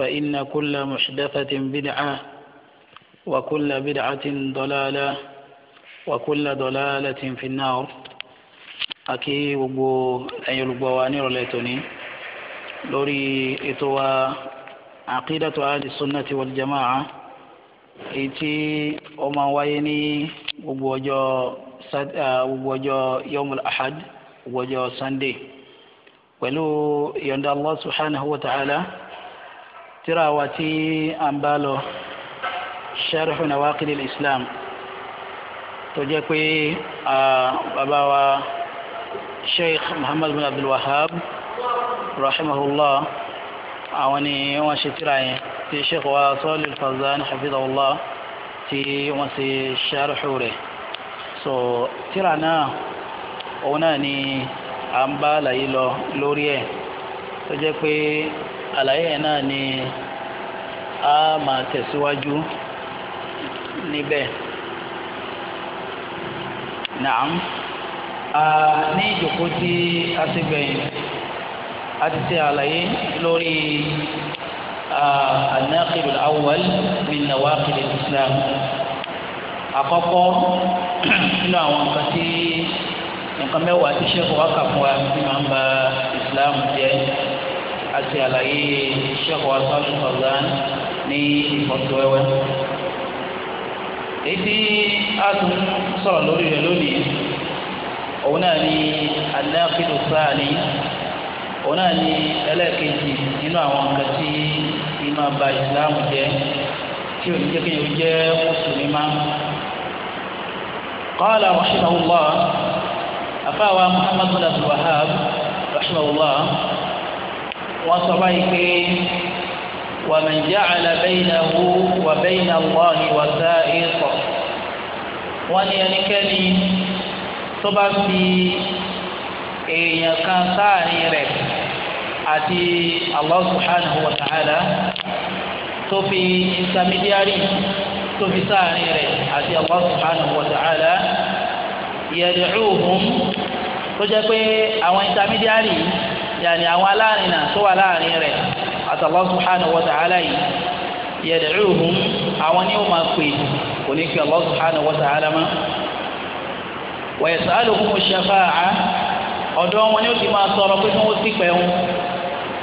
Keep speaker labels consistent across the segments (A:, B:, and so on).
A: فإن كل محدثة بدعة وكل بدعة ضلالة وكل ضلالة في النار أكي وبو أي البواني رليتني لوري إتوا عقيدة أهل السنة والجماعة إتي أما ويني وبوجو وبوجو يوم الأحد وبوجو ساندي ولو يند الله سبحانه وتعالى tírà wa tí à ń bá lọ sharhu nawaqid al-islam tó jẹ́ pé bàbá wa sheikh muhammad bin abdul wahab rahimahullah àwọn ni wọ́n ṣe sheikh wa sọ́ọ́lì fazan hafizahullah tí wọ́n ṣe sharhu rẹ̀ so tírà náà òun náà ni à ń bá láyé lọ lórí ẹ̀ àlàyé yẹn náà ni a máa tẹ̀síwájú níbẹ̀. Nàám. Ní ìjòkó tí a ti gbẹ̀yìn, a ti ṣe àlàyé lórí an-naqidul awwal min nawaqidil Islam. Àkọ́kọ́ nínú àwọn nǹkan tí nǹkan mẹ́wàá ti ṣẹ́kọ̀ọ́ wákà fún wa ti máa ń ba Islam jẹ́ àti àlàyé sẹ́kọ̀ọ́ asọ́lù ọ̀gán ní ìfọ̀síwẹ́wẹ́. èyí tí a tún sọ̀rọ̀ lórí rẹ̀ lónìí òun náà ni anáfíìlú sáà ni òun náà ni ẹlẹ́ẹ̀kejì nínú àwọn nǹkan tí ìmọ̀ ba ìsìláàmù jẹ́ tí òun jẹ́ kéèyàn jẹ́ mùsùlùmí má. قال رحمه الله أفاوى محمد بن عبد الوهاب رحمه الله wọ́n sọ báyìí pé ومن جعل بينه وبين الله وثائقا wọ́n ní ẹnikẹ́ni tó bá fi èèyàn kan sáàrin rẹ̀ àti Allah subhanahu wa ta'ala tó fi intermediary tó fi sáàrin rẹ̀ àti Allah subhanahu wa ta'ala yẹ̀dùrúhùn tó jẹ́ pé àwọn intermediary yàní àwọn alárinà tó wà láàrin rẹ̀ àtàlọ́ subhanahu wa ta'ala yìí yad'uhum àwọn ni ó máa pè kò ní fi Allah subhanahu wa ta'ala mọ́ wa yas'aluhum shafa'a ọ̀dọ́ wọn ni ó ti máa sọ̀rọ̀ pé kí wọ́n ti pẹ̀ wọn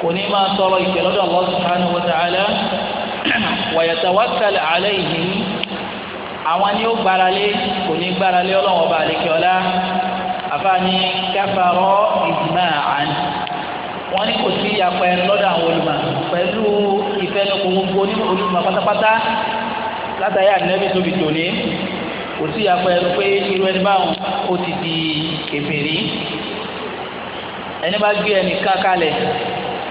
A: kò ní máa sọ̀rọ̀ ìpè lọ́dọ̀ Allah subhanahu wa ta'ala wa yatawakkal alayhim àwọn ni ó gbáralé kò ní gbáralé ọlọ́wọ́ bá àlekè ọlá àfààní kẹfàrọ́ ìjìmá àná wọ́n ní kò sí ìyapẹ́ lọ́dọ̀ àwọn olùmọ̀ pẹ̀lú ìfẹnukò gbogbo ní olùmọ̀ pátápátá látàrí ànẹ́bí tóbi tòní kò sí ìyapẹ́ ẹnu pé irú ẹni báwọn ó ti di kèfèrí ẹni bá gbé ẹnì kan kalẹ̀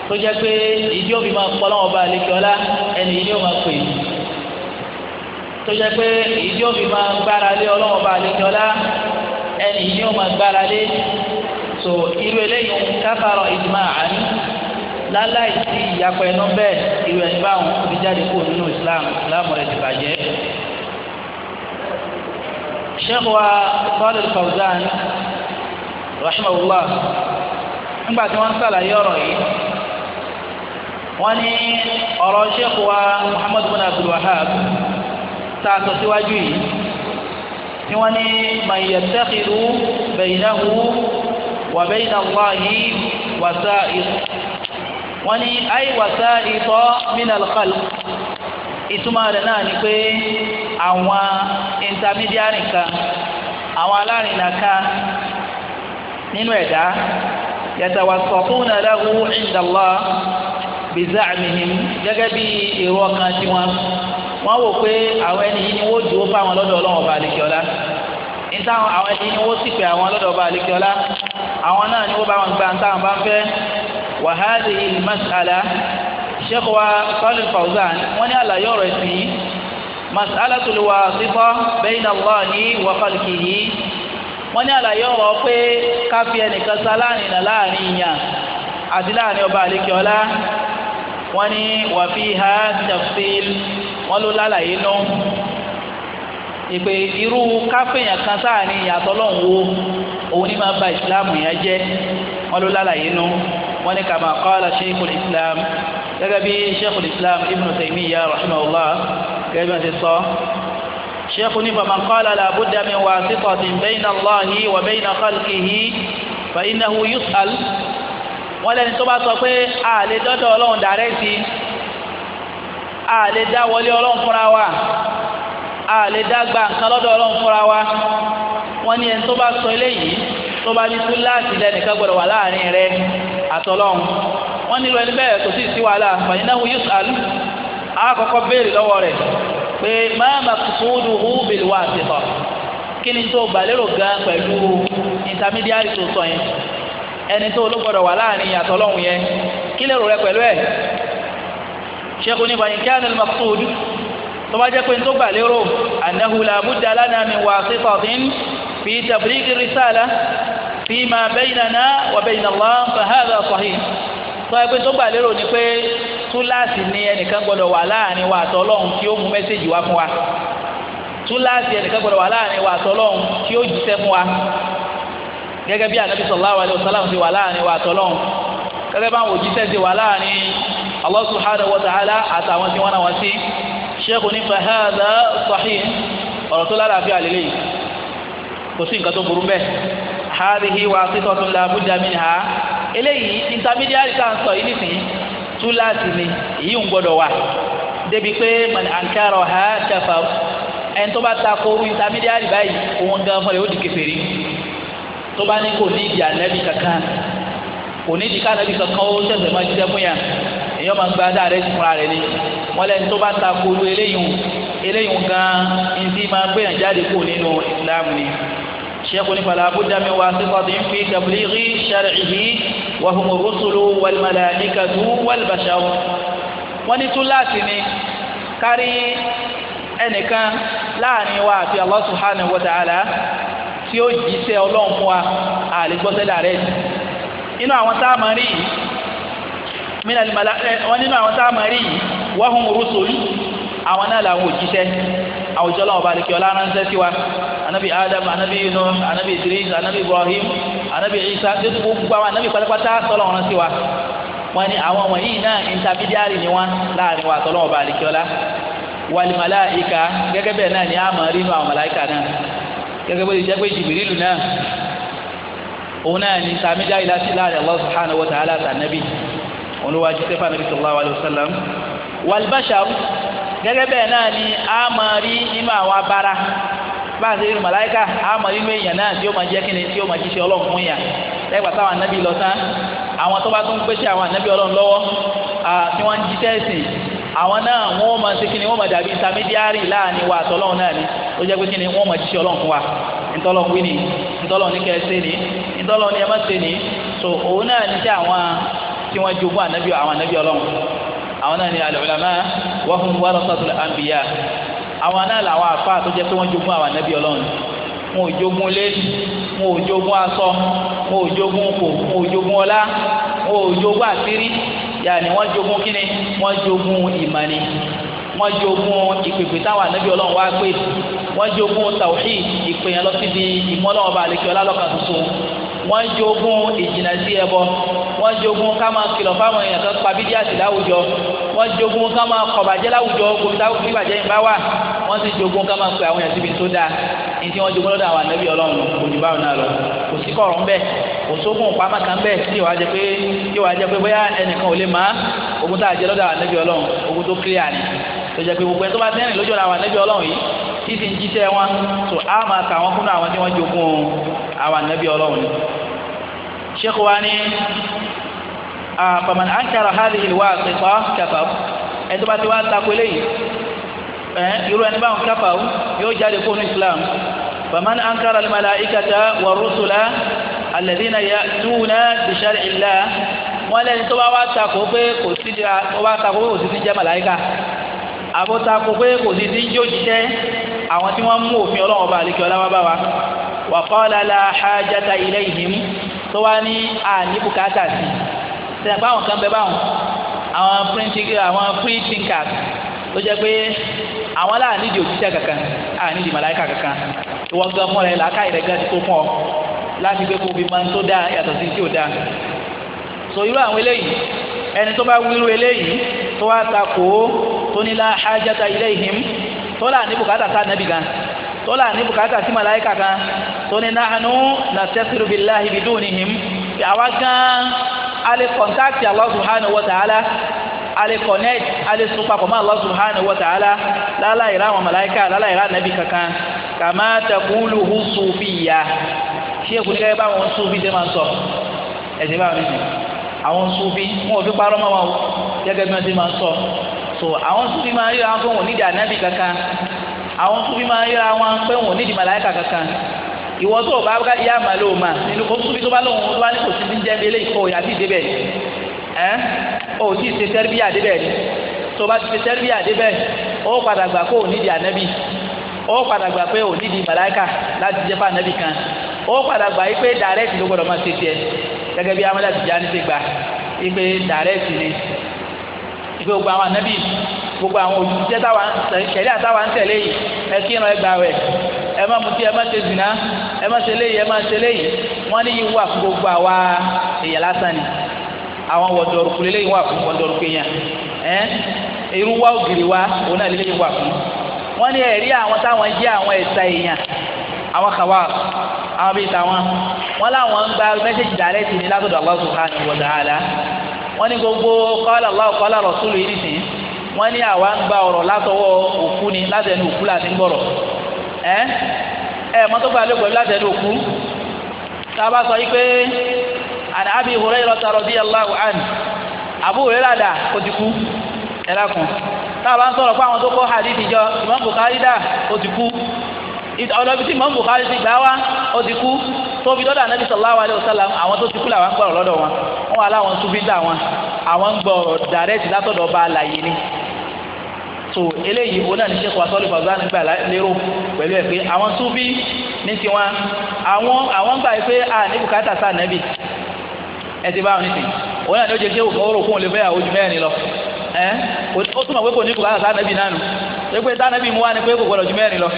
A: tó jẹ́ pé ìdí òbí máa pọ́ lọ́wọ́ bá alẹ́ kíọ́lá ẹnì yìí ni ó máa pè é tó jẹ́ pé ìdí òbí máa gbára lé ọlọ́wọ́ bá alẹ́ kíọ́lá ẹnì yìí ni máa gbára lé so irú eléyìí káfàrọ ìdìmọ àní láláì sí ìyapẹ ẹnu bẹ́ẹ̀ irú ẹni báwọn ti jáde kó nínú islam islam rẹ ti bàjẹ́. sheikh wa Salih Fawzan rahimahullah nígbà tí wọ́n ń sàlàyé ọ̀rọ̀ yìí wọ́n ní ọ̀rọ̀ sheikh wa muhammadu bin abdul wahab tá a sọ síwájú yìí tí wọ́n ní man yattakhidhu وبين الله وسائط وني أي وسائط من الخلق ìtumọ̀ rẹ̀ náà ni pé àwọn intermediary kan àwọn alárinà kan nínú ẹ̀dá yatawassatuna lahu inda Allah biza'mihim gẹ́gẹ́ bí èrò ọkàn tiwọn wọ́n wò pé àwọn ẹni yìí ni wọ́n dúró fáwọn lọ́dọ̀ ọlọ́wọ́n ọba àlejò ọ̀la níta àwọn ẹni ni wọ́n sì pé àwọn lọ́dọ̀ ọba àlekíọ́lá àwọn náà ni wọ́n bá wọn gba níta àwọn bá ń fẹ́ wa hadhihi al-mas'ala sheikh wa Salih Fawzan wọ́n ní àlàyé ọ̀rọ̀ ẹ̀sìn yìí mas'alatul wasita bayna Allahi wa khalqihi wọ́n ní àlàyé ọ̀rọ̀ pé káfí ẹnìkan sá láàrin náà láàrin ìyàn àti láàrin ọba àlekíọ́lá wọ́n ní wa fiha wọ́n ló lálàyé náà ìpè irú káfíńyàn kan sáàrin ìyàtọ̀ lọ́hùn wo òun ní máa ba ìsìláàmù yẹn jẹ́ wọn ló lálàyé nu wọn ní kama qala sheikhul islam gẹ́gẹ́ bí sheikhul islam ibn taymiya rahimahullah gẹ́gẹ́ bí wọ́n ti sọ sheikhu ní faman qala la budda min wasitatin bayna allahi wa bayna khalqihi fa innahu yus'al wọn lẹ́ni tó bá sọ pé àlè dọ́dọ̀ ọlọ́run dàrẹ́tì àlè dáwọlé ọlọ́run fúnra wa a lè dágbà nǹkan lọ́dọ̀ ọlọ́run fúnra wa wọ́n ní ẹni tó bá sọ eléyìí tó bá ní túláàsì lẹ́nìkan gbọ́dọ̀ wà láàrin rẹ àtọ́lọ́run wọ́n nílò ẹni bẹ́ẹ̀ kò sí sí wàhálà fàyínáwó yóò sàlù àkọ́kọ́ béèrè lọ́wọ́ rẹ̀ pé máa ma kùsùwùdù hù bèlú wà sí sọ kí ni tó gbà lérò gan pẹ̀lú intermediary tó sọ yẹn ẹni tó ló gbọ́dọ̀ wà láàrin àtọ́lọ́run yẹn kí lérò rẹ pẹ̀lú ẹ̀ ṣẹ́kù ní bàyìnkí tó bá jẹ́ pé tó gbà lérò annahu la budda lana min wasitatin fi tabligh risala fima baynana wa bayna Allah fa hadha sahih tó bá jẹ́ pé tó gbà lérò ni pé túláàsì ni ẹnìkan gbọ́dọ̀ wà láàrin wa àtọ́lọ́hún kí ó mú mẹ́sẹ̀gì wá fún wa túláàsì ẹnìkan gbọ́dọ̀ wà láàrin wa àtọ́lọ́hún kí ó jíṣẹ́ fún wa gẹ́gẹ́ bí anabi sallallahu alayhi wa àwọn tí wọ́n náà wọ́n sí sheikh ní fahadà sahih ọ̀rọ̀ tó lálàáfíà lélẹ̀ kò sí nǹkan tó burú bẹ́ẹ̀ hadihi wa sitotun la budda minha eléyìí intermediary tá à ń sọ yìí nísìnyí túláàsì ni èyí ń gbọ́dọ̀ wà débi pé man ankara ha kafar ẹni tó bá ta kóoru intermediary báyìí òun gan fọlẹ̀ ó di kèfèrí tó bá ní kò ní ìdí ànábì kankan kò ní ìdí kankan ó ṣẹ̀ṣẹ̀ máa jíjẹ́ fún yàn èèyàn máa ń gba dáa rẹ fúnra rẹ ni wọn lẹni tó bá ta kolu eléyìí eléyìí gan ndí máa gbéyàn jáde kó nínú islam ni sheikh ni fala budda min wasitatin fi tablighi shar'ihi wa hum ar-rusulu wal malaikatu wal bashar wọn ní túláàsì ni kárí ẹnìkan láàrin wa àti Allah subhanahu wa ta'ala tí ó jíṣẹ́ ọlọ́run fún wa àlè gbọ́sẹ̀ dàrẹ́ inú àwọn táàmù rí yìí mina limala ẹ wọn nínú àwọn tá a máa rí yìí wọn hùn rusul àwọn náà làwọn òjíṣẹ́ àwùjọ làwọn ọba àdìkẹ ọlá ránṣẹ́ sí wa anabi adam anabi inu anabi idris anabi ibrahim anabi isa tètè gbogbo àwọn anabi pátápátá sọlọ wọn sí wa wọn ni àwọn wọ̀nyí náà intermediary ni wọn láàrin wa sọlọ ọba àdìkẹ ọlá walimala ika gẹ́gẹ́ bẹ́ẹ̀ náà ni a máa rí inú àwọn malaika náà gẹ́gẹ́ bó ti jẹ́ pé jìbìrìlù náà òun náà ni intermediary láti láàrin allah subhanahu wa ta'ala olùwájú sẹ́fà nàbí sallallahu alayhi wa sallam wàlbáṣàrù gẹ́gẹ́ bẹ́ẹ̀ náà ni a máa rí nínú àwọn abara bá a ṣe rí màláìka a máa rí nínú èèyàn náà tí ó máa jẹ́ kíni tí ó máa jíṣẹ́ ọlọ́run fún yàn lẹ́gbàá táwọn anábì lọ tán àwọn tó bá tún pèsè àwọn anábì ọlọ́run lọ́wọ́ tí wọ́n ń jíṣẹ́ ẹ̀sìn àwọn náà wọ́n máa ṣe kíni wọ́n máa dàbí intermediary láàrin wa àtọ́lọ́run náà ni ó jẹ́ pé kíni wọ́n máa jíṣẹ́ ọlọ́run fún wa ntọ́lọ́ wí ni ntọ́lọ́ ní kẹ́ ni ntọ́lọ́ ní ẹ má ṣe ni so òun náà ní sí àwọn tí wọ́n jogún ànábì àwọn ànábì ọlọ́run àwọn náà ni al-ulama wa hum warathatul anbiya àwọn náà làwọn afa tó jẹ́ pé wọ́n jogún àwọn ànábì ọlọ́run wọn ò jogún lé wọn ò jogún aṣọ wọn ò jogún kò wọn ò jogún ọlá wọn ò jogún àṣírí yàní wọ́n jogún kíni wọ́n jogún ìmánì wọ́n jogún ìpèpè táwọn ànábì ọlọ́run wá pè wọ́n jogún tawhid ìpèyàn lọ síbi ìmọ̀lọ́wọ́ bá àlekè ọlá lọ́kàn tuntun wọ́n jogún ìjìnà sí ẹbọ wọ́n jogún ká máa kìlọ̀ fáwọn èèyàn kan pa bídíà sí láwùjọ wọ́n jogún ká máa kọ̀bàjẹ́ láwùjọ kòmí táwùjọ ìbàjẹ́ yìí bá wà wọ́n sì jogún ká máa pe àwọn èèyàn síbi tó dáa ní tí wọ́n jogún lọ́dọ̀ àwọn ànábì ọlọ́run òjò báwọn náà lọ kò sí kọ̀ọ̀rọ̀ ńbẹ kò sókun pamọ́ kan bẹ́ẹ̀ tí ìwà jẹ pé ìwà jẹ pé bóyá ẹnìkan ò lè má ogun tá a jẹ lọ́dọ̀ àwọn ànábì ọlọ́run ogun tó kílíà ni tó jẹ pé gbogbo ẹni tó bá tẹ́rìn lójú ọ̀nà àwọn ànábì ọlọ́run yìí tí sì ń jíṣẹ́ wọn tó a máa kà wọ́n kúnnú àwọn tí wọ́n jogún àwọn ànábì ọlọ́run ni. sheikh wa ni faman ankara hadhihi alwaqifa kafar ẹni tó bá ti wá takò eléyìí irú ẹni báwọn kafar yóò jáde kó nu islam faman ankara almalaikata wa rusula alladhina ya'tuna bi shar'illah wọn lẹni tó bá wá takò pé kò sí jẹ́ màláíkà àbótakò pé kò sí sí jó jíṣẹ́ àwọn tí wọ́n mú òfin ọlọ́wọ́n bá àlekè ọlá wá bá wa wa qala la hajata ilayhim tó wá ní àní bùkátà sí sẹ́yìn báwọn kan bẹ báwọn àwọn free thinkers tó jẹ́ pé àwọn aláàníjì òjíṣẹ́ kankan àníjì màláìka kankan ìwọ gan fúnra ẹ̀ làákàyè rẹ̀ gan ti tó fún ọ láti gbé kó fi máa ń tó dáa yàtọ̀ sí tí ò dáa so irú àwọn eléyìí ẹni tó bá wíru eléyìí tó wá takò tó ní la hajata ilayhim tó là ní bùkátà sá nàbì gan tó là ní bùkátà sí màláìkà kan tó ní nahanu nastasiru billahi bidunihim àwa gan alẹ́ kọ̀ntáàtì Allah subhanahu wa ta'ala ale connect ale sun papọ̀ mọ́ Allah subhanahu wa ta'ala láláyìí ra àwọn màláíkà láláyìí ra nàbì kankan kàmá takulu hu sufiya ṣé kùtẹ́ báwọn sufi ṣe máa sọ ẹ̀sìn àwọn sufi wọn ò fi parọ́ mọ́ wọn o gẹ́gẹ́ bí wọ́n ti máa ń sọ so àwọn sufi máa ń yíra wọn pé wọn ò nídìí ànábì kankan àwọn sufi máa ń yíra wọn pé wọn ò nídìí màláìkà kankan ìwọ tó o bá yá àmà ló ma nínú kó sufi tó bá lóun tó bá ní kò sí ní jẹ́ ilé ìkọ́ òyà tí ì débẹ̀ ẹ́ o tí ì ṣe tẹ́rìbíyà débẹ̀ ni tó o bá ti ṣe tẹ́rìbíyà débẹ̀ o padà gbà pé ò nídìí ànábì o padà gbà pé ò nídìí màláìkà láti jẹ́ fún ànábì kan o padà gbà yí pé dàrẹ́tì ló gbọ́dọ̀ máa ṣe tiẹ̀ gẹ́gẹ́ bí amadu ni ti gbà ipe dàrẹ́tì ni ipe gbogbo àwọn anabi gbogbo àwọn òṣìṣẹ́ táwa ṣẹlẹ̀ àtàwa ń tẹ̀lé yìí ẹ kírun ẹ gbà wẹ̀ ẹ má mutí ẹ má ṣe zìnà ẹ má ṣe léyìí ẹ má ṣe léyìí wọ́n ní yìí wà fún gbogbo àwa èèyàn lásán ni àwọn wọ̀dọ̀rùkú léyìí wà fún wọ̀dọ̀rùkú èèyàn ẹ irú wa ògiri wa òun náà léyìí wà fún wọ́n ní ẹ̀rí àwọn táwọn jẹ́ àwọn ẹ̀sà èèyàn àwọn kàwá àwọn bíi tàwọn wọn làwọn ń gba mẹ́sẹ̀gì dàrẹ́ ti ní látọ̀dọ̀ Allah subhanahu wa wọn ni gbogbo qala Allah qala yìí nìsín wọn ni àwa ń gba ọrọ látọwọ́ òkú ni látẹnu òkú láti ń gbọ̀rọ̀ ẹ ẹ mọ́tò gbà látẹnu òkú sábà sọ yìí pé àná Abi Hurairah radiyallahu anhu ti kú ẹ lákùn ń fún àwọn tó hadith ọ̀nà ibi tí Imam Bukhari ti gbà wá ó ti kú tó fi dọ́dọ̀ anabi sallallahu alayhi wa sallam àwọn tó ti kú làwọn ń gbọ́rọ̀ lọ́dọ̀ wọn wọn wà láwọn sufi dà wọn àwọn ń gbọ́rọ̀ dàrẹ́tì látọ̀dọ̀ ọba àlàyé ni tó eléyìí òun náà ní sẹ́kọ̀ọ́ asọ́lù fàgbọ́n nígbà lérò pẹ̀lú ẹ̀ pé àwọn sufi ní tiwọn àwọn àwọn gbà pé a ní bùkátà sáà nẹ́bì ẹ ti bá wọn nísìnyí òun náà ní ó jẹ kí òkòwòrò kún un lè fẹ́ àwọn ojú mẹ́rin lọ ẹ ó túmọ̀ pé kò ní bùkátà sáà nẹ́bì náà nù pé sáà nẹ́bì mẹ́rin lọ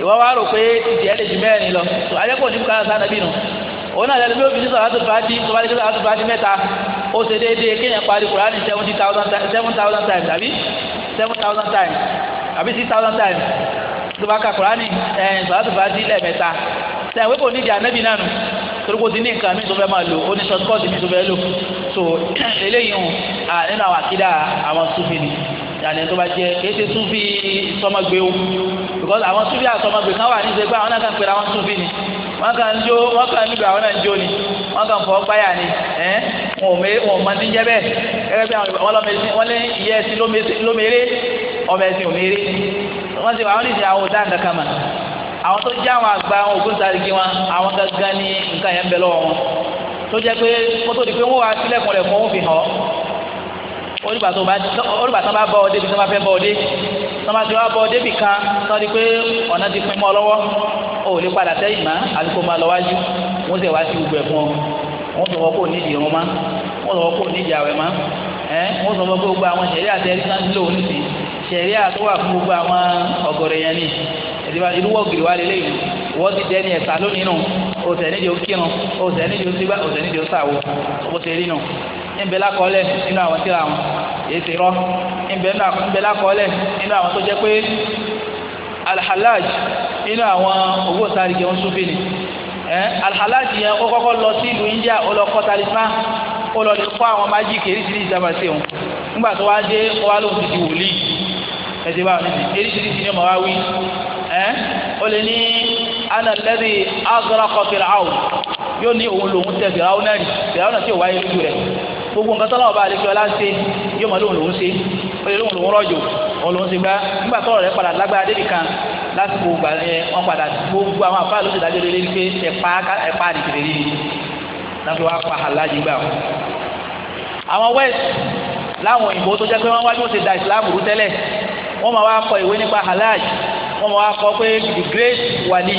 A: ìwọ wa rò pé ìdí ẹ lè ju mẹ́rin lọ tó ajẹ́kọ̀ọ́ ní bukata sanabi nù òun náà lẹ́nu bí obìnrin sọ̀rọ̀ àti fàájì tó bá lè sọ̀rọ̀ àti fàájì mẹ́ta ó ṣe déédéé kéèyàn parí kùránì seventy thousand seven thousand times àbí seven thousand times àbí six thousand times tó bá ka kùránì sọ̀rọ̀ àti fàájì lẹ́ẹ̀mẹ́ta sẹ́yìn wípé onídìí ànábì náà nù torí ti ní nǹkan mi tó fẹ́ máa lò ó short cut mi tó fẹ́ lò so eléyìí hàn nínú àwọn àkídà àwọn súnfì ni yàní tó bá jẹ kéésì súnfì sọmọgbé o because àwọn súnfì àsọmọgbé kan wà níṣẹ́ pé àwọn náà kàn pèrè àwọn súnfì ni wọ́n kàn ń jó wọ́n kàn ń lùbẹ̀ àwọn náà ń jó ni wọ́n kàn fọ́ gbáyà ni ẹ́ wọn ò mé wọn ò mọ ti ń jẹ́ bẹ́ẹ̀ gẹ́gẹ́ bí àwọn ọlọ́mẹsìn wọ́n lé iye ẹ̀sìn lómèrè ọmẹsìn òmèrè wọ́n ti wọ́n ní ìsìn àwọn òdá nǹkan kan mà àwọn tó jẹ́ àwọn àgbà àwọn ògbóǹtarìgì wọn àwọn gangan ní nǹkan yẹn ń bẹ lọ́wọ́ wọn tó jẹ́ pé kótó di pé wọ́n wá sílẹ̀kùn rẹ̀ fún òfin hàn olùgbà tó bá olùgbà tó bá bọ ọdẹ bí tó bá fẹ́ bọ ọdẹ tó bá ti wá bọ ọdẹ bì kan tó di pé ọ̀nà ti pín mọ́ lọ́wọ́ o ò lè padà sẹ́yìn mọ́ àti kó máa lọ wájú wọ́n sì wá sí gbogbo ẹ̀ fún ọ wọ́n sọ wọ́n kò nídìí irun mọ́ wọ́n sọ wọ́n kò nídìí àwẹ̀ mọ́ ẹ́ wọ́n sọ wọ́n gbogbo àwọn ìṣẹ̀lẹ̀ àti ẹ̀rí sáńtì lòun nìsín sẹ̀ríà tó fún gbogbo àwọn yẹn ni irú wọ́ọ̀gìrì wa lélẹ́yìn wọ́n ti dẹ́ni ẹ̀ta lónìí nù òsè nídìí ó kírun òsè nídìí o sígbà òsè nídìí sàwò rí nù nínú àwọn tíra wọn rọ ńbẹ lakọọlẹ nínú àwọn tó jẹ pé alhalaj nínú àwọn owó sáré ẹ alhalaj yẹn ó lọ sí ìlú India ó lọ talisman ó lọ lè àwọn ẹ̀dí báwọn níbi eréṣiríṣi ni ọmọ wa wí ẹ́ ó lè ní ana alladhi aghraqa Fir'aun yóò ní òun lòun tẹ Fir'aun náà rí Fir'aun náà tí ò wáyé lójú rẹ̀ gbogbo nǹkan tó lọ́wọ́ àlejò ọlá ń ṣe yóò mọ lóun lòun ṣe ó lè lóun lòun rọ̀jò òun lòun gbá nígbà padà lágbára kan gbà ẹ wọn gbogbo àwọn àfáà ló ti dájọ́ lé lórí pé pa aláàjì gbà wọn. àwọn west láwọn wọ́n máa wá kọ ìwé nípa halaj wọ́n máa wá kọ pé the great wali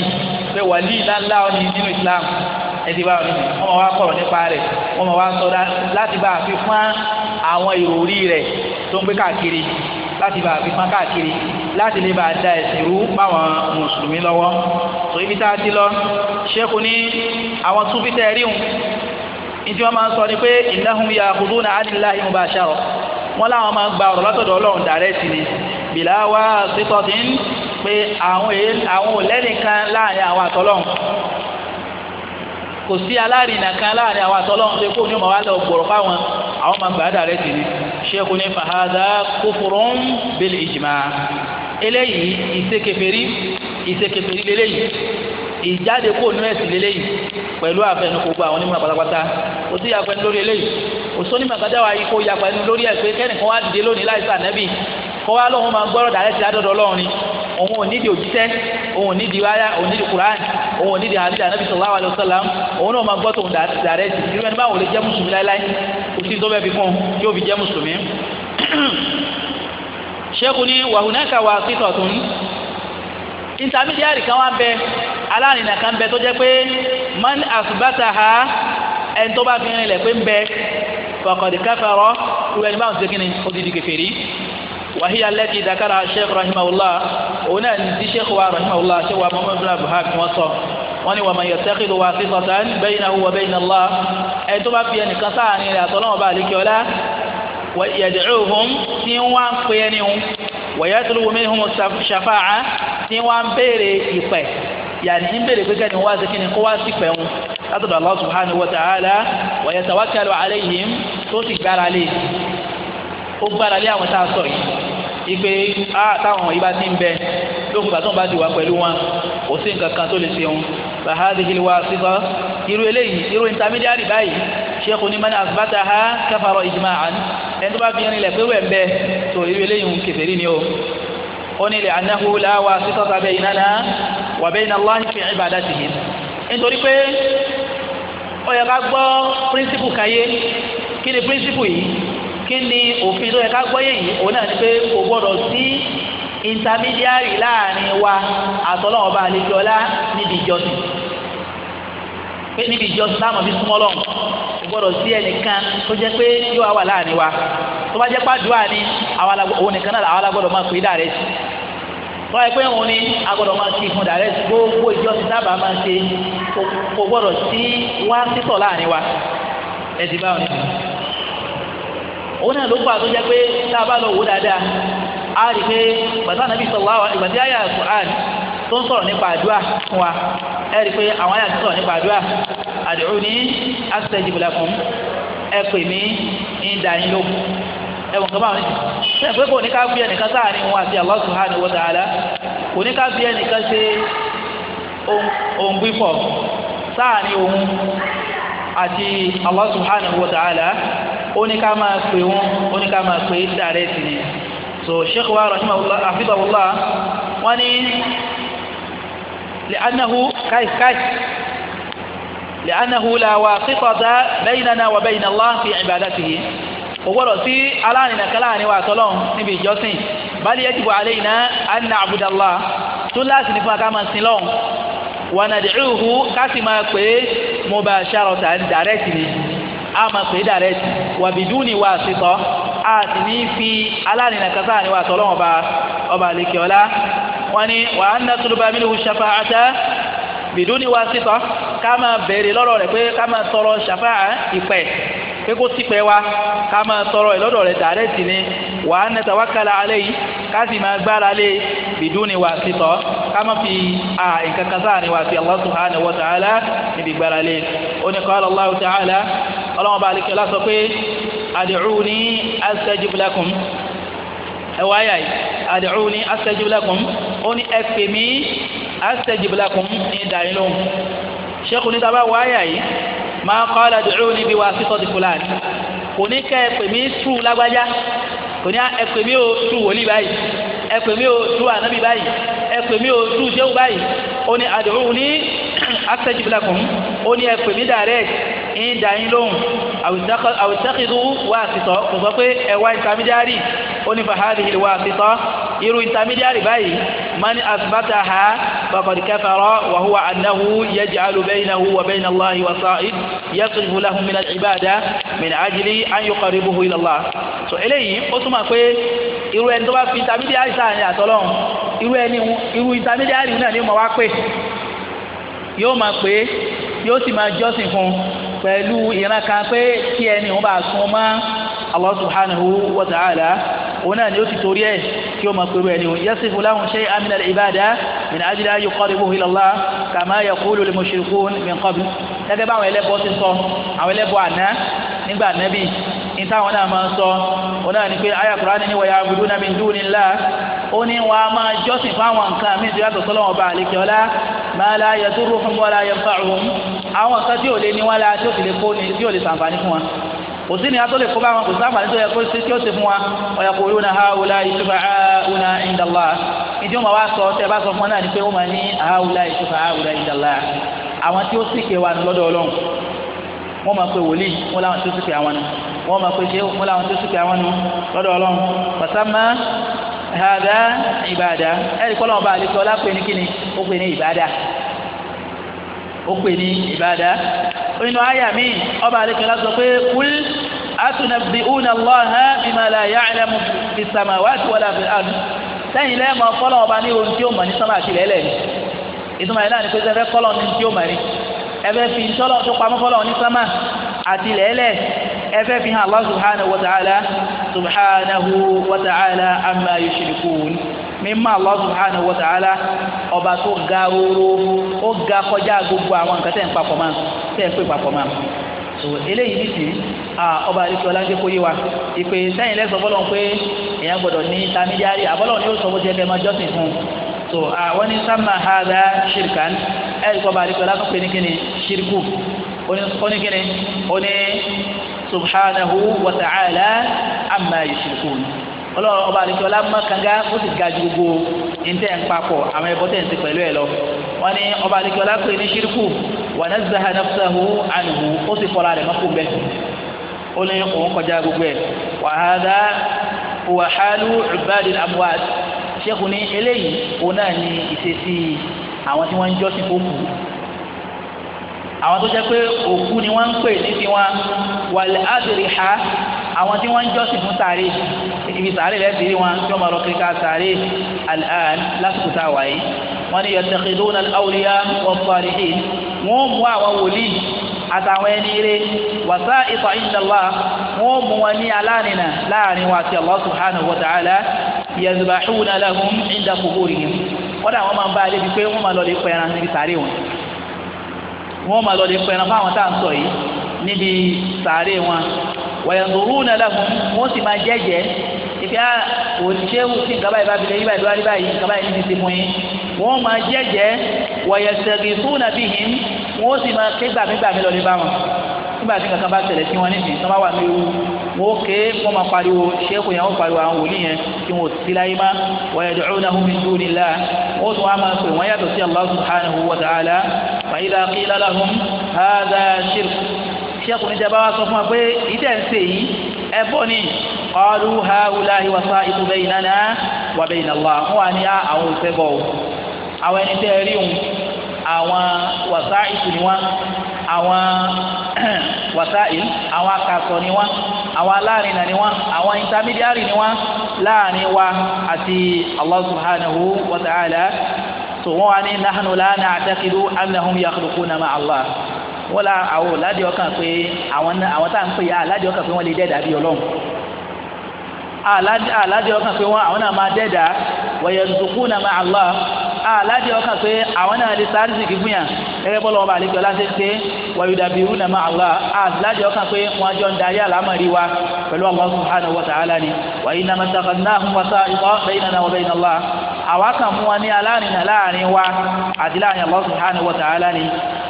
A: pé wali ńláńlá ọ̀nì nínú Islam ẹtì bá mi wọ́n máa wá kọ̀rọ̀ nípa rẹ̀ wọ́n máa wá sọ láti bá a fi pọ́n àwọn ìròrí rẹ̀ tó ń gbé káàkiri láti bá a fi pọ́n káàkiri láti lè bá a da ẹ̀sìn rú báwọn mùsùlùmí lọ́wọ́ tó ibi tá a ti lọ ṣẹ́kù ní àwọn túbítẹ́ ríhùn ní tí máa ń sọ ni pé innahum ya'khuduna 'ala Allahi mubashara wọ́n láwọn máa ń gba ọ̀rọ̀ látọ̀dọ̀ ọlọ́run dàrẹ́tì ni bìlà wá sísọ ti ń pé àwọn àwọn òlẹ́nìkan láàrin àwọn àtọ́lọ́run kò sí alárinà kan láàrin àwọn àtọ́lọ́run pé kó ní ọmọ wa lọ gbọ̀rọ̀ fáwọn àwọn máa ń gbà dàrẹ́tì ni ṣéèkù ní fàhádà kufrun bil ijma eléyìí ìṣekèfèrí ìṣekèfèrí lélẹ́yìí ìjáde kó nú ẹ̀sìn lélẹ́yìn pẹ̀lú àfẹnukò gbogbo àwọn onímọ̀ pátápátá kò sí yàgbẹ́ ní lórí eléyìí kò sóní màgádá wa ikú yàgbẹ́ ní lórí ẹ̀ pé kẹ́nìkan wá dìde lónìí láìsí ànẹ́bì kọ́ wá lóun máa gbọ́rọ̀ dàrẹ́ ti adọ́dọ̀ lọ́rin òun ò nídìí òjíṣẹ́ òun ò nídìí wáyà òun ò nídìí kuran òun ò nídìí àdìdì ànábì sallallahu alaihi wasallam òun náà máa gbọ́ tòun dàrẹ́ ti irú ẹni báwo lè jẹ́ mùsùlùmí láéláé kò sí tó bẹ́ẹ̀ fi intermediary kan wá ń bẹ alárinà kan bẹ tó jẹ́ pé man asubata ha ẹni tó bá fi rin ilẹ̀ pé ń bẹ fọkàndín káfàrọ̀ ìwé ẹni báwọn ti kí ni ó ti di kèfèrí wàhíyà lẹ́tì dakara sheikh rahimahullah òun náà ní sheikh wa rahimahullah sheikh wa muhammadu bin abdulhab wọn sọ wọn ni wàmọ̀ yẹtẹ́kìlù wa sí sọ̀tàn bẹ́yìn náà wọ bẹ́yìn náà lọ ẹni tó bá fi ẹnìkan sáàrin rẹ̀ àtọ́lọ́wọ́n bá àlékè ọlá yẹ̀dẹ̀ẹ́ òhun tí wọ̀yá tó lówó mẹ́rin hùn ṣàfáà tí wọ́n ń béèrè ìpẹ́ yàní ń béèrè pé kẹ́ni wá sí kíni kó wá sí pẹ̀hún látọ̀dọ̀ Allah subhanahu wa ta'ala wa yatawakkalu alayhim tó sì gbára lé ó gbára lé àwọn tá a sọ yìí ipe a táwọn ibà ti ń bẹ lókun gbàtọ́ bá ti wà pẹ̀lú wọn kò sí nǹkan kan tó lè ṣe wọn fàhádì kí wà sísọ irú eléyìí irú intermediary báyìí sheikh onímọ̀ náà àsìbátà ha kẹfàrọ̀ ìjìmá àn ẹni tó fi rinlẹ̀ pẹ̀lú ẹ̀ ń bẹ tó irú eléyìí ń kèfèrí ni o ó ní ilẹ̀ anáhu láwa sísọ sábẹ́ ìnáná wà bẹ́ẹ̀ náà láti fi ìbàdà tì nítorí pé ó yẹ ká gbọ́ príncípù káyé kí ni príncípù yìí kí ni òfin tó yẹ ká gbọ́yé yìí òun náà ni pé kò gbọ́dọ̀ sí intermediary láàrin wa àtọ́lọ́wọ́ bá àlejò ọlá níbi ìjọsìn pé níbi ìjọsìn táwọn fi súnmọ́ lọ́wọ́ kò gbọ́dọ̀ sí ẹnìkan tó jẹ́ pé yóò wà láàrin wa tó bá jẹ́ pàdúrà ni òun nìkan náà àwọn alágbọ́dọ̀ máa pè é dàrẹ́ sí wọ́n yẹ pé òun ni agbọ́dọ̀ máa kí fún dàrẹ́ sí gbogbo ìjọsìn tábà máa ṣe kò gbọ́dọ̀ sí wá sítọ̀ láàrin wa ẹ̀ ti báwọn nìyí. òun náà ló fà tó jẹ́ pé tá a bá lọ wò dáadáa a rí pé bàtà nàbí sallallahu alaihi ìgbà tí àyà Qur'an tó ń sọ̀rọ̀ nípa àdúrà fún wa ẹ rí pé àwọn àyà ti sọ̀rọ̀ nípa àdúrà ad'uni astajib lakum ẹ pè mí ń dà yín lóko ẹwọn kan báwọn ṣe pé kò ní ká fi ẹnìkan wọn àti ó ní ká máa pè wọn ó máa pè é sí ni so sheikh wa rahimahullah afidahullah wọn ní li'annahu káyì káyì li'annahu la waqifata baynana wa bayna Allah fi ibadatihi kò gbọ́dọ̀ sí aláàrin kan láàrin wa àtọ́lọ́hún níbi ìjọsìn bali yajibu alayna an na'buda Allah tún láti ní fún a máa pè é direct wàbídú ni wà sísọ a sì ní fi alárìnà kan sáà ní wà sọlọ́wọ́n ọba ọba àlekè ọlá wọn ni wà á ná tuluba mílíọ̀nù ṣàfà àtà bìdú ni wà sísọ ká máa béèrè lọ́rọ̀ rẹ̀ pé ká máa tọrọ ṣàfà ìpẹ́ pé kó sípẹ́ wa ká máa tọrọ ẹ̀ lọ́dọ̀ rẹ̀ dàrẹ́tì ni wàá nẹ́ta wá kálá alẹ́ yìí ká sì máa gbára lé bìdú ni wàá sí tọ́ ká má fi nǹkan kan sáà ni wàá fi Allah subhanahu wa ta'ala níbi gbára lé ó ní qala Allah ta'ala ọlọ́wọ́n bá alikẹ́ lásọ pé ad'uni astajib lakum ẹ wá yà yìí ad'uni astajib lakum ó ní ẹ pè mí astajib sẹ́kù ní tábà wáyà yìí máa qala du'uni bi wasitati fulan kò ní kẹ́ ẹ pè mí sùúrù lágbájá kò ní ẹpẹ mi ò tú wòlíì báyìí ẹpẹ mi ò tú ànábì báyìí ẹpẹ mi ò tú jẹun báyìí ó ní àdéhùn ní asẹjìbìlà kùn ó ní ẹpẹ mi direct ń dà yín lóhùn àwùjákìdú wà àtìtọ kò sọ pé ẹwà intermediary ó ní fàhálì wà àtìtọ irú intermediary báyìí mani asibata ha fakọdi kẹfàrọ wàhùwà anahu yaj'alu baynahu wa bayna Allahi wasa'id yasrifu lahu min al-ibada min ajli an yuqarribuhu ila Allah so eléyìí ó t túmọ̀ pé irú ẹni tó bá fi intermediary sáàrin àtọ́lọ́run irú ẹni irú intermediary náà ni mo wá pè yóò máa pè é yóò sì máa jọ́sìn fún un pẹ̀lú ìran kan pé kí ẹni òun bá sún mọ́ Allah subhanahu wa ta'ala òun náà ni ó ti torí ẹ̀ kí ó máa pèrò ẹni òun yasifu lahum shay'an min al-ibada min ajli an yuqarribuhu ila Allah kama yaqulu al-mushrikun min qabl gẹ́gẹ́ bá àwọn ẹlẹ́bọ ti sọ àwọn ẹlẹ́bọ àná nígbà Nábì ìtàwọn náà máa ń sọ wọn náà ní pé àyá Kùránì ní wa ya'buduna min dunillah ó ní wọn a máa jọ́sìn fáwọn nǹkan mi tó yàtọ̀ sọ́lọ́wọ́n ọba àlekè ọlá ma la yadurruhum wa la yanfa'uhum àwọn nǹkan tí ò lè ní wọn la tí ò sì lè kó ni tí ò lè sàǹfààní fún wa kò sí ni atọ́lẹ̀ kó bá wọn kò sáfàní tó yẹ kó ṣe tí ó ṣe fún wa ọ̀yà kò lóna ha wula ìṣúfà ha wuna ìdàlá ìdí wọn wá sọ tẹ bá sọ fún wọn náà wọ́n máa pe ṣé wọ́n làwọn tó sùkẹ́ àwọn nu lọ́dọ̀ ọlọ́run pàṣámá hàdá ìbàdà ẹ̀rí kọ́ lọ́wọ́ bá a lè sọ lápè ní kíni ó pè ní ìbàdà ó pè ní ìbàdà inú àyà mi ọba àlekè la sọ pé kúl atunabbi'una Allaha bima la ya'lamu fis samawati wala fil ard sẹ́yìn lẹ́ẹ̀mọ́ fọ́lọ́ ọba ní ohun tí ó mọ̀ ní sọ́mà àti lẹ́lẹ̀ ìtumọ̀ yìí náà ni pé sẹ́fẹ́ fọ́lọ́ ní tí ó mọ̀ ní ẹfẹ́ fi tọ́lọ̀ tó pamọ́ fọlọ́ ní sámà àti lẹ́lẹ̀ ẹfẹ́ fi hàn Allah subhanahu wa ta'ala subhanahu wa ta'ala amma yushrikun mímọ́ Allah subhanahu wa ta'ala ọba tó ga roro ó ga kọjá gbogbo àwọn nǹkan tẹ̀ ń papọ̀ mọ́ tẹ̀ ń pè papọ̀ mọ́ so eléyìí nìsí ọba àdìsí ọlájẹ kó yé wa ìpè sẹ́yìn lẹ́sọ̀ fọlọ́n pé èèyàn gbọ́dọ̀ ní tamídíárì àbọ́lọ́ ni ó sọ bó ti ẹ̀kẹ́ so àwọn uh, ní sámà hàdá ṣìrìkàn ẹ̀rí kọ́ bá rí pẹ̀lú àtúnpé ní kíni ṣìrìkù ó ní kíni ó ní subhanahu wa ta'ala amma yushrikun ọlọ́run ọba àlejò ọlámọ kanga ó sì ga ju gbogbo ntẹ̀ ń papọ̀ àwọn ẹ̀bọ tẹ̀ ń ti pẹ̀lú ẹ̀ lọ wọn ni ọba àlejò ọlápẹ̀ ní ṣírkù wa nazzaha nafsahu anhu ó sì fọlá rẹ̀ mọ́kù bẹ́ẹ̀ ó ní òun kọjá gbogbo ẹ̀ wa hadha huwa ṣẹ́kù ní eléyìí òun náà ní ìṣesí àwọn tí wọ́n ń jọ́sìn fókù àwọn tó jẹ́ pé òkú ni wọ́n ń pè ní tiwọn wàlẹ̀ àdìrìhà àwọn tí wọ́n ń jọ́sìn fún sàárè ibi sàárè lẹ́sìn rí wọn tí wọ́n máa lọ kíkà sàárè àlàn lásìkò tá a wáyé wọ́n ní yattakhiduna al-awliya was-salihin wọ́n mú àwọn wòlíì àtàwọn ẹni eré wàsá ìtọ̀ inda Allah mú wọn ní alárinà láàrin wa àti Allah subhanahu wa ta'ala yazbahuna lahum inda quburihim kọ́dà wọ́n máa ń bá a lébi pé wọ́n máa lọ lè pẹran níbi sàárè wọn wọ́n máa lọ lè pẹran fáwọn tá à ń sọ yìí níbi sàárè wọn wa yanzuruna lahum sì máa jẹ́jẹ́ ìfẹ́ òṣìṣẹ́wò sí nǹkan báyìí báyìí bílẹ̀ ìdúrà rí báyìí nǹkan báyìí ti mú yín wọ́n máa jẹ́jẹ́ wa yastaghithuna bihim wọ́n sì máa ké lọ lè bá wọn nígbà tí nǹkan bá ṣẹlẹ̀ sí wọn níbi tí wọ́n bá wà ní ewu wọ́n ké wọ́n máa pariwo ṣẹ́kù yẹn wọ́n pariwo àwọn wòlíì yẹn tí wọ́n ti láyé má wa yad'unahum min dunillah wọ́n tún wá máa pè wọ́n yàtọ̀ sí Allah subhanahu wa ta'ala fa idha qila lahum hadha shirk ṣẹ́kù ní jẹba wa sọ fún wa pé ìdẹ́ ń sè yìí ẹ bọ́ ni qalu haula'i wasa'itu baynana wa bayna Allah wọ́n wà ní ah, àwọn òṣèbọ̀ àwọn ẹni tẹ́ rí òun àwọn wasa'itu ni wọ́n àwọn wàsáìl àwọn akasọ̀ ni wọ́n àwọn alárinà ni wọ́n àwọn intermediary ni wọ́n láàrin wa àti Allah subhanahu wa ta'ala tó wọ́n wá ní nahanu lánà àtẹ́kìlú annahum yakhluquna ma Allah wọ́n la àwọn ládìí ọkàn pé àwọn tá à ń pè yá ládìí ọkàn pé wọ́n lè dẹ́ẹ̀dá bí ọlọ́run aládìí ọkàn pé wọ́n àwọn náà máa dẹ́ẹ̀dá wa yarzuquna ma Allah aládìí ah, ọkàn pé àwọn náà lè sáré sì kíkún yàn gẹ́gẹ́ bọ́lá ọba àlejò aláṣẹ ṣe wàyùdàbí rúnà máa Allah aládìí ọkàn pé wọ́n jọ ń darí àlámọ̀rí wa pẹ̀lú Allah subhanahu wa ta'ala ni wa inna mattakhadnahum wasa'iqa baynana wa bayna Allah àwa kan mú wọn ní aláàrin náà láàrin wa àti láàrin Allah subhanahu wa ta'ala ni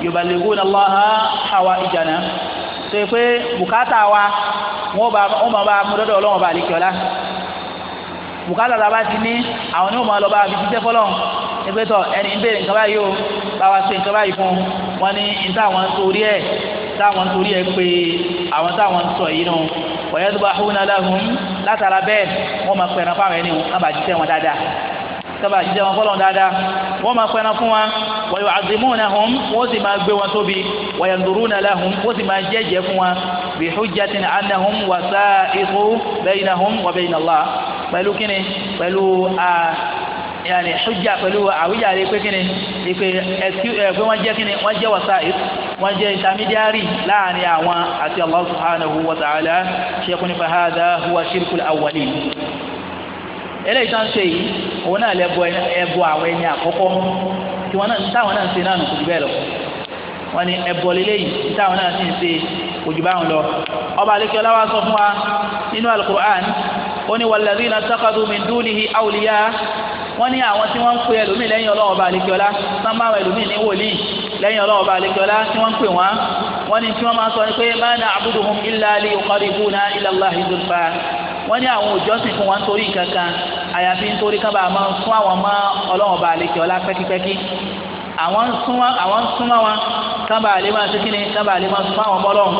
A: yuballighuna Allah hawa'ijana ṣe pé bùkátà wa wọ́n bá mú dọ́dọ̀ ọlọ́wọ́n bá àlejò ọlá bùkátà tá a bá ti ní àwọn yóò máa lọ bá a fi jíṣẹ́ fọlọ́ ẹgbẹ́ tọ̀ ẹni ń béèrè nǹkan báyìí o bá wa ṣe nǹkan báyìí fún wọn ní ní táwọn ń torí ẹ̀ táwọn ń torí ẹ̀ pé àwọn táwọn ń sọ yìí nù wọ̀nyẹ́dùbà hùwìnà láhùn látara bẹ́ẹ̀ wọ́n máa pẹ̀ràn fáwọn ẹni wọn bá jíṣẹ́ wọn dáadáa sábà jíjẹ wọn fọlọ́n dáadáa wọ́n máa pẹ́ran fún wa wa yu'azzimunahum wọ́n sì máa gbé wọn tóbi wa yanzuruna lahum wọ́n sì máa jẹ́jẹ́ fún wa bi hujjatin annahum wasa'iqu baynahum wa bayna Allah pẹ̀lú kíni pẹ̀lú yàni hujja pẹ̀lú àwíjàre pé kíni ìpè ẹ̀pẹ́ wọ́n jẹ́ kíni wọ́n jẹ́ wasa'iq wọ́n jẹ́ intermediary láàrin àwọn àti Allah subhanahu wa ta'ala ṣe kúni fa huwa shirkul awwalin eléyìí tó ń ṣe yìí òun náà lẹ́bọ ẹbọ àwọn ẹni àkọ́kọ́ tí wọ́n náà táwọn náà ń ṣe náà nù kùdù bẹ́ẹ̀ lọ wọ́n ní ẹbọ lélẹ́yìí táwọn náà sì ń ṣe kùdù báwọn lọ ọba alẹ́kẹ́ ọlá sọ fún wa nínú alukur'an ó ní wàlladhina taqadu min dunihi awliya wọ́n ní àwọn tí wọ́n ń pe ẹlòmíì lẹ́yìn ọlọ́run ọba àlekíọ́lá sábà àwọn ẹlòmíì ní wòlíì lẹ́yìn ọlọ́run ọba àlekíọ́lá tí wọ́n ń pè wọ́n wọ́n ní tí wọ́n máa sọ pé má na'buduhum illa liyuqarribuna ila Allahi zulfa wọ́n ní àwọn òjọ́sìn fún wọn torí kankan àyàfi nítorí kábàámọ́ fún àwọn ọmọ ọlọ́run ọba àlekíọ́lá pẹ́kípẹ́kí àwọn ń súnmọ́ àwọn ń súnmọ́ wọn kábà lè máa ṣe kíni kábà lè máa súnmọ́ àwọn bọ́lọ́hùn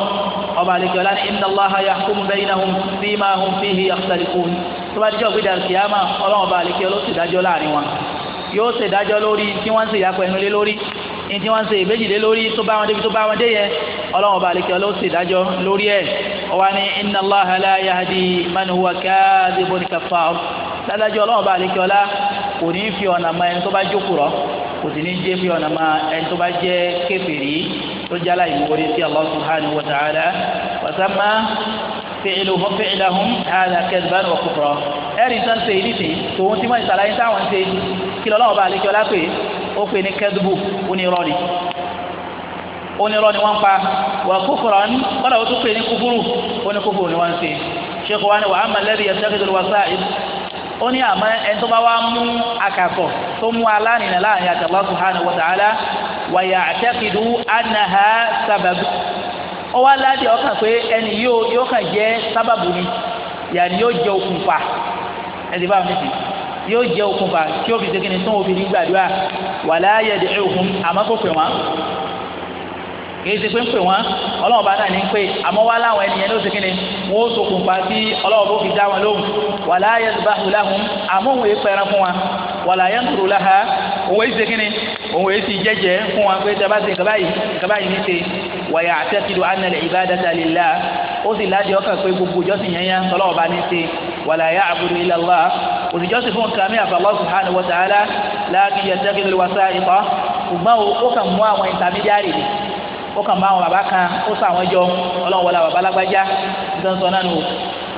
A: ọba àlejò ọlá ní inna Allaha yahkumu baynahum fima hum fihi yakhtalifun tó bá dijọ́ gbéjà kìyàmà ọlọ́run ọba àlejò ló sì dájọ́ láàrin wọn yóò ṣe dájọ́ lórí tí wọ́n ń ṣe ìyàpọ̀ ẹnu lé lórí ntí wọn ṣe ìbéjìlé lórí tó bá wọn débi tó bá wọn dé yẹn ọlọ́run ọba àlekè ọlọ́run ṣèdájọ́ lórí ẹ̀ ọwọ́ ni inna Allaha la yahdi man huwa kò sì ní jẹ́ bí ọ̀nà máa ẹni tó bá jẹ́ kèfèrí tó jálá ìmúwòrè sí Allah subhanahu wa ta'ala wa samma fi'luhum fi'lahum hadha kadhban wa kufra ẹ̀rìn tán ṣe ìdí sìn tòun tí wọ́n ìsàlàyé táwọn ṣe kí lọ́lọ́wọ́ bá àlekí ọlá pé ó pè ní kadhbu onírọ́ni onírọ́ni wọ́n pa wọ́n ṣe ṣe kọ́ ó ní àmọ́ ẹni tó bá wá mú akàkọ̀ tó mú alánìyàn láàrin àti Allah subhanahu wa ta'ala wa ya'taqidu annaha sábàbù ó wá láti ọkàn pé ẹni yóò yóò kàn jẹ́ sábàbù ni yàrá yóò jẹ́ okùnfà ẹni bá mi sì yóò jẹ́ okùnfà tí ó fi ṣe kí ni tó ń fi ní gbàdúrà wala yad'uhum àmọ́ kò pè wọ́n kì í ṣe pé ń pè wọ́n ọlọ́wọ́n bá náà ní pé àmọ́ wá láwọn ẹnìyẹn ló ṣe kíni wọ́n ó ṣokùnfà bí ọlọ́wọ́n bó fi dá wọn lóhùn wàlá yadbahu lahum àmọ́ òun èé pẹran fún wa wàlá yanturu laha òun èé ṣe kíni òun èé ti jẹ́jẹ́ fún wa pé tẹ́lá ṣe kaba yìí kaba yìí ní ṣe wàyà àtẹ́kìdù anàlẹ̀ ibadata lillah ó sì láti ọkàn pé gbogbo ìjọsìn yẹn yẹn bá ní ṣe wàlá ya'budu illa Allah òsìjọ́sìn fún kàmí àfàlọ́ subhanahu wa ta'ala láàkì yẹn tẹ́kìdù ṣùgbọ́n ó kàn mú àwọn intermediary ó kàn bá àwọn bàbá kan ó sọ àwọn jọ ọlọ́run wọlé àwọn bàbá lágbájá nítorí sọ náà nù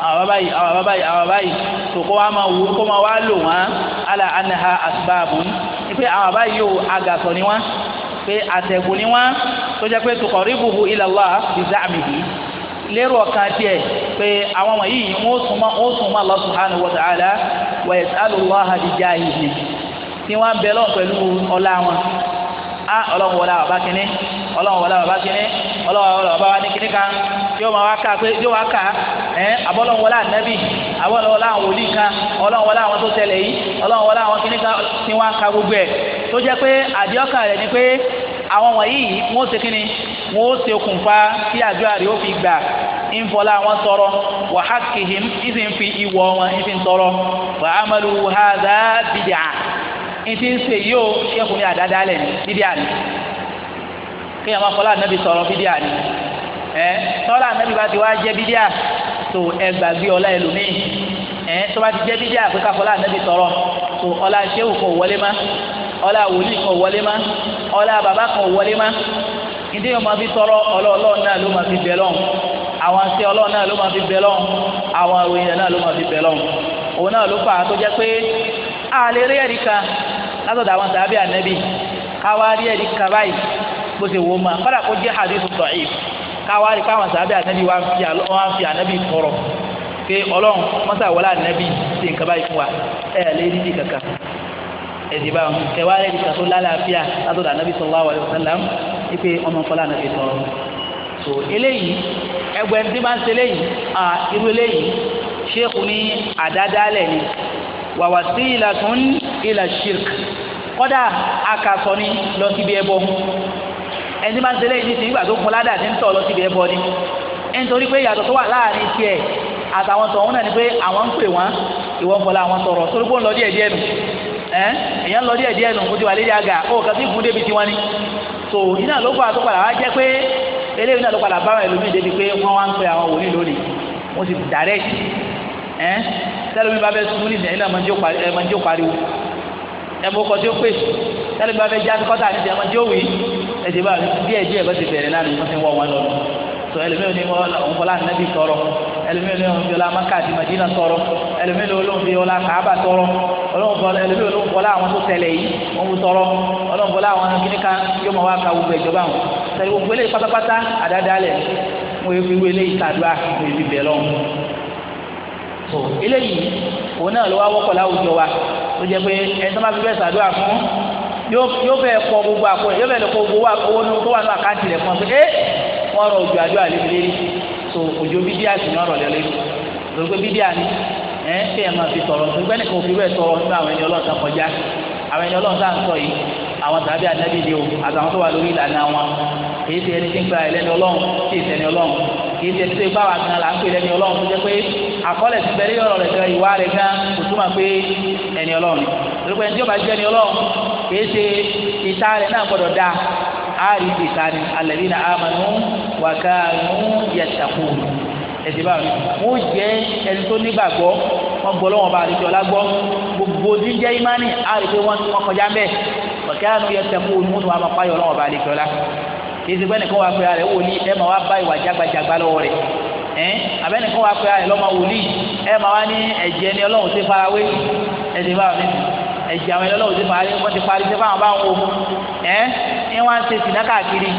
A: àwọn bàbá yìí àwọn bàbá yìí àwọn bàbá yìí tó kó wa máa wù kó máa wá lò wọ́n ala anaha asbaabu pé àwọn bàbá yìí ó agàsọ ni wọ́n pé àtẹ̀gùn ni wọ́n tó jẹ́ pé tukọ̀ríbuhu ila Allah bi za'mihi lérò ọ̀kan tiẹ̀ pé àwọn wọ̀nyí wọ́n súnmọ́ wọ́n wọ́n bẹ̀ lọ́n pẹ̀lú ọlá wọn. A ah, ọlọ́run wọlé àwọn bá kínní ọlọ́run wọlé àwọn bá kínní ọlọ́run wọlé àwọn bá wá ní kínní kan yóò máa wá ká pé yóò wá ká ẹ abọ́lọ́run wọlé ànábì abọ́lọ́run wọlé àwọn kan ọlọ́run wọlé àwọn tó yìí ọlọ́run wọlé àwọn kan tí wọ́n á gbogbo ẹ̀ tó jẹ́ pé rẹ̀ ni pé àwọn wọ̀nyí wọ́n ṣe kínní wọ́n ṣe okùnfà fi gbà ntí ń ṣe yìí ó ṣẹ́kù ní àdáda lẹ̀ ní bíbí àná kéèyàn máa fọlá ànábì sọ̀rọ̀ bíbí àná ẹ tọ́lá ànábì bá ti wá jẹ́ bíbí à tó ẹ gbàgbé ọlá ẹlòmíì ẹ tó bá ti jẹ́ bíbí à pé ká fọlá ànábì sọ̀rọ̀ tó ọlá ṣéwù kan wọlé má ọlá wòlíì kan wọlé má ọlá bàbá kan wọlé má ntí yóò máa fi sọ̀rọ̀ ọlọ́ọ̀lọ́ náà ló máa fi bẹ̀ lọ́n àlè rí ẹ̀rí kan látọ̀dọ̀ àwọn sàbí ànẹ́bí káwá rí ẹ̀rí kan báyìí bó ṣe wò ó ma kọ́dà kó jẹ́ hadith da'if káwá rí pé àwọn sàbí ànẹ́bí wá ń fi ànẹ́bí tọrọ pé ọlọ́run wọ́n sà wọlé ànẹ́bí ṣe nǹkan báyìí fún wa ẹ̀ lè rí kankan ẹ̀dì bá wọn kẹwàá rẹ̀ nìkan tó lálàáfíà látọ̀dọ̀ ànábì sallallahu alaihi wasallam ipe ọmọ kọlá ànábì tọrọ so eléyìí ẹgbẹ́ tí bá ń ṣe eléyìí à irú ni wa wasilatun ila shirk kọ́dà akasọ ni lọ síbi ẹbọ ẹni máa ń tẹ̀lé ní ti nígbà tó kún ládàá ti ń tọ̀ lọ síbi ẹbọ ni ẹni torí pé ìyàtọ̀ tó wà láàrin tiẹ̀ àtàwọn tọ̀hún náà ni pé àwọn ń pè wọ́n ìwọ́n fọlá àwọn tọ̀rọ̀ torí pé ó ń lọ díẹ̀ díẹ̀ nù ẹ èèyàn lọ díẹ̀ díẹ̀ nù ojú wa lédi aga ó kàtí fún débi tiwọn ni tó iná ló fà tó padà wá jẹ pé eléyìí náà ló padà bá wọn ẹlòmíì débi pé wọn wá ń pè àwọn wòlíì lónìí wọn sì dàrẹ́tì ẹ tẹ́lẹ̀ mi bá bẹ sùn nìyẹn ilé ẹ̀mọ́ tí ó pariwo ẹ̀mọ́ kọ́ tí ó pè tẹ́lẹ̀ mi bá bẹ já kọ́tà àti ẹ̀mọ́ tí ó wì í ẹ̀jẹ̀ bá díẹ̀ díẹ̀ bá ti bẹ̀rẹ̀ náà ni wọ́n ti wọ́ wọn lọ sọ ẹlòmíràn ni wọn fọlá nàbì tọrọ ẹlòmíràn ni wọn fi ọlá maka àti madina tọrọ ẹlòmíràn olóhùn fi ọlá kaaba tọrọ ẹlòmíràn olóhùn fọlá àwọn tó tẹlẹ yìí wọn bú tọrọ olóhùn fọlá àwọn kìnnìkan yóò máa wá ka gbogbo ìjọba wọn sọ ìwọ̀n gbélé pátápátá àdáadáa lẹ̀ wọ́n fi wọlé ìtàdúrà wọ́n fi bẹ̀ lọ́wọ́ tó eléyìí òun náà ló wá wọ́pọ̀ láwùjọ wa tó jẹ́ pé ẹni tó bá fi bẹ́ẹ̀ sàdúrà fún yóò bẹ́ẹ̀ kọ gbogbo àpò yóò bẹ́ẹ̀ lè kọ gbogbo owó tó wà ní àkáǹtì rẹ̀ fún ọ pé ẹ wọ́n rọ òjò àdúrà lébi lérí tó òjò bídíà sì ní ọ̀rọ̀ lẹ́ lébi lórí pé bídíà ni ẹ ẹ máa fi tọrọ nígbà nìkan òfin bẹ́ẹ̀ tọrọ nígbà àwọn ẹni ọlọ́ọ̀ta kọjá àwọn ẹni ọlọ́run tá à ń sọ yìí àwọn tàbí ànábì ni o àtàwọn tó wà lórí ìlànà wọn kì í ṣe ẹni tí ń gba ẹlẹ́ni ọlọ́run tí ì sẹ́ni ọlọ́run kì í ṣe ẹni tó bá wà gan la ń pè lẹ́ni ọlọ́run tó jẹ́ pé àkọọ́lẹ̀ ti bẹ̀rẹ̀ ọ̀rọ̀ rẹ̀ gan ìwà rẹ̀ gan kò túmọ̀ pé ẹni ọlọ́run lóko ẹni tí ó bá jẹ́ ẹni ọlọ́run amanu wa kanu yattaqun ẹ̀sìn báyìí wọ́n jẹ́ ẹni tó nígbàgbọ́ wọ́n gbọ́ lọ́wọ́ bá àlejò ọ̀la gbọ́ gbogbo jíjẹ́ ìmánì àrègbè wọn ti wọn kọjá mbẹ́ ọ̀kẹ́ àánú yẹ tẹ̀kú olùmúnú wa máa pààyọ̀ lọ́wọ́ bá àlejò ọ̀la kì í ti gbẹ́nìkan wà pé ààrẹ wòlíì ẹ máa wá bá ìwà jágbajàgba lọ́wọ́ rẹ̀ ẹ́n abẹ́nìkan wà pé ààrẹ lọ́mọ wòlíì ẹ máa wá ní ẹ̀jẹ̀ ni ọlọ́run ti fara wé ẹ̀sìn báyìí ẹ̀jẹ̀ àwọn ẹlọ́run ti fara wé wọ́n ti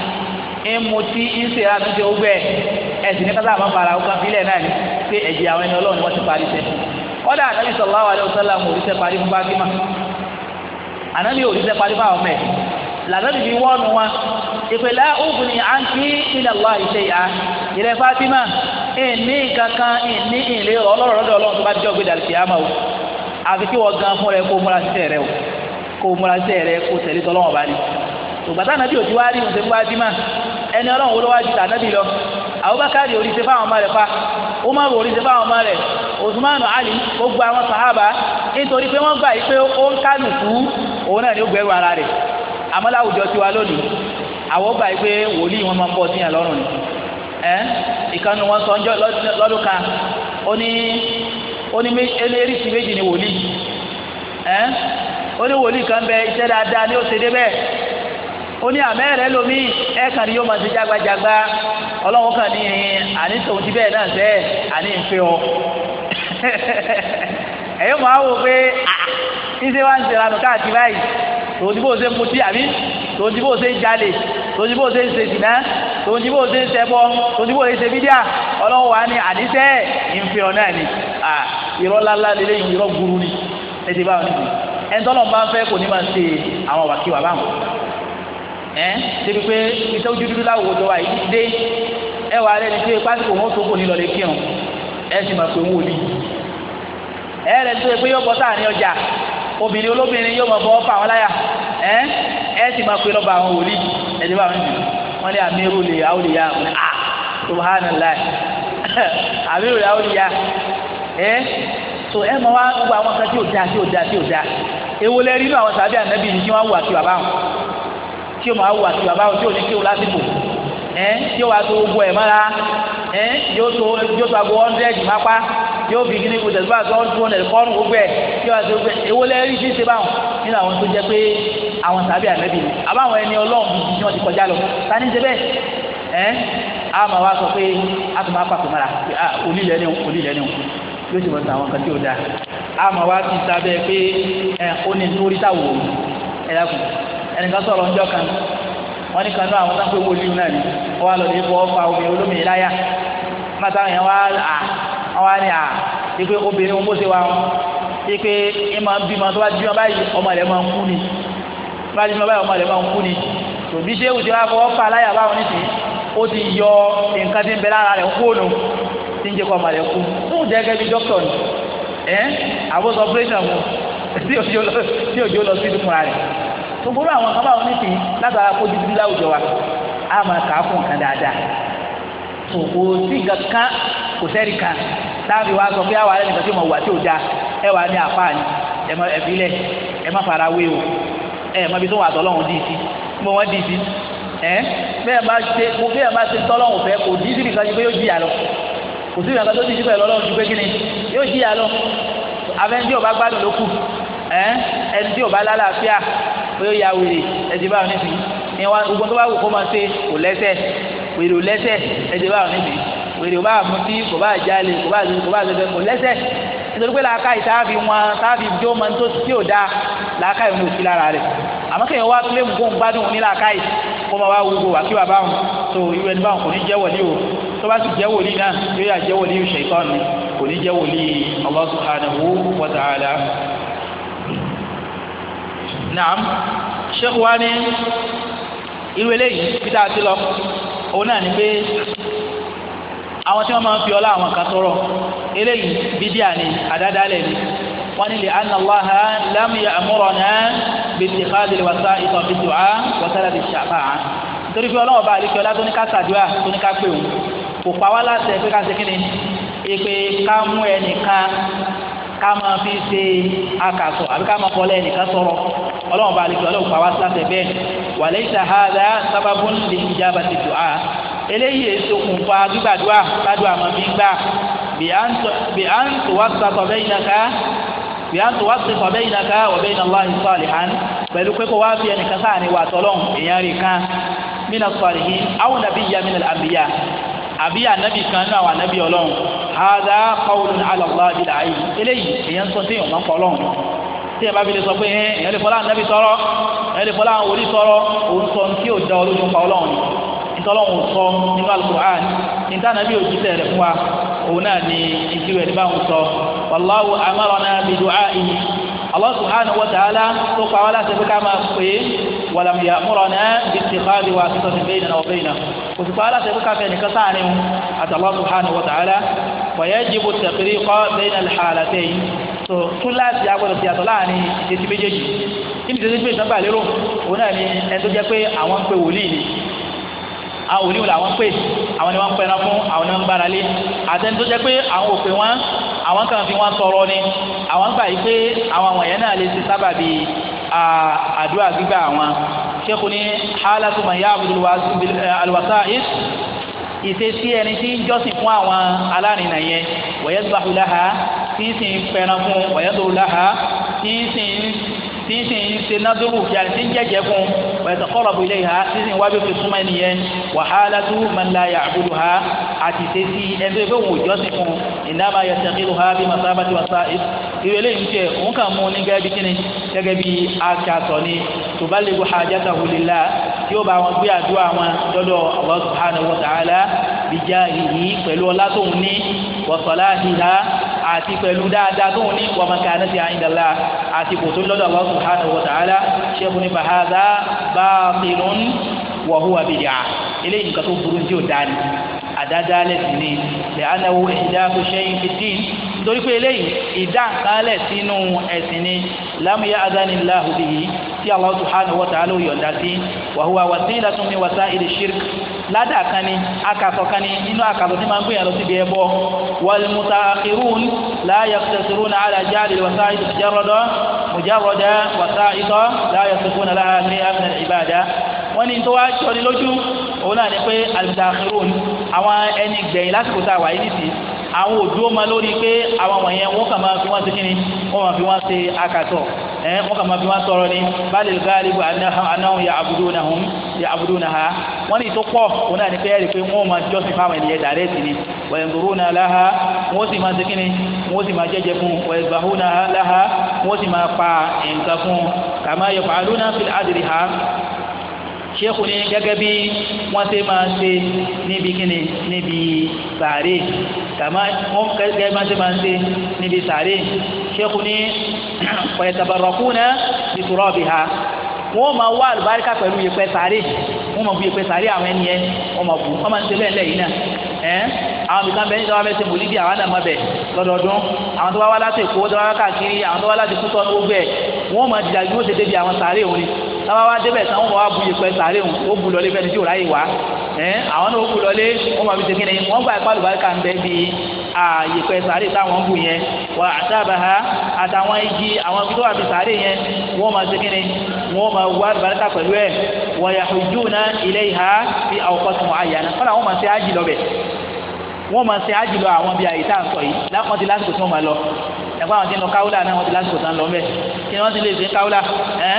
A: ń mutí ń ṣe àtúnṣe ogbẹ́ ẹ̀sìn ní kátà máa fara ọkàn sílẹ̀ náà ni pé ẹ̀jẹ̀ àwọn ẹni ọlọ́run ni wọ́n ti parí sẹ́ kọ́dà ànábì sallallahu alaihi wasallam òrìṣẹ́ parí fún Fátímà ànábì òrìṣẹ́ parí fún àwọn ọmọ ẹ̀ lànàbì fi wọ́ọ̀nù wọn ìpèlè òògùn ni à ń kí ilẹ̀ wá ìṣe ìhà ilẹ̀ ìní kankan ìní ìlé o àfi kí tògbàtà nàbí òtí wá rí wọn ṣe ń wá dí mà ẹni ọlọ́run olówó àti tànàbí lọ Abubakar orí fáwọn ọmọ rẹ̀ fa Umar orí ṣe fáwọn ọmọ Ali ó gba àwọn sahaba nítorí pé wọ́n gbà yí pé ó ń kánù ni ó ara rẹ̀ àmọ́ láwùjọ tiwa lónìí àwọn gbà yí pé wòlíì wọn máa ń sí yàn ni ẹ ìkànnì wọn sọ kan ó ní ó ní ó ní àmẹ́rẹ́ lomi ẹ kàn ní yóò máa ṣe jágbajàgba ọlọ́run kàn ní àní tòun ti bẹ́ẹ̀ náà sẹ́ àní ń fẹ́ ọ. ẹ̀yọ́ máa wò pé iṣẹ́ ah, wa ń ṣe lanu káàkiri báyìí tòun ti bó ṣe ń mutí àbí tòun ti bó ṣe ń jalè tòun ti bó ṣe ń ṣe sìnà tòun ti bó ṣe ń ṣẹbọ tòun ti bó ṣe ń ṣe bídíà ọlọ́run wa ní àníṣẹ́ ìfẹ́ ọ náà ni irọ́ lálá lélẹ́yìn irọ́ gburu ni ẹ ti bá wọn níbi ẹ̀ńtọ́nà bá ń ní ẹ débi pé iṣẹ́ ojú dúdú láwùjọ wa yìí dé ẹ wà lẹ́ni pé pásítọ̀ wọn tó ní kírun ẹ sì máa pè ń ẹ lẹ́ni tó yẹ pé yóò bọ́ sáàrin ọjà obìnrin olóbìnrin yóò máa bọ́ fà wọn láyà ẹ sì máa pè lọ́ba àwọn wòlíì ẹ ti bá wọn jù wọn ní lè àwọn olè àwọn lè àwọn olè ẹ so ẹ máa wá gbogbo àwọn tí o máa wù àti bàbá o tí o ní kéwù lásìkò ẹ tí o wà tó gbogbo ẹ mọ́ra ẹ yóò tó yóò tó àgbo hundred mápá yóò fi kíní kùtẹ̀ tó àgbo two hundred kọ́rùn gbogbo ẹ tí o wà tó gbẹ èwo lẹ́ rí ṣíṣe báwọn nínú àwọn tó jẹ pé àwọn tàbí ànábì àbáwọn ẹni ọlọ́run ni wọ́n ti kọjá lọ tani ṣe bẹ́ẹ̀ ẹ a máa wá sọ pé a tún máa pàtó mọ́ra onílẹ̀ ni onílẹ̀ ni yóò ti mọ̀ sí kan tí o dáa a máa wá ti sábẹ́ pé ẹ ẹnìkan sọ̀rọ̀ ńjọ́ kan wọ́n ní kan náà àwọn sáfẹ́ owó lílu náà ni wọ́n wá lọ ní fọ́ fa omi olómi láyà mọ́tà yẹn wá à wọ́n wá ní à ipe obìnrin wọn bó ṣe wá wọn ipe ìmọ̀ bímọ tó bá bímọ báyìí ọmọ rẹ̀ máa ń kú ni tó bá bímọ báyìí ọmọ rẹ̀ máa ń kú ni tòbí ṣé òjò wa fọwọ́ fa láyà báwọn nísìnyí ó ti yọ nǹkan tí ń bẹ lára rẹ̀ kóònù tí ń jẹ́ kó ọmọ rẹ̀ kú fún jẹ́gẹ́ bí dókítà ni ẹ̀ àbóso operation mu tí òjò lọ sí ìdúkùnrin rẹ̀ gbogbo àwọn nǹkan báwọn nísìnyí látara kó dídí láwùjọ wa á máa kà á fún nǹkan dáadáa tó kò sí nǹkan kan kò sẹ́ni kan táàbì wa sọ pé àwọn alẹ́ nìkan tí mo wà tí ò da ẹ wà ní àfáà ni ẹ má ẹbí lẹ ẹ má fara wé o ẹ má bí tó wà tọ́lọ́hún dì í sí mo wọ́n dì í sí ẹ bẹ́ẹ̀ má ṣe mo bẹ́ẹ̀ má ṣe tọ́lọ́hún fẹ́ kò dì í sí nìkan ju pé yóò jìyà lọ kò sí nǹkan tó dì í sí pẹ̀lú ọlọ́run ju pé kí ni yóò jìyà lọ ẹ ẹni tí ò bá lálàáfíà pé ó ya wèrè ẹdí báwọn níbi ní wọn gbogbo tó bá wù kó máa ṣe kò lẹ́sẹ̀ wèrè ò lẹ́sẹ̀ ẹdí báwọn níbi wèrè ò bá mutí kò bá jalè kò bá lóyún kò bá lóyún kò lẹ́sẹ̀ nítorí pé làákà yìí sáà fi wọn sáà fi jó máa ń tó tí ò dáa làákà yìí ò fi lára rẹ̀ àmọ́ kéèyàn wá tó lé mú kóun gbádùn ní làákà yìí kó máa wá wúgo àkíwà báwọn tó irú ẹni báwọn kò ní jẹ́ wọlé o tó bá sì jẹ́ wòlíì náà yóò yà jẹ́ wòlíì ṣèkọ́ni kò ní jẹ́ wòlíì Allah subhanahu wa ta'ala naam sheikh wa ni irú eléyìí bí tá a ti lọ òun náà ni pé àwọn tí wọ́n máa ń fi ọlá àwọn kan tọrọ eléyìí bídíà ni àdádálẹ̀ ni wọ́n ní lè anna Allaha lam ya'murana bi ittikhadhi al-wasa'ita fi du'a wa talab ash-shafa'a torí pé ọlọ́wọ́ bá àlekí ọlá tó ní ká ṣàdúrà tó ní ká pè òun kò pa wá láṣẹ pé ká ṣe kí ni èpè ká mú ẹnìkan ká máa fi ṣe akàsọ̀ àbí ká máa bọ́lẹ̀ nìkan sọ̀rọ̀ ọlọ́run bá àlejò ọlọ́run pa wá síláṣẹ bẹ́ẹ̀ wa laysa hadha sababun li ijabati du'a eléyìí èso kùnfà gbígbàdúà gbàdúà máa fi gbà bí à ń tó wá sàtọ̀ bẹ́yìn náà ká bí à ń tó wá sàtọ̀ bẹ́yìn náà ká wa bayna Allahi salihan pẹ̀lú pé kó wá fi ẹnìkan sáà ní wàtọ́lọ́hùn èèyàn rè kan mina salihin aw nabiyya mina al-anbiya àbí ànábì kan náà wà ànábì ọlọ́run hàdá kọ́wùlù alọ́gbà bílà ayé eléyìí èèyàn sọ téèyàn máa ń kọ́ ọlọ́run tí ẹ bá fi lè sọ pé ẹ èèyàn lè fọlá ànábì tọrọ èèyàn lè fọlá òrí tọrọ òun sọ ní kí ò da olójú pa ọlọ́run ìtọ́lọ́run sọ nínú alukur'an níta ànábì òjì tẹ̀ rẹ̀ fún wa òun náà ni ìtìrẹ̀ níbà ń sọ wàláwù amárọ̀nà bìdùá ìyí Allah subhanahu wa ta'ala tó pa wá láti fi ká máa pè é walam ya'murana bi ittikhadhi wasitatin baynana wa baynahu kò sì pa wá láti fi ká fẹ́ nìkan sáàrin o àti Allah subhanahu wa ta'ala wa yajibu at-tafriq bayna al-halatayn tó tún láti agbọ́dọ̀ ti àtọ̀ láàrin ètí méjèèjì kí ni tètè pé ìtàn gbàlérò òun náà ni ẹni tó jẹ́ pé àwọn pe wòlíì ni àwọn wòlíì wọn làwọn ń pè ni wọ́n ń pẹran fún ni wọ́n ń gbára lé àtẹni tó jẹ́ pé àwọn ò àwọn kan fi wọn tọrọ ni àwọn gbà yìí pé àwọn wọ̀nyẹn náà lè ṣe sábàbí àdúrà gbígbà àwọn ṣékù ní hálàtú màá yá àlùwàsá is ìṣesí ẹni tí ń jọ́sìn fún àwọn alárinà yẹn wọ̀yẹ́ gbàhùláha tí ń sìn fẹ́ràn fún wọ̀yẹ́ dòwúláha tí ń sìn tí ń sìn ṣe nádúró yàrá tí ń jẹ́jẹ́ fún wẹ̀tẹ̀ kọ́rọ̀bù ilé ha tí sìn wájú fi súnmọ́ ẹni yẹn wàhálà tó mọ̀lá yà àbúrò ha àti ṣe sí ẹni tó fẹ́ wò jọ́sìn fún ìnáma yẹ tẹ̀kílù ha bí masaba ti wàsá ìwé lè ń òun kà mú ní gẹ́gẹ́ bí kíni gẹ́gẹ́ bí akásọ̀ ni tubaligu hajatahu lillah tí ó bá wọn gbé àdúrà wọn dọ́dọ̀ Allah subhanahu wa ta'ala bijahihi pẹ̀lú ọlá tóun ní wa àti pẹ̀lú dáadáa tó ń ní wa makanati indala àti kò tó lọ́dọ̀ Allah subhanahu wa ta'ala ṣẹ́kù ní fahadha baatilun wa huwa bid'ah eléyìí nǹkan tó burú tí ò dáa ni àdádálẹ̀ sí ni lè anáwó ìdá tó ṣẹ́yìn fi dín nítorí pé eléyìí ìdá nǹkanlẹ̀ sínú ẹ̀sìn ni lámúyá adánilá bihi tí Allah subhanahu wa ta'ala yọ̀ǹda sí wa huwa wasilatun min wasa'ili shirk ládàá kan ni akasọ̀ kan ni inú akasọ̀ tí máa ń gbìyànjú síbi ẹbọ wal mutaakhirun la yaqtasiruna ala ja'li wasa'il mujarrada mujarrada wasa'ita la yasifuna laha shay'an min al-ibada wọ́n ní tó wá ṣọ́ni lójú òun náà ni pé al-mutaakhirun àwọn ẹni gbẹ̀yìn lásìkò tá a wà yìí nìsí àwọn òdúró máa lórí pé àwọn wọ̀nyẹn wọ́n kàn máa fi wọ́n ṣe kíni wọ́n máa fi wọ́n ṣe akatọ̀ ẹ̀ wọ́n kàn máa fi wọ́n tọrọ ni balẹ̀ gáàlì bò anáhùn yà àbúdó náà hùn yà àbúdó náà ha wọ́n ní tó pọ̀ òun náà ní pé ẹ̀rí pé wọ́n máa jọ́sìn fáwọn ènìyàn dàrẹ́ẹ̀tì ni wẹ̀ǹdùrú náà láha wọ́n sì máa ṣe kíni wọ́n sì máa jẹ́jẹ́ fún wẹ̀ǹgbàhú náà láha wọ́n sì máa pa nǹkan fún kàmáyọ̀ fàálù náà fi àdìrí ha ṣéèkù ní gẹ́gẹ́ bí wọ́n ṣe máa ṣe níbi kíni níbi sàárè kàmá wọ́n gẹ́gẹ́ bí wọ́n ṣe máa ṣe níbi sàárè ṣéèkù ní ọ̀yẹ̀tàbàrọ̀kú náà bí tùrọ̀ bì ha wọ́n máa wá àlùbáríkà pẹ̀lú ìpẹ́ sàárè wọ́n máa bu ìpẹ́ sàárè àwọn ẹni yẹn wọ́n máa bu wọ́n máa ń ṣe bẹ́ẹ̀ lẹ́yìn náà ẹ́ àwọn ibìkan bẹ́ẹ̀ nígbà wọ́n fẹ́ ṣe mòlídìí àwọn àdàmọ́ bẹ̀ lọ́dọọdún àwọn tó wá wá láti Èkó tó wá wá káàkiri àwọn tó wá láti kútọ́ ní gbogbo wọ́n máa dìdàgbé ó ṣe débi àwọn sàárè òun táwa wá débẹ̀ tán wọ́n wá bu yẹpẹ sàárè wọn ó bu lọlé fẹ́ni tí ò ráyè wá ẹ̀ àwọn náà ó bu lọlé wọ́n máa fi ṣe kíni wọ́n gba ìpàlù báyìí kan bẹ́ẹ̀ bí yẹpẹ sàárè táwọn ń bu yẹn wà àtàbà ha àtàwọn igi àwọn ibi tó wà fi sàárè yẹn wọ́n máa ṣe kíni wọ́n máa wá ìbáríkà pẹ̀lú ẹ̀ wọ̀yà hujuna ilayha fi awqatin muayyana fọlá wọ́n máa ṣe ájì lọ bẹ̀ àyè tá à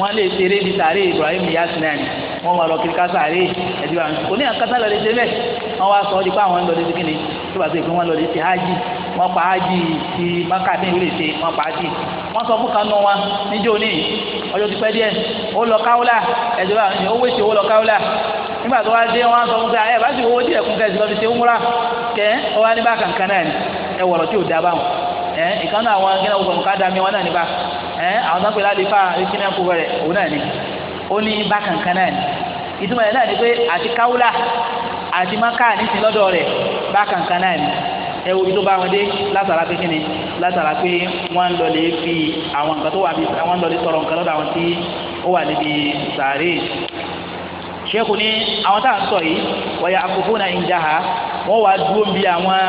A: wọ́n lè ṣeré di sàárè Ibrahim Yasinani wọ́n máa lọ kiri ká sàárè ẹ̀dí wa kò ní àkàtà lọ lè ṣe bẹ́ẹ̀ wọ́n wá sọ ọ́ di pé àwọn ń lọ lè ṣe kíni tó bá ṣe pé wọ́n lọ lè ṣe hájì wọ́n pa hájì ti maka ní ìlú èṣe wọ́n pa hájì wọ́n sọ fún kanu wọn níjó ní ọjọ́ ti pẹ́ díẹ̀ ó lọ káwọ́là ẹ̀dí wa ó wéṣe ó lọ káwọ́là nígbà tó wá dé wọ́n sọ fún ẹ bá ti owó díẹ̀ kún kẹ́sì lọ ẹ ìkan náà àwọn akínà òkùnkùn ká dami wọn náà nípa ẹ àwọn tó ń pè láti fa ìkíni ẹkú rẹ òun náà ni ó ní bákankan náà ni ìtumọ̀ yẹn náà ni pé àti káwúlà àti maka nísìnyí lọ́dọ̀ rẹ̀ bákankan náà ni ẹ wo ibi tó bá wọn dé látara pé kíni látara pé wọn ń lọlé fi àwọn nǹkan tó wà bí wọn ń lọlé sọ̀rọ̀ nǹkan lọ́dọ̀ àwọn tí ó wà níbi sàárè ṣẹ́kù ní àwọn tá à ń sọ yìí wọ̀yà àkókò náà ń jáha wọ́n wá dúró níbi àwọn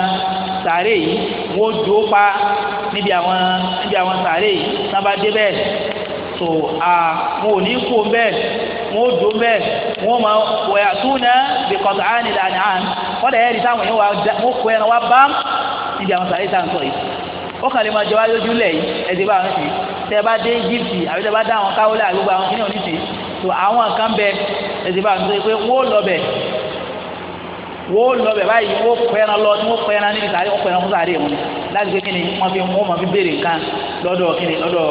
A: sàárè yìí wọ́n dúró pa níbi àwọn níbi àwọn sàárè yìí sábà dé bẹ́ẹ̀ so wọn ò ní kú bẹ́ẹ̀ wọn ò dùn bẹ́ẹ̀ wọn máa wọ̀yà tún náà bìkọ́sì àánì lànà àn wọ́n dẹ̀ ẹ́ di táwọn yẹn wọ́n kú ẹran wá bá níbi àwọn sàárè tá sọ yìí ó kàn lè máa jọ wá lójú lẹ̀ yìí ẹ̀sìn bá wọn sí tẹ bá dé Egypt àbí tẹ bá dá àwọn káwọlẹ̀ àgbègbè àwọn kìnìún ní sí tó àwọn kan bẹ ẹ̀sìn bá wọn sọ pé wọ́n lọ bẹ̀ wọ́n lọ bẹ̀ báyìí wọ́n pẹ́ran lọ tí wọ́n pẹ́ran níbi sàárè wọ́n pẹ́ran fún sàárè wọn láti gbé kíni wọ́n fi wọ́n máa fi béèrè nǹkan lọ́dọ̀ kíni lọ́dọ̀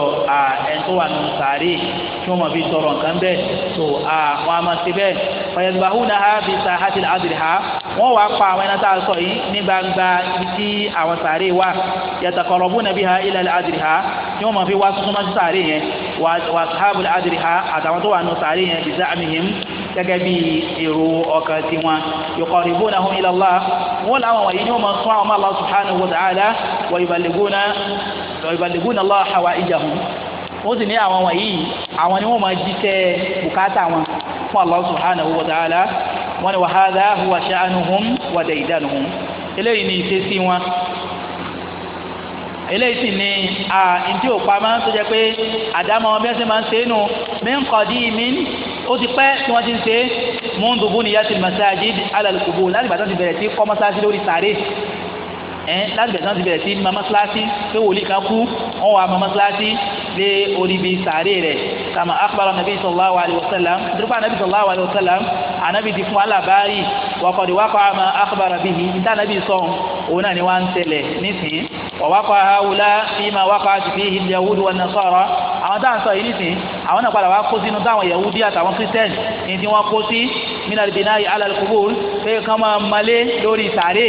A: ẹni tó wà nù sàárè tí wọ́n máa fi tọrọ nǹkan bẹ́ẹ̀ tó àwọn àmọ̀ sí ha wọ́n wàá pa àwọn ẹran tá a sọ yìí ní gbangba ibi tí àwọn sàárè wà yataqarrabuna biha ila al-adriha ni wọ́n máa fi wá súnmọ́ sí sàárè yẹn wa ashabul adriha àtàwọn tó wà nù sàárè yẹn bi za'mihim gẹ́gẹ́ bí èrò ọkàn tiwọn yuqarribunahum ila Allah wọ́n làwọn wọ̀nyí ni wọ́n máa sún àwọn Allah subhanahu wa ta'ala wa yuballighuna wa yuballighuna Allah hawa'ijahum wọ́n sì ní àwọn wọ̀nyí àwọn ni wọ́n máa jíṣẹ́ wọ́n ní wàhálà huwa sha'nuhum wa daydanuhum eléyìí ni ìṣesí wọn eléyìí sì ni à ntí òpá máa ń sọjẹ pé àdámọ́ bí wọ́n ṣe máa ń ṣe é nù mí ń kọ́ dí mi ó ti pẹ́ tí wọ́n ti ń ṣe é mú ni yá masajid ala láti bàtà ti bẹ̀rẹ̀ sí kọ́ mọ́sáàsì lórí sàárè ẹ láti bẹ̀rẹ̀ sáà ti bẹ̀rẹ̀ sí mama kíláàsì pé wòlíì kan kú wọn wà mama kíláàsì lé oríbi sàárè rẹ̀ kama akpara nabi sallallahu alayhi wa sallam duruba nabi sallallahu alayhi wa sallam anabi ti fún alábàárì wakọ̀dí wakọ̀ àmà bihi níta nabi sọ̀n òun náà ni wọ́n ń ọ̀wákọ̀ ahàwùlá fíìmà wákọ̀ àtìfí ilẹ̀ yahudu wa nasara àwọn táwọn sọ yìí nìsín àwọn náà padà wá kó sínú táwọn yahudi àtàwọn christian ní tí wọ́n kó sí minal binayi alal kubur pé kàn máa malé lórí sàárè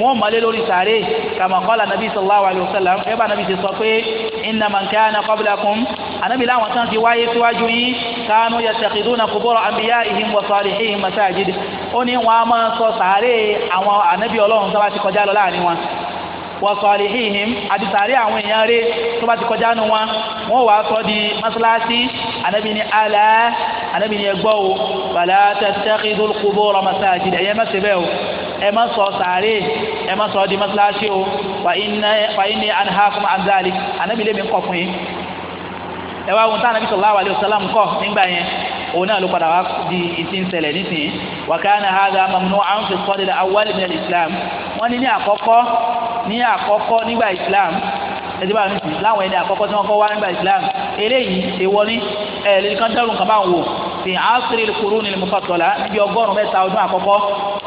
A: wọ́n malé lórí sàárè kama qala nàbí sallallahu alayhi wa sallam ẹ bá nàbí ti sọ pé inna man kana qablakum ànábì láwọn tán ti wáyé síwájú yín kanu yattakhiduna qubura anbiya'ihim wa salihihim masajid ó ní wọn a máa sọ sàárè àwọn ànábì ọlọ́run sábà ti kọjá lọ láàrin wọn wasalihihim àti sàárè àwọn èèyàn rẹ̀ tó bá ti kọjá nu wọn wọn wàá sọ di mọ́sálásí anabi ni ala anabi ni ẹgbọ́ o bala tattakhidul qubur masajid ẹ̀yẹ má ṣe bẹ́ẹ̀ o ẹ má sọ sàárè ẹ má sọ di mọ́sálásí o fa inni anhaakum an dhalik anabi lè mi kọ̀ fún yín ẹ wá wọn tí anabi sallallahu alayhi wa sallam kọ nígbà yẹn òun náà ló padà wá di ìtì ń ṣẹlẹ̀ nísìnyí wa kana hadha mamnu'an fi sadr al-awwal min al-islam wọ́n ní ní àkọ́kọ́ ní àkọ́kọ́ nígbà islam ẹtí báwọn nísìnyí láwọn ẹni àkọ́kọ́ tí wọ́n kọ́ wá nígbà islam eléyìí èèwọ̀ ni ẹ̀ lè kán dẹ́rù nǹkan báwọn wò fi asiri kuruni mufatọla níbi ọgọ́rùn mẹ́ta ọdún àkọ́kọ́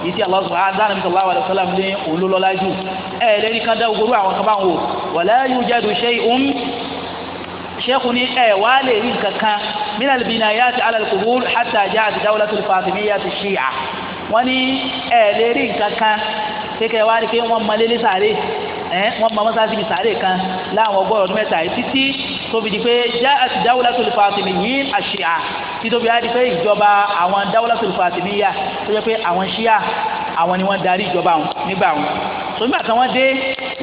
A: yìí tí Allah subhanahu sallallahu alaihi wasallam ní olólọlájú ẹ lẹni kan dá ogoro àwọn kan bá ń wò wala yujadu shay'un sheikh ni ẹ wà á lè rí kankan minal binayat ala al-qubur hatta ja'at dawlatul fatimiyya ti shia wọ́n ní ẹ lè rí kankan kékeré wá rí pé wọ́n mọlélé sáré ẹ wọ́n mọ mọ́sáàsì bíi sáré kan láwọn ọgọ́rùn ọdún mẹ́ta yìí títí tóbi di pé ja'at dawlatul fatimiyyin ash-shia tí tóbi á di pé ìjọba àwọn dawlatul fatimiyya tó jẹ́ pé àwọn shia àwọn ni wọ́n darí ìjọba wọn nígbà wọn sọmígbà kan wọ́n dé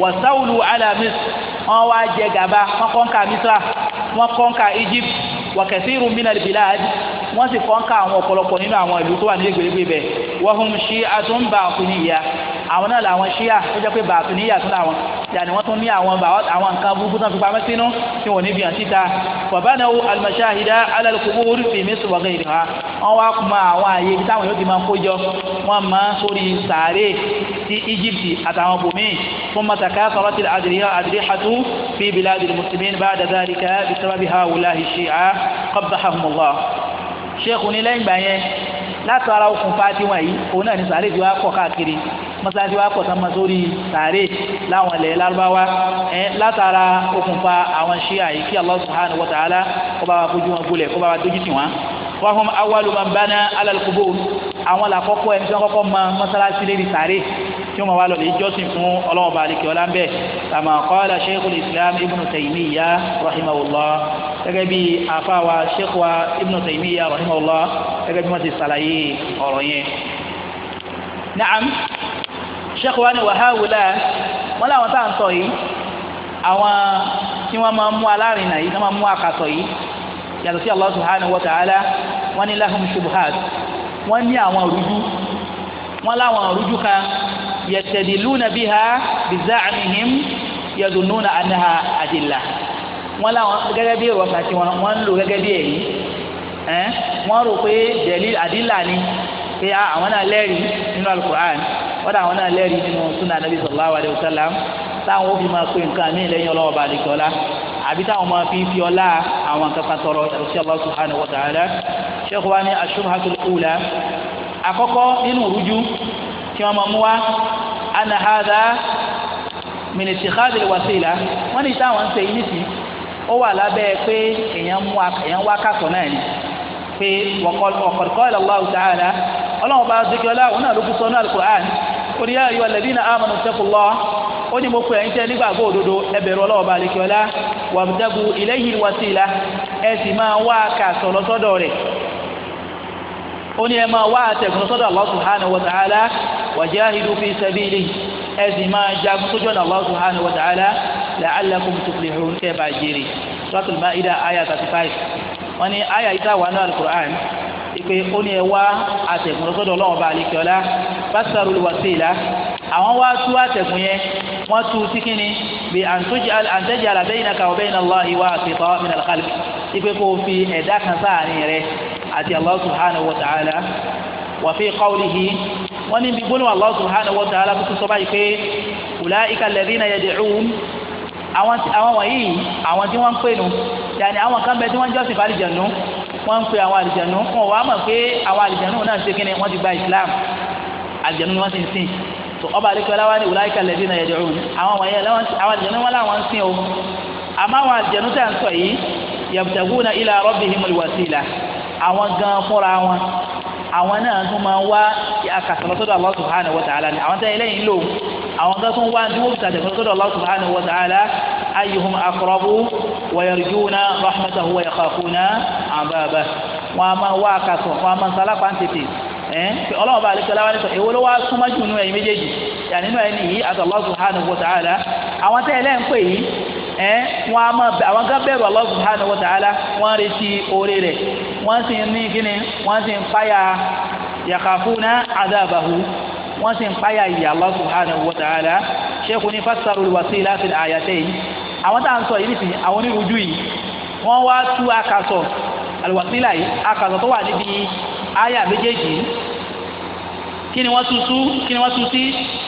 A: wàsáwùlù ala Misr wọ́n wá jẹ gàba wọ́n kọ́ńkà Misra wọ́n kọ́ńkà Egypt wàkẹ́sìrù minal bilad wọ́n sì kọ́ńkà àwọn ọ̀pọ̀lọpọ̀ nínú àwọn ìlú tó wà ní ìgbèrígbè bẹ̀ wọ́n hum ṣí àtúnbà àkùnìyà àwọn náà làwọn ṣíà tó jẹ́ pé bàtúnìyà tún làwọn yàní wọ́n tún ní àwọn àwọn nǹkan burúkú tó fi pamọ́ sínú tí wọ́n ní bí hàn síta wàbánáwó alimashahida alalikubur fi misr wa ghayriha wọ́n wá kuma àwọn àyè ibi táwọn yóò ti máa kójọ wọ́n máa sórí sàárè ti Egypt àtàwọn bòmí fún masaka sọ̀rọ̀ ti àdìríhàtú fi biladil muslimin ba'da dhalika bisababi hawulahi shi'a qabbahahumullah sheikh ní lẹ́yìn gbà yẹn látara okùnfà tiwọn yìí òun náà ní sàárè ti wá kọ́ káàkiri mọ́sálásí wa pọ̀ sánmọ́ sórí sàárè láwọn ilẹ̀ lárúbáwá ẹ̀ látara okùnfà àwọn ṣíà yìí kí Allah subhanahu wa ta'ala kó bá wa fojú wọn gbolẹ̀ kó bá wa dójú tì wọ́n. wọ́n fún awwalu bana ala al-qubur àwọn làkọ́kọ́ ẹni tí wọ́n kọ́kọ́ mọ mọ́sálásí lérí sàárè tí wọ́n wá lọ́lẹ̀ ìjọsìn fún ọlọ́ọ̀bà àlekè ọlá ń bẹ̀ kama qala sheikhul islam ibn taymiya rahimahullah gẹ́gẹ́ bí àfàwà sheikh wa ibn taymiya rahimahullah gẹ́gẹ́ bí wọ́n ti sàlàyé ọ̀rọ̀ yẹn. naam sheikh wa ni wàháwùlá wọn làwọn tá à ń sọ yìí àwọn tí wọn máa ń mú alárinà yìí tí wọn máa ń mú akatọ yìí yàtọ̀ sí Allah subhanahu wa ta'ala wọn ní lahum shubuhat wọn ní àwọn rújú wọn láwọn rújú kan yastadiluna biha biza'mihim yadununa annaha adilla wọn làwọn gẹ́gẹ́ bí ìrọ̀kà tí wọn ń lò gẹ́gẹ́ bí ẹ̀rí wọn rò pé dẹ̀lí àdìlà ni pé ah, àwọn náà lẹ́rìí nínú alukur'an wọ́n dà àwọn náà lẹ́rìí nínú sunna anabi sallallahu alayhi wa sallam táwọn ó fi máa pe nǹkan mí lẹ́yìn ọlọ́wọ́ bá àdìgbò ọlá àbí táwọn máa fi fi ọlá àwọn kankan tọrọ yàtọ̀ sí Allah subhanahu wa ta'ala sheikh wa ni ashubhatul ula àkọ́kọ́ nínú òrújú tí wọ́n máa mú wa ana hadha min ittikhadh alwasila wọ́n ní táwọn ń ṣe yìí nìsí ó wà lábẹ́ pé èèyàn wá kásọ̀ náà ni pé wọ̀kọ̀kọ̀ Allahu ta'ala ọlọ́run bá dúkìá ọlá òun náà ló kú sọ́nù alukur'an ó ní yáyọ lẹ́bí náà amanu taqullah ó ní mo pè ẹ́ ń tẹ́ nígbàgbọ́ òdodo ẹ bẹ̀rù bá dúkìá ọlá wabtagu ilayhi alwasila ẹ sì máa wá kàṣọ lọ́sọ́dọ̀ rẹ̀ ó ní ẹ máa wá àtẹ̀gùn lọ́sọ́dọ̀ Allah subhanahu wa ta'ala wajahidu fi sabilihi ẹ sì máa jagun sójú ọ̀nà Allah subhanahu wa ta'ala la'allakum tuflihun kẹ́ bá jèrè Suratul Ma'idah 35 wọ́n ní àyà ìta wà ní alukur'an ìpè ó ní ẹ wá àtẹ̀gùn lọ́sọ́dọ̀ ọlọ́wọ́n bá àlekè ọlá bàtàrú wàsílà àwọn wá tú àtẹ̀gùn yẹn wọ́n tú sí kínní bí àǹtẹ̀jì àlàbẹ́yìn náà kàwọ́ bẹ́yìn náà lọ́ ìwà àfihàn min alqalb ìpè kó fi ẹ̀dá kan sáàárín rẹ̀ àti Allah subhanahu wa ta'ala wàfi qawlihi wọ́n ní bí gbóná Allah subhanahu wa ta'ala kó tó sọ báyìí pé ulaika alladhina àwọn àwọn wọ̀nyí àwọn tí wọ́n ń pè nu yàní àwọn kan bẹ tí wọ́n jọ́sìn fún àlìjẹ̀nu wọ́n ń pè àwọn àlìjẹ̀nu wọn wàá mọ̀ pé àwọn àlìjẹ̀nu náà ṣe kíni wọ́n ti gba Islam àlìjẹ̀nu ni wọ́n ti ń sìn tó ọba àdékọ́lá wa ní wùláyíkà lẹ́bí náà yẹ̀dẹ̀ òun àwọn wọ̀nyí àwọn àlìjẹ̀nu wọn làwọn ń sìn o àmọ́ àwọn àlìjẹ̀nu tẹ̀ ń sọ yìí yabtaguna ila rabbihimul wasila àwọn gan fúnra wọn àwọn náà tún máa ń wá akàtàlọ́sọ́dọ̀ Allah subhanahu wa ta'ala ni àwọn tẹ́ ilé yìí lò àwọn kan tó ń wá ní wọ́n tàjà fọ́sọ́dọ̀ Allah subhanahu wa ta'ala ayyuhum aqrabu wa yarjuna rahmatahu wa yakhafuna adhabahu wọn a máa wá akásọ̀ wọn a máa sálápá ń tètè ẹ ọlọ́run bá alẹ́sẹ̀ láwọn ẹ̀sọ̀ èwo ló wá súnmọ́ jù nínú ẹ̀yin méjèèjì yà nínú ẹ̀yin yìí àti Allah subhanahu wa ta'ala àwọn tẹ́ ẹ lẹ́ ń yìí ẹ wọn a máa bẹ àwọn kan bẹ̀rù Allah subhanahu wa ta'ala wọn retí oore rẹ̀ wọn sì ní kíni wọn sì ń páyà yakhafuna adhabahu wọ́n sì ń páyà ìyà Allah subhanahu wa ta'ala ṣéèkù ní fásitì wasila fil ayatayn àwọn tá à ń sọ yìí nìsín àwọn onírúurú yìí wọ́n wá tú akasọ alwasila yìí akasọ tó wà níbi àyà méjèèjì kí ni wọ́n tutù kí ni wọ́n tutù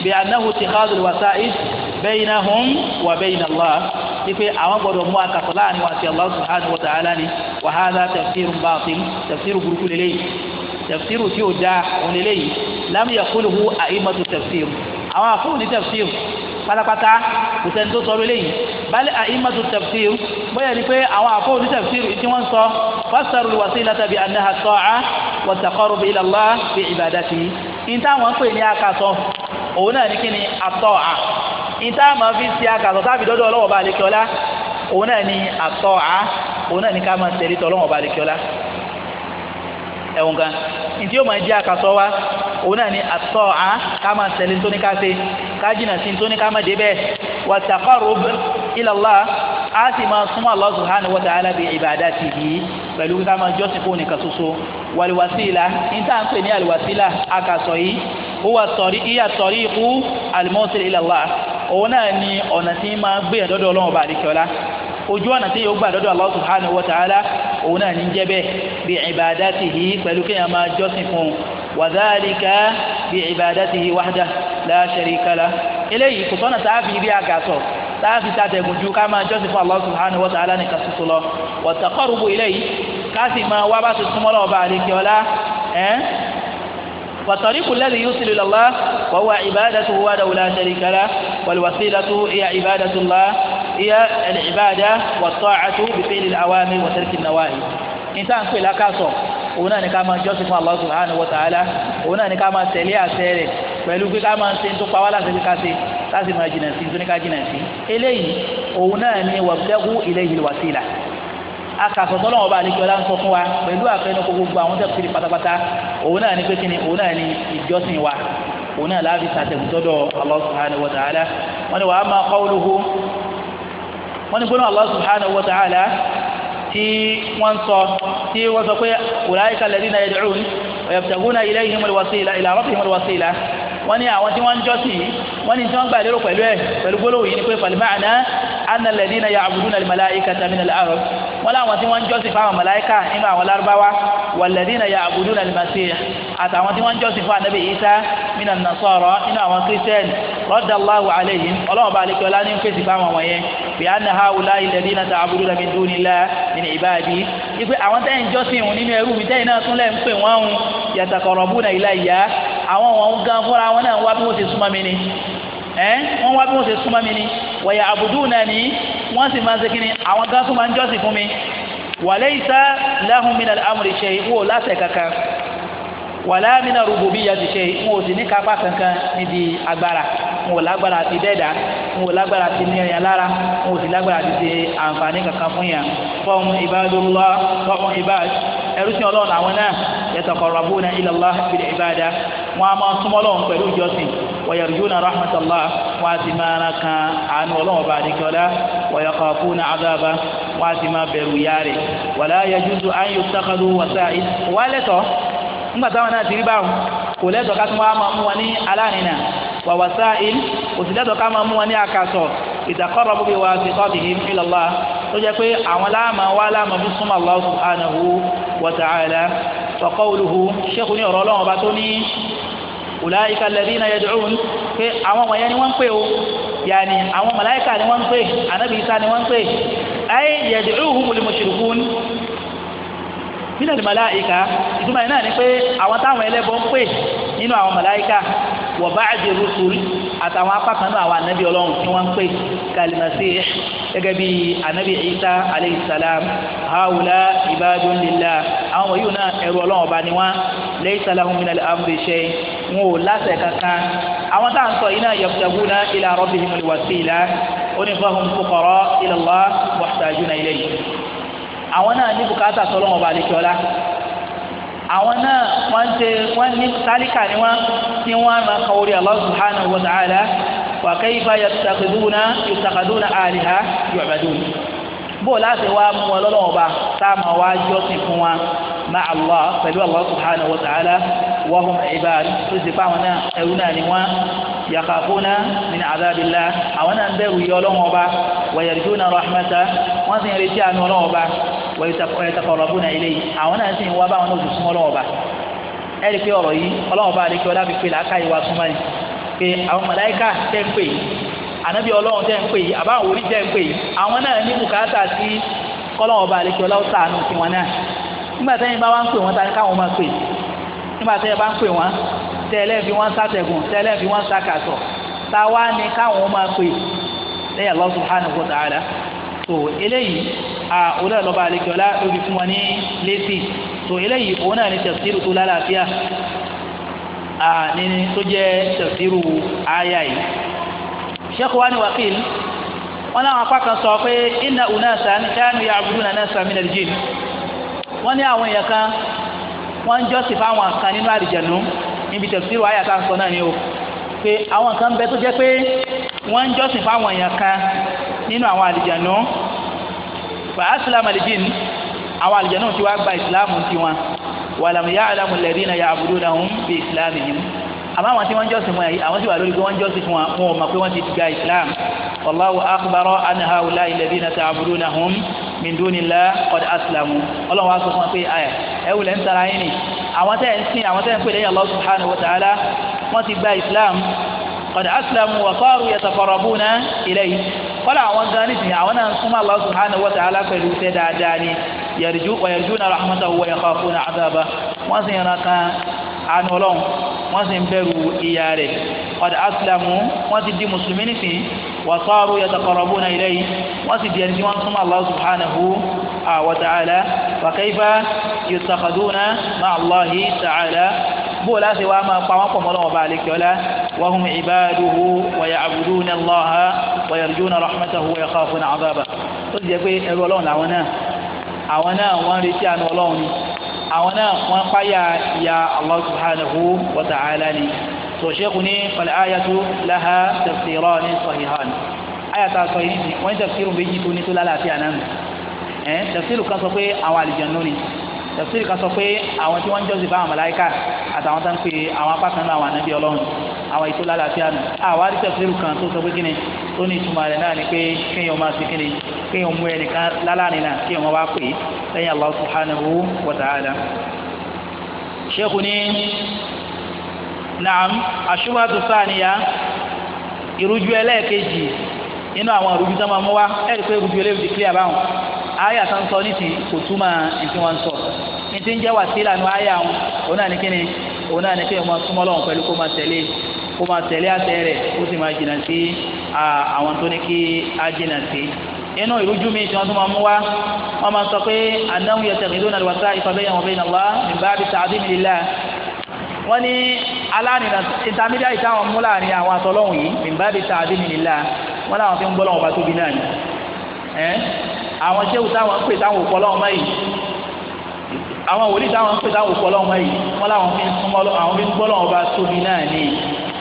A: bí anahu tikhadul wasa'id baynahum wa bayna Allah ipe àwọn gbọ́dọ̀ mú akasọ láàrin wa àti Allah subhanahu wa ta'ala ni wa hadha tafsiru tí ó da òun eléyìí lam yaquluhu a'immatu tafsir àwọn àfọwọ́ ní tafsir pátápátá kò sẹ́ni tó sọ̀rọ̀ eléyìí bal a'immatu tafsir bóyá ni pé àwọn àfọwọ́ ní tafsir tí wọ́n sọ fassaru al-wasilata bi annaha at-ta'a wa at-taqarrub ila Allah bi ibadatihi ìta wọn pè ní akasọ òun náà ní kíni at-ta'a ìta máa fi ṣe akasọ tábìlì ọdọ ọlọ́wọ́ bá àlekíọ́lá òun náà ní at òun náà ní ká máa tẹ̀lé tọ́lọ́wọ́ bá àlekíọ́lá ẹ̀wọ̀n kan ntí yóò máa jẹ́ àkàsọ́ wa òun náà ni àtọ́ à ká máa tẹ̀lé tóní ká ṣe ká jìnnà sí tóní ká máa dé bẹ́ẹ̀ wà taqarrub ila Allah á sì máa súnmọ́ Allah subhanahu wa ta'ala bi ibadatihi pẹ̀lú ká máa jọ́sìn fún nìkan ṣoṣo wàlúwàsílà níta ń pè ní àlùwàsílà àkàsọ̀ yìí huwa hiya tariqu al-mawsil ila Allah òun náà ni ọ̀nà tí máa gbé ẹ̀dọ́dọ̀ ọlọ́run ọba àdìkẹ́ọ́lá ojú ọ̀nà tí yóò gbà lọ́dọ̀ Allah subhanahu wa ta'ala òun náà ní jẹ́ bẹ́ẹ̀ bí ibadatihi pẹ̀lú kéèyàn máa jọ́sìn fún un wa dhalika bí ibadatihi wahda la sharika lah eléyìí kò sọ́nà sáàbì rí àgàsọ̀ sáàbì sàtẹ̀gùn ju ká máa jọ́sìn fún Allah subhanahu wa ta'ala nìkan ṣoṣo lọ wa taqarrubu ilayhi ká sì máa wá bá ti súnmọ́ lọ́wọ́ والطريق الذي يوصل إلى الله وهو عبادته وحده لا شريك له والوسيلة هي عبادة الله هي العبادة والطاعة بفعل الأوامر وترك النواهي إنسان في لكاسو هنا نكما جوسف الله سبحانه وتعالى هنا نكما سليا سيري pẹ̀lú pé ká máa ń ṣe tó pa wá láti fi ká ṣe láti máa jìnà sí tó ní ká jìnà sí eléyìí òun náà ni wàbúlẹ́kù ilé ìlú akàtọ̀tọ̀ lọ́wọ́ bá àlejò ọlá ń sọ fún wa pẹ̀lú àfẹnukò gbogbo àwọn tẹ̀ kiri pátápátá òun náà ní pé òun náà ní ìjọsìn wa òun náà láàbí sàtẹ̀kù sọ́dọ̀ Allah subhanahu wa ta'ala wọ́n ní wa amma wọ́n ní gbọ́dọ̀ Allah subhanahu wa tí wọ́n sọ tí wọ́n sọ pé ulaika alladhina yad'un wa yabtaghuna ilayhim alwasila ila rabbihim alwasila wọ́n ní àwọn tí wọ́n ń jọ́sìn yìí wọ́n ní tí wọ́n gbà lérò pẹ̀lú ẹ̀ pẹ̀lú gbólóhùn yìí ni pé falimáàná anna alladhina ya'buduna al-mala'ikata min al-arab wọ́n láwọn tí wọ́n ń jọ́sìn fún àwọn màláìka nínú àwọn lárúbáwá walladhina ya'buduna al-masih àtàwọn tí wọ́n ń fún anabi isa min an-nasara nínú àwọn kírísítẹ́nì radallahu alayhim ọlọ́run bá alekẹ́ ọlá ní ń fèsì fáwọn wọ̀nyẹn bí anna haula'i alladhina ta'buduna min dunillahi min ibadi ipe àwọn tẹ́yìn jọ́sìn nínú ẹrú mi tẹ́yìn náà tún lẹ́ ń pè wọ́n yàtàkọ̀rọ̀bùnà ilayya àwọn wọn gan fúnra wọn náà wá bí wọ́n ṣe súnmọ́ mi ni ẹ wọ́n wá bí wọ́n ṣe súnmọ́ mi ni wọ̀yà àbùdù náà ni wọ́n sì máa ń ṣe kí ni àwọn gan súnmọ́ ń jọ́sìn fún mi wàlẹ́ ìta lahum min al-amri shay wò láṣẹ kankan wàlẹ́ min ar-rububiyyati shay wò sì ní kápá kankan níbi agbára n ò lágbára àti dẹ́ẹ̀dá n ò lágbára àti ní ẹ̀yà lára n ò sì lágbára àti ṣe àǹfààní kankan fún yàn fọ́ọ̀mù ibadullah fọ́ọ̀mù ibad ẹrú sí ọlọ́run àwọn náà yataqarrabuna ila Allah bil ibada wọn a máa súnmọ́ ọlọ́run pẹ̀lú ìjọsìn wa yarjuna wọn a ti máa kan àánú ọlọ́run bá nìkọ́lá wa yakhafuna azaba wọn a ti máa bẹ̀rù yáre wala yajuzu an yuttakhadu wasa'id wọ́n lẹ́tọ̀ọ́ ńgbà táwọn náà ti rí báwọn kò lẹ́tọ̀ọ́ ká tún wá máa mú wọn ní alárinà wàwàsá il òsìlẹ́tọ̀ ká máa mú wọn ní àkàsọ̀ ìdàkọ́rọ̀ bóbi wa ti kọ́ bìí ila Allah tó jẹ́ pé àwọn láàmà wá láàmà bí súnmọ́ Allah subhanahu wa ta'ala wa qawluhu ṣékù ní ọ̀rọ̀ ọlọ́run ọba tó ní ulaika alladhina yad'un pé àwọn wọ̀nyẹn ni wọ́n ń pè o yàní àwọn màláìkà ni wọ́n ń pè ànábì ni wọ́n ń pè ay yad'uhumul mushrikun mílẹ̀ ní màláìka ìtumọ̀ yìí náà ni pé àwọn táwọn ẹlẹ́bọ ń pè nínú àwọn màláìka wa ba'di rusul àtàwọn apákan náà àwọn ànábì ọlọ́run tí wọ́n ń pè kal-masih gẹ́gẹ́ bí ànábì Isa alayhi salam haula ibadun lillah àwọn wọ̀nyí náà ẹrú ọlọ́run ọba ni wọ́n laysa lahum minal amri shay' wọn ò láṣẹ kankan àwọn táwọn sọ yìí náà yabtaguna ila rabbihimul wasila ó ní fahum àwọn náà ní bùkátà sọlọ́wọ́n ọba àlekíọ́lá àwọn náà wọ́n ṣe wọ́n ní tálíkà ni wọ́n tí wọ́n máa kọ orí Allah subhanahu wa ta'ala wa kayfa yattaqiduna yattaqiduna aliha yu'badun bó o láti wá mú wọn lọ́lọ́wọ́ bá tá a máa wá jọ́sìn fún wa má Allah pẹ̀lú Allah subhanahu wa ta'ala wa hum ibad tó ti fáwọn náà ẹrú náà ni wọn yakhafuna min adhabillah àwọn náà ń bẹ̀rù yọ ọlọ́wọ́ bá wa yarjuna rahmata wọ́n sì ń retí àánú ọlọ́wọ́ bá wa yataqarrabuna ilayhi àwọn náà sì ń wá báwọn náà tó súnmọ́ súnmọ́ ni ànábì ọlọ́run tẹ́ ń pè yìí àbáwọn orí tẹ́ ń pè yìí àwọn náà ní bùkátà sí kọ́lọ́wọ́n ọba àlejò ọlọ́run sàánú sí wọn náà nígbà tẹ́yìn bá wá ń pè wọ́n tani káwọn máa pè nígbà tẹ́yìn bá ń pè wọ́n tẹ́lẹ̀ fi wọ́n sátẹ̀gùn tẹ́lẹ̀ fi wọ́n sàkàtọ̀ táwa ni káwọn máa pè lẹ́yìn Allah subhanahu wa ta'ala so eléyìí a òun náà lọ́ba ọlá ló fún wọn ní lẹ́sì so eléyìí òun náà ní tafsiru tó lálàáfíà a tó jẹ́ tafsiru àyà yìí sheikh wani wakil wọn náà wọn apákan sọ pé inna unasan kanu ya'buduna nasan minal jinn wọn ní àwọn èèyàn kan wọn ń jọ́sìn fáwọn kan nínú àlìjẹ̀nu níbi tafsir wáyà tá à ń sọ náà ni o pé àwọn kan bẹ tó jẹ́ pé wọ́n ń jọ́sìn fáwọn èèyàn kan nínú àwọn àlìjẹ̀nu fàásìlámù àlìjìn àwọn àlìjẹ̀nu ti wá gba ìsìlámù tiwọn wàlàmù ya'lamu alladhina ya'budunahum bi islamihim àmọ́ àwọn tí wọ́n jọ́sìn fún yàrá àwọn tí wà lórí pé wọ́n jọ́sìn fún wọn wọn ò mọ̀ pé wọ́n ti gba islam wallahu akhbaro anaha wula ilẹ̀bí na ta'abudu na hum min duni la qad wa sọ fún wa pé ẹ ẹ wulẹ̀ ń tara yín ni àwọn tẹ́ ẹ̀ ń sìn àwọn tẹ́ ẹ̀ ń pè lẹ́yìn allah subhanahu wa ta'ala wọ́n ti gba islam qad aslamu wa saaru yatafarabuna ilayhi kọ́lá àwọn gan ní àwọn náà ń súnmọ́ allah subhanahu wa ta'ala pẹ̀lú tẹ́ dáadáa ni yarju wa yarjuna rahmatahu wa yakhafuna àánú ọlọ́run wọ́n sì ń bẹ̀rù ìyá rẹ̀ ọ̀dà asilamu wọ́n ti di mùsùlùmí nìsín wà sọ́ọ̀rù yataqarrabuna ilayhi wọ́n sì di ẹni tí wọ́n súnmọ́ Allah subhanahu wa ta'ala wa kayfa yutakhaduna ma'a Allahi ta'ala bóò láti wá máa pa wọ́n pọ̀ mọ́ lọ́wọ́ bá àlekè ọlá wa hum ibaduhu wa ya'buduna Allaha wa yarjuna rahmatahu wa yakhafuna 'adhabahu ó sì jẹ́ pé ẹrú ọlọ́run làwọn náà àwọn náà wọ́n retí àánú ọlọ́run ni àwọn náà wọ́n páyà ìyá Allah subhanahu wa ta'ala ni tó ṣẹ́kù ní pàlẹ́ ayatu laha tafsiran ní sahihan ayata sọ yìí wọ́n ní méjì tó ní tó lálàáfíà náà ẹ̀ kan sọ pé àwọn àlìjànnú ni tafsir kan sọ pé àwọn tí wọ́n ń jọ́sìn fáwọn màláíkà àtàwọn tó ń pè àwọn apá kan náà àwọn ànábì ọlọ́run àwọn ètò lálàáfíà nù àwa rí tafsir kan tó sọ pé kíni tó ní ìtumọ̀ rẹ̀ náà ni pé kéèyàn máa ṣe kíni kéèyàn mú ẹnìkan lálàáni náà kéèyàn máa wá pè é lẹ́yìn Allah subhanahu wa ta'ala. sheikh ni naam ashubatu saniya ìrújú ẹlẹ́ẹ̀kejì nínú àwọn ìrújú tó máa mú wa ẹ̀rí pé ìrújú ẹlẹ́ẹ̀kejì clear báwọn Aya tó ń sọ nítì kò túmọ̀ nítí wọ́n ń sọ nítí ń jẹ́ wàsílà nu àyà wọn òun náà ní kíni òun náà ní kíni wọ́n súnmọ́ lọ́wọ́ pẹ̀lú kó máa tẹ̀lé kó máa tẹ̀lé àtẹ rẹ̀ kó sì máa jìnnà sí àwọn tó ní kí á jìnnà sí inú ìrújú mi tí wọ́n tún máa mú wá wọ́n máa sọ pé anáwó yẹtẹ̀ ìlú náà wàsá ìfọ̀bẹ́yà wọn bẹ́yìn Allah nígbà bí sàádì mi lílá wọ́n ní alárìnà intermediate táwọn mú láàrin àwọn atọ́lọ́hùn yìí nígbà bí sàádì mi lílá wọ́n láwọn fi ń gbọ́ lọ́wọ́ bá tóbi náà ni àwọn sẹ́wù táwọn ń pè táwọn òkú ọlọ́run mọ́ yìí àwọn wòlíì táwọn ń pè táwọn òkú ọlọ́run mọ́ yìí wọ́n láwọn fi ń súnmọ́ àwọn fi ń gbọ́ lọ́wọ́ bá tóbi náà ni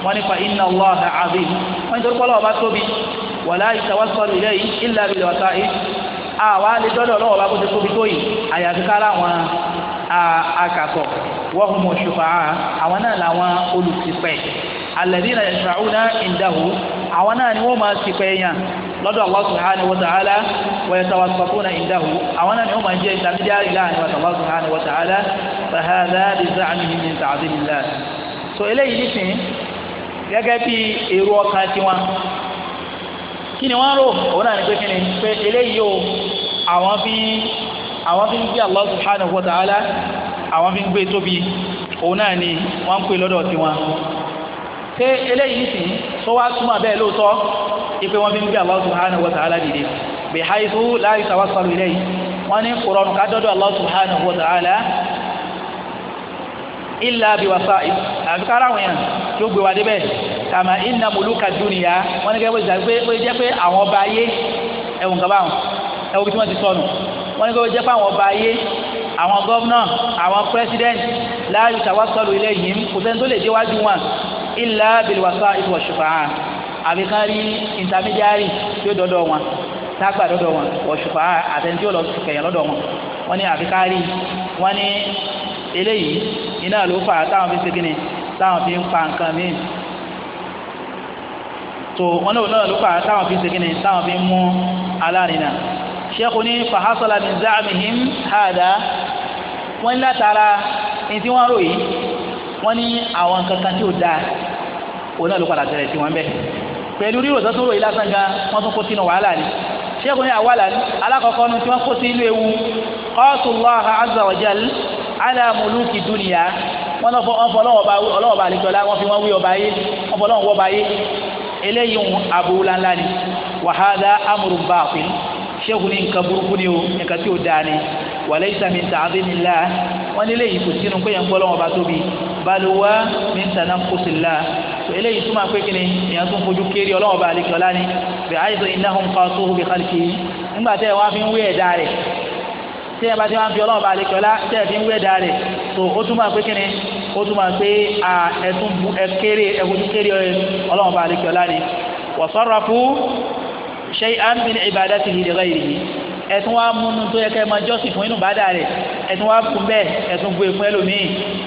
A: wọ́n nípa inna Allaha azim wọ́n nítorí pọ́ lọ́wọ́ bá tóbi wala yatawassalu ilayhi illa bil wasa'il àwa lè dọ́dọ̀ lọ́wọ́ bá kó ti tóbi tó yìí àyàfi kára àwọn akàkọ̀ wa humu shufa'a àwọn náà làwọn alladhina yashfa'una indahu àwọn náà ni wọ́n máa ti pẹ́ yàn lọ́dọ̀ Allah subhanahu wa ta'ala wa yatawassatuna indahu àwọn náà ni wọ́n máa jẹ́ intermediary láàrin wa Allah subhanahu wa ta'ala fa hadha bi za'mihim min ta'dilillah so eléyìí nísìn gẹ́gẹ́ bí èrò ọkàn tiwọn kí ni wọ́n rò òun náà ni pé kí ni pé eléyìí o àwọn fi àwọn fi ń gbé Allah subhanahu wa ta'ala àwọn fi ń gbé e tóbi òun náà ni wọ́n ń pè lọ́dọ̀ tiwọn ṣé eléyìí sì tó wá túmọ̀ bẹ́ẹ̀ lóòótọ́ ipe wọn fi ń gbé Allah subhanahu wa ta'ala dìde bihaythu la yatawassalu ilayhi wọn ní kùrọ̀nù ká dọ́dọ̀ Allah subhanahu wa ta'ala illa biwasa'il àfi kára àwọn èèyàn tó gbé wa débẹ̀ kàmá inna muluka dunya wọn ní kẹ́kẹ́ bó jẹ́ pé àwọn ọba ayé ẹ̀wọ̀n kaba wọn ẹ̀wọ̀n tí wọ́n ti sọnù wọn ní kẹ́kẹ́ jẹ́ pé àwọn ọba ayé àwọn gọ́vnà àwọn pírẹsidẹ́ntì la yatawassalu ilayhim kò sẹ́ni tó lè déwájú wọn illa bilwasa ìwọ̀ ṣùfàá àbí kan rí intermediary tí ó dọ́dọ̀ wọn tágbà dọ́dọ̀ wọn wọ̀ ṣùfàá àtẹni tí ó lọ kẹ̀yìn lọ́dọ̀ wọn wọ́n ní àbí kárí wọ́n ní eléyìí iná ló fà táwọn fi ṣe ni táwọn fi ń pa nǹkan míì tó wọn náà náà ló fà táwọn fi ṣe ni táwọn fi ń mú alárinà ṣẹ́kù ní fàhásọ́lá min zaamihim hada wọ́n látara ní tí wọ́n rò yìí wọ́n ní àwọn kankan tí ò dáa òun náà ló padà tẹ̀lé sí wọn bẹ́ẹ̀ pẹ̀lú rírò tó tóró yìí lásán gan wọ́n tún kó sínú wàhálà ni ṣéèkùn ní àwàlà ni alákọ̀ọ́kọ́ nu tí wọ́n kó sí ilé ewu qāsu Allāha azza wa jalla ala mulūki dunyā wọ́n lọ́ fọ́ ọlọ́wọ́ba àlejòlá wọ́n fi wọ́n wí ọba yé wọ́n fọ́ ọlọ́wọ́ ọba yé eléyìí ń aburú ńláńlá ni wa hādhā amrun bāṭil ṣẹ́gun ní nǹkan burúkú ni o nǹkan tí ó dáa ni wàlẹ́ ìsàmì tààdé mi là wọ́n nílé yìí kò sínú pé yẹn ń gbọ́ lọ́wọ́ bá tóbi balùwà mi ń tànà kó sì là eléyìí túmọ̀ pé kí ni èèyàn tún fojú kéré ọlọ́wọ́ bá àlejò ọ̀la ni bẹ̀ àìsàn iná hàn kọ́ tó bí kálíkì nígbà tẹ́ ẹ wá fi ń wé ẹ̀dá rẹ̀ tẹ́ ẹ bá ti wá fi ọlọ́wọ́ bá àlejò ọ̀la tẹ́ ẹ fi ń wé ẹ̀dá rẹ̀ tó ó túmọ̀ pé kí ni ó túmọ̀ pé ẹ̀tún kéré ẹ̀fojú kéré ọlọ́wọ́ bá àlejò ọ̀la ni wọ́n sọ̀rọ̀ fún shay'an min ibadatihi li ghayrihi ẹ̀tún wa múnú tó yẹ kẹ́ ẹ máa jọ́sìn fún inú bàdà rẹ̀ ẹ̀tún wa kún bẹ́ẹ̀ ẹ̀tún bu èkún e ẹlòmíì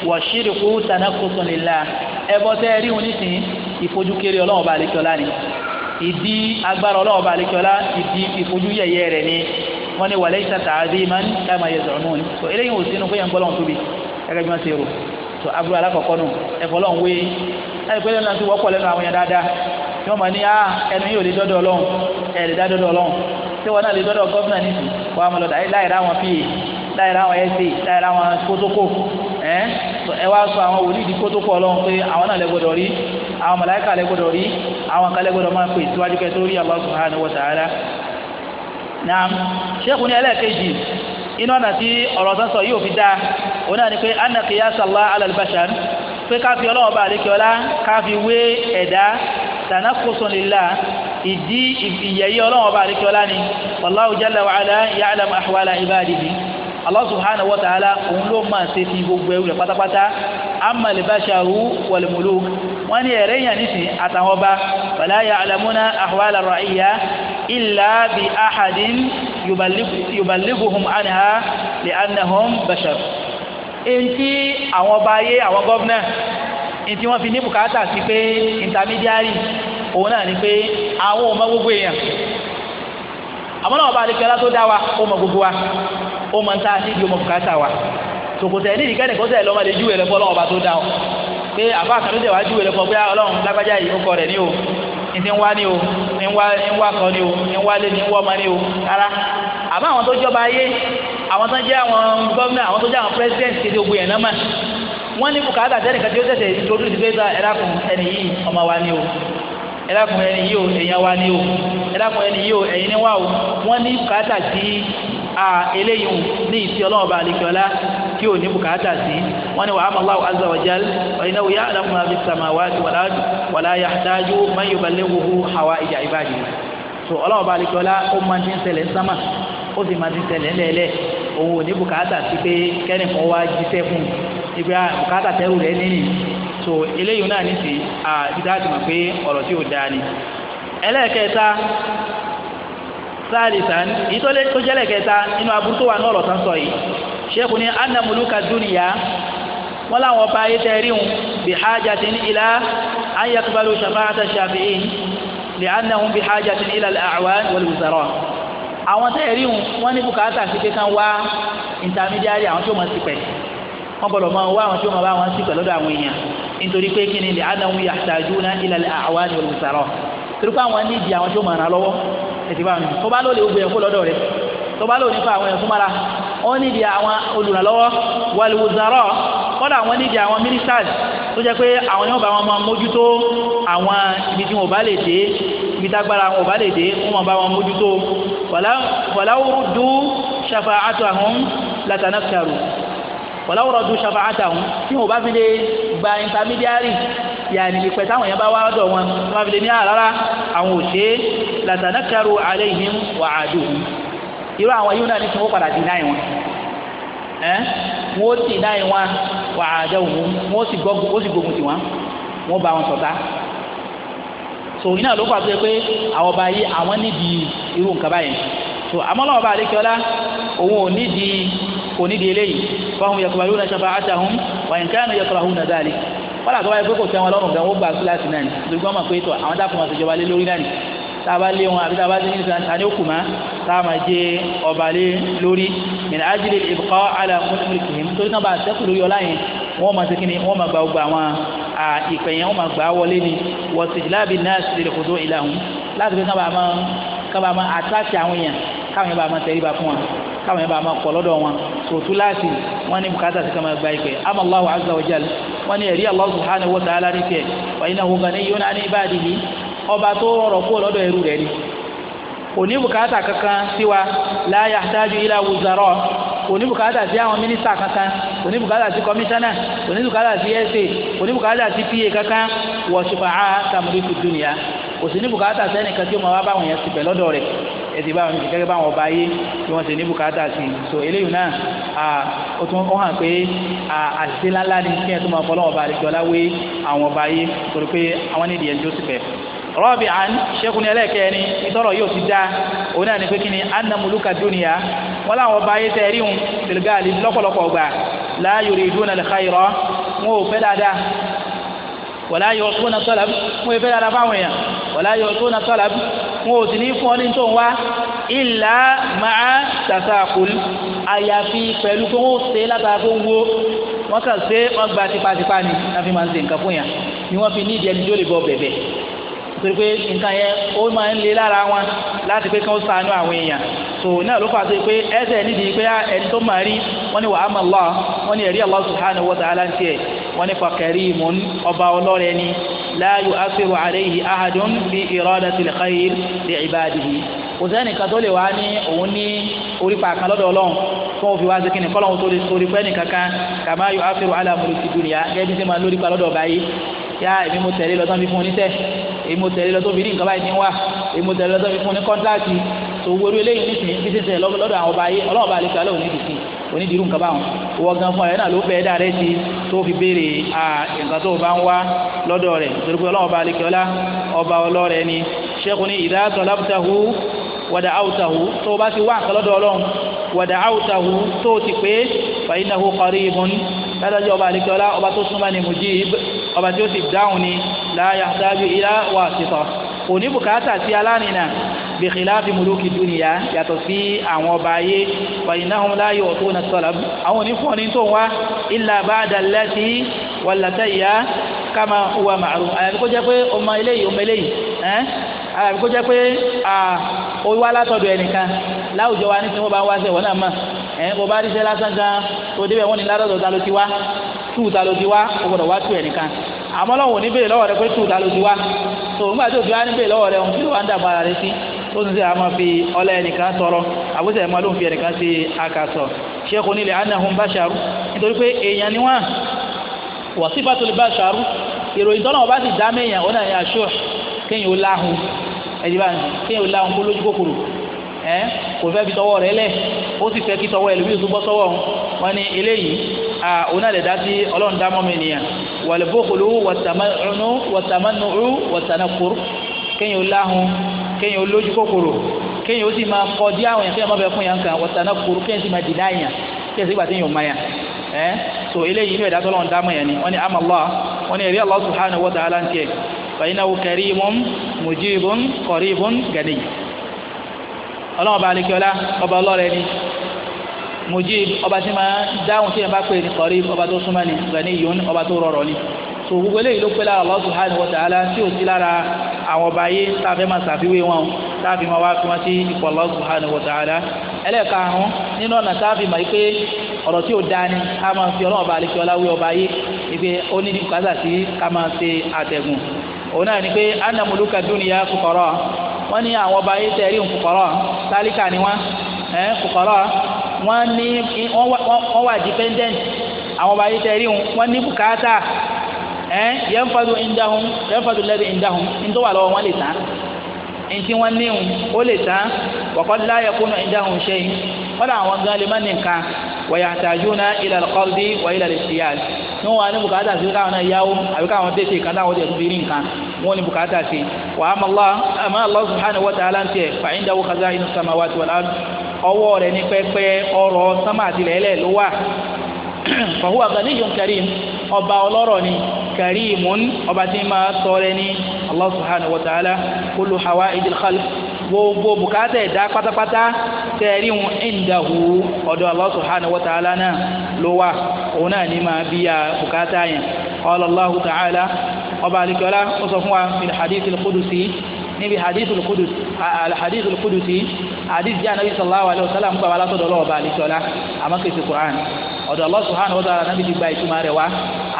A: wa shirku tanakkusun lillah ẹbọ tẹ́ ẹ rí wọn nísìnyí ìfojúkéré ọlọ́run ọba àlekíọ́lá ni ìdí agbára ọlọ́run ọba àlekíọ́lá ìdí ìfojú yẹ̀yẹ́ rẹ̀ ni wọ́n ní wàlẹ́ ìsàtà àbí man kama yaz'umun so eléyìí wò sínú fún yẹn gbọ́lọ́run tóbi gẹ́gẹ́ bí ti rò so aburú alákọ̀ọ́kọ́ nù ẹ̀fọ́ lọ́run wé ẹ̀fọ́ lẹ́nu láti wọ́pọ̀ àwọn yẹn dáadáa tí wọ́n máa ní ah ẹnu yóò lè dọ́dọ̀ ọlọ́run ẹ̀ lè dá dọ́dọ̀ ọlọ́run tí wọ́n náà lè dọ́dọ̀ gọ́fìnà nìsí wọ́n á máa lọ láì ra wọn fíye láì ra wọn ẹsẹ̀ láì ra wọn kótókó ẹ̀ ẹ wá sọ àwọn wòlíì di kótókó ọlọ́run pé àwọn náà lè gbọdọ̀ rí àwọn màláìkà lè gbọdọ̀ rí àwọn kan lè gbọdọ̀ máa pè síwájú kẹ́ Allah subhanahu wa ta'ala naam sheikh ní ẹlẹ́ẹ̀kejì inú ọ̀nà tí ọ̀rọ̀ sọ sọ yóò fi dáa òun náà ni pé anna qiyas Allah ala al-bashar pé káfí ọlọ́wọ́ bá àlékè ọlá káfí wé ẹ̀dá tànà kóṣọlélá ìdí ìyẹyẹ ọlọ́wọ́n bá àdékẹ́ ọlá ni wallahu jalla wa ala ya'lamu ahwala ibadihi Allah subhanahu wa ta'ala òun ló máa ṣe ti gbogbo ẹrú rẹ̀ pátápátá amma al-basharu wal-muluk wọ́n ní ẹ̀rẹ́ yẹn nísìn àtàwọn ọba wala ya'lamuna ahwala ar-ra'iyya bi ahadin yuballighuhum anha li'annahum bashar. èyí àwọn ọba ayé àwọn gọ́vnà ntí wọ́n fi ní bùkátà sí pé intermediary òun náà ni pé àwọn ò mọ gbogbo èèyàn àmọ́ náà ọba àdìkẹ́lá tó dá wa ó mọ gbogbo wa ó mọ nta níbi ó mọ bùkátà wa tòkòtẹ́ ní ìdíkẹ́ nìkan tẹ̀ lọ́mọdé júwe rẹ̀ fọ́ ọlọ́wọ́ bá tó dá ọ pé àbá àkàndé wàá júwe rẹ̀ fọ́ bóyá ọlọ́run lágbájá yìí ó kọ rẹ̀ ní o ní wá ní o ní wá ní wá kan ní o ní wá lé ní wọ́ ọmọ ní o rárá àbá àwọn tó jọba ayé àwọn tó jẹ́ àwọn gómìnà wọ́n ní bùkátà tẹ́lẹ̀ kan tí ó tẹ̀sẹ̀ ìtòdú ti fẹ́ gba ẹ̀rákùn ẹni yìí ọmọ wa ni o ẹ̀rákùn ẹni yìí o èèyàn wa ni o ẹ̀rákùn ẹni yìí o ẹ̀yin ni wa o wọ́n ní bùkátà sí eléyìí ní ìsí ọlọ́run àlekíọ́lá kí o ní bùkátà sí wọ́n ní wàhámà Allahu azza wa jal wa innahu ya'lamu ma ó sì máa ti ṣẹlẹ̀ ńlẹ̀ẹ́lẹ̀ òun ò ní bùkátà sí pé kẹ́nìkan wá jíṣẹ́ fún un ibi ah, bùkátà tẹ́rù rẹ̀ nínú so eléyìí náà ní sí àdídáàtì mọ̀ pé ọ̀rọ̀ tí ò dáa ni ẹlẹ́ẹ̀kẹta sáàlìsàn ìtọ́lẹ̀ tó jẹ́ ẹlẹ́ẹ̀kẹta nínú aburú tó wà ní ọ̀rọ̀ tán sọ yìí ṣẹ́kù ní anamuluka dúnìyà wọ́n láwọn ọba ayé tẹ́ ríhun bí hajatin ilá ayé kubalu shafaata shafi'in lè anahun bí hajatin ilá al-a'wan wal-wuzara àwọn tẹ́ ẹ̀rí wọn ní bùkátà sí pé kán wá intermediary àwọn tí ó máa ṣìpẹ̀ wọ́n gbọ́dọ̀ máa wá àwọn tí ó máa bá wọn ṣìpẹ̀ lọ́dọ̀ àwọn èèyàn nítorí pé kí ni lè anáwó yahtajuna ila al-a'wan wal-musara torí pé àwọn nídìí àwọn tí ó máa ràn lọ́wọ́ ẹ̀sìn báwọn tó bá lọ́ọ́ lè gbé ẹ̀kọ́ lọ́dọ̀ rẹ̀ tó bá lò nípa àwọn ẹ̀fún mara wọ́n nídìí àwọn olùrànlọ́wọ́ wàlúwùzàrọ̀ kọ́dà wọ́n nídìí àwọn ministers tó jẹ́ pé àwọn yóò bá wọn máa mójútó àwọn ibi tí wọn ò bá lè dé ibi tágbára wọn ò bá lè dé wọ́n máa bá wọn mójútó wàláwùrú dú ṣàfà àtàhùn látànàkàrù wàláwùrú dú ṣàfà àtàhùn tí wọn ò bá fi lè gba intermediary yàní ìpẹ́ táwọn yẹn bá wá dọ̀ wọn wọ́n fi lè ní àrárá ah, àwọn òṣèré látànàkàrù alayhim wàhádùn irú àwọn yìí náà ní tí wọ́n padà dì náà wọn ẹ wọ́n ti náà wọn wà á jẹ́ òun wọ́n sì gbógun tì wọ́n wọ́n bá wọn ṣọ̀tá so iná ló fà pé àwọn ọba yìí àwọn nídìí irú nǹkan báyìí so amọ́lọ́wọ́ bá àdékẹ́ọ́lá òun ò nídìí kò nídìí eléyìí fáwọn yaqbaluna shafa'atahum wa in kanu yakrahuna dhalik wọ́n làgbà báyìí pé kò tẹ́ wọn lọ́rùn gan wọ́n gbà kíláàsì náà ni lórí gbọ́n mọ̀ pé tọ́ àwọn dákùn wọn ṣèjọba lé lórí náà ni tá a bá lé wọn àbí tá a bá dé ní sàn tani ó kù má tá a máa jẹ ọba lé lórí min ajli al-ibqa ala mulkihim torí náà bá a sẹ́kù lórí yẹn wọ́n máa segin ni wọ́n máa gba gbogbo àwọn ìpẹ̀yìn wọ́n máa gbà wọlé ni wọ́n sì láàbì náà sì lè kótó ìlàhùn láti fi kábàá máa kábàá máa àtàkì àwọn èèyàn káwọn yẹn bá máa tẹríba fún wa káwọn yẹn bá máa kọ̀ lọ́dọ̀ wọn sòtú láti wọ́n ní bùkátà sí ká gba ìpè ama Allahu azza wa jal wọ́n ní subhanahu wa ta'ala ní tiẹ̀ wa innahu ghaniyyun 'an ibadihi ọba tó rọrọ̀ kúrò lọ́dọ̀ ẹrú rẹ̀ ni kò ní kankan sí wa la yahtaju ila wuzara kò ní bùkátà sí àwọn mínísítà kankan kò ní bùkátà sí kọmíṣánná kò ní bùkátà sí ẹsẹ kò ní bùkátà sí pa kankan wa shufa'a tamliku dunya kò sí ní bùkátà sẹ́ni kan tí ó máa wá báwọn yẹn ti pẹ̀ lọ́dọ̀ rẹ̀ ẹtì báwọn ti gẹ́gẹ́ báwọn ọba ayé tí wọ́n ti ní bùkátà sí i so eléyìí náà ó tún ó hàn pé àṣìṣe ńláńlá ni kí ẹ tó máa fọlọ́wọ́ ọba àdìjọ́lá wé àwọn ọba ayé torí pé àwọn nídìí ẹni rọ́ọ̀bì àn ṣẹ́kùn ní ẹlẹ́kẹ̀ẹ́ni ìtọ́rọ̀ yóò ti dá òun náà ní pé kí ni anamuluka dúnìyà wọn làwọn ọba ayé tẹ rí hun tìlgáàlì lọ́pọ̀lọpọ̀ gbà la yuriduna al-khayra wọn ò fẹ́ dáadáa wala yu'tuna talab wọn ò fẹ́ dáadáa fáwọn èèyàn wala yu'tuna talab wọn ò sì ní fún ọ ní tó ń wá illa ma'a tasakul àyàfi pẹ̀lú pé wọ́n ṣe látara wo wọ́n kàn torí pé nǹkan yẹn ó máa ń le lára wọn láti pé kí wọ́n ṣàánú àwọn èèyàn tó náà ló fà sí pé ẹsẹ̀ nídìí pé ẹni tó máa rí wọ́n ní wa amma Allah wọ́n ní ẹ̀rí Allah subhanahu wa ta'ala ń tiẹ̀ wọ́n ní fa karimun ọba ọlọ́rẹ̀ ni la yu'athiru alayhi ahadun bi iradatil khair li ibadihi kò sẹ́ni kan tó lè wá ní òun ní orí pàkà lọ́dọ̀ ọlọ́run fún òfin wá sí kíni kọ́lọ́hún tó lè sórí pẹ́ nìkankan kama yu'athiru ala mulki dunya gẹ́gẹ́ bí sẹ́ máa lórí pàlọ́dọ̀ báyìí yá èmi mo tẹ̀lé lọ́tọ́ bí oníṣẹ́ èyí mo tẹ̀lé lọ́tọ́ fi ní nǹkan báyìí ní wá èyí mo tẹ̀lé lọ́tọ́ fi fún ní kọ́ńtáàtì tó wọlé eléyìí nísìnyí bí ti tẹ̀ lọ́dọ̀ àwọn ọba ayé ọlọ́ọ̀ba àlekà lọ́wọ́ ní ìdìsí onídìrú nǹkan báwọn wọ́n gan fún ẹ̀ náà ló bẹ́ẹ̀ dáa rẹ ti tó fi béèrè nǹkan tó bá ń wá lọ́dọ̀ rẹ̀ torí pé ọlọ́ọ̀ba àlekà ọlá ọba ọlọ́rẹ̀ ni ṣẹ́kù ní ìdá dájọ́ ọba àlekẹ́ọ́lá ọba tó súnmọ́ ni mujib ọba tí ó sì dáhùn ni la yahtaju ila wasita kò ní bùkátà sí alárìnà bi khilafi muluki dunya yàtọ̀ sí àwọn ọba ayé wa innahum la yu'tuna talab àwọn onífọ̀ ní tó ń wá illa ba'da allati wallatayya kama huwa ma'ruf àyàfi kó jẹ́ pé ọmọ eléyìí ọmọ eléyìí ẹ́ àyàfi kó jẹ́ pé ó wá ẹnìkan láwùjọ wa ní tí wọ́n bá wá sẹ́wọ̀n náà mọ̀ ẹ̀ bó bá ríṣẹ́ lásán gan tó débẹ̀ wọ́n ní ládọ́dọ̀ ta ló ti wá tù ta ló ti wá o gbọ́dọ̀ wá tù ẹ̀ nìkan àmọ́ lọ́wọ́ ní béèrè lọ́wọ́ rẹ pé tù ta ló ti wá tó nígbà tó fi wá ní béèrè lọ́wọ́ rẹ òun kí ló wá ń dàgbà rẹ sí ó tún sẹ àmọ́ fi ọlá ẹnìkan sọ̀rọ̀ àbúṣe ẹ̀ máa ló ń fi ẹnìkan ṣe àkàsọ̀ ṣẹ́kù nílẹ̀ anahun basharu nítorí pé èèyàn ni wọ́n wọ́n sí fàtúlù basharu ìròyìn tọ́nà ọba sì dá méèyàn ó náà yà ṣọ́ kéèyàn ó láhùn ẹ̀dí bá kéèyàn ó láhùn kó lójú kòkòrò ẹ kò fẹ́ fi tọwọ́ rẹ̀ lẹ̀ ó sì fẹ́ kí tọwọ́ ẹlòmíì tó bọ́ sọ́wọ́ wọn ni eléyìí òun náà lè dá sí ọlọ́run dá mọ́ mi nìyẹn wàlúbókòló wàtàmánú wàtàmánú wàtànàkùrú kéèyàn láhùn kéèyàn lójú kòkòrò kéèyàn ó sì máa kọ dí àwọn yẹn kéèyàn má bẹ fún yàn kan wàtànàkùrú kéèyàn sì máa dì náà yàn sì gbà téèyàn má yàn ẹ so eléyìí inú ẹ̀dá dá mọ́ yẹn ni wọ́n ní ọlọ́run ọba alekiola ọba ọlọ́rẹ̀ ni mujib ọba tí máa dáhùn tí yẹn bá pè ní kọrí ọba tó súnmọ́ ni gani yun ọba tó rọrọ̀ ni tó gbogbo eléyìí ló pé lára Allah subhanahu wa ta'ala tí ò sí lára àwọn ọba ayé tá a fẹ́ máa ṣàfiwé wọn tá a fi máa wá fi wọn sí ipò Allah subhanahu wa ta'ala ẹlẹ́ẹ̀karùn-ún nínú ọ̀nà tá a fi máa pé ọ̀rọ̀ tí ò dání a máa fi ọlọ́run ọba alekiola wé ọba ayé ife ó ní bùkátà sí ká máa ṣe àtẹ̀gùn òun náà ni pé anamuluka dúnìyà wọ́n ní àwọn ọba yìí tẹ̀rí fukọ̀rọ̀ tálíkà ni wọ́n ẹ̀ fukọ̀rọ̀ wọ́n ní wọ́n wà dependent àwọn ọba yìí tẹ̀rí wọ́n ní bùkátà ẹ̀ yanfadu indahum yanfadu alladhi indahum nítorí wà lọ́wọ́ wọn lè tán ntí wọ́n níhun ó lè tán wa qad la yakunu indahum kọ́dà àwọn gan lè má ní nǹkan wọ̀yà àtàjúna ilà kọ́ọ̀dì wọ̀ ilà lè ṣìyà ní wọn ní bùkátà sí káwọn náà yáwó àbí káwọn tètè kan táwọn tẹ̀ fún bírí nǹkan wọn ní bùkátà sí wà á mọ̀ àmọ́ Allah subhanahu wa ta'ala ń tiẹ̀ fàyín dáwó kaza inú sama wa tiwọn lánàá ọwọ́ rẹ̀ ní pẹ́pẹ́ ọrọ̀ sánmà àti lẹ́lẹ̀ ló wà fahuwa ganiyun karim ọba ọlọ́rọ̀ ni karimun ọba tí ma tọrẹ ní Allah subhanahu wa ta'ala kullu hawa idil khalq gbogbo bùkátà ẹ̀dá pátápátá tẹ̀rí wọn ẹ̀ǹdàwó ọ̀dọ̀ Allah subhanahu wa ta'ala náà ló wà òun náà ní máa bí ya bùkátà yẹn qala Allahu ta'ala ọba àlekọ́lá ó sọ fún wa fil hadith al níbi hadith al hadith al hadith jẹ́ anabi sallallahu alayhi wa sallam gbà wà látọ̀dọ̀ ọlọ́wọ́ ọba àlekọ́lá àmọ́ Qur'an ọ̀dọ̀ Allah subhanahu wa ta'ala anabi ti gba ìtumọ̀ rẹ̀ wá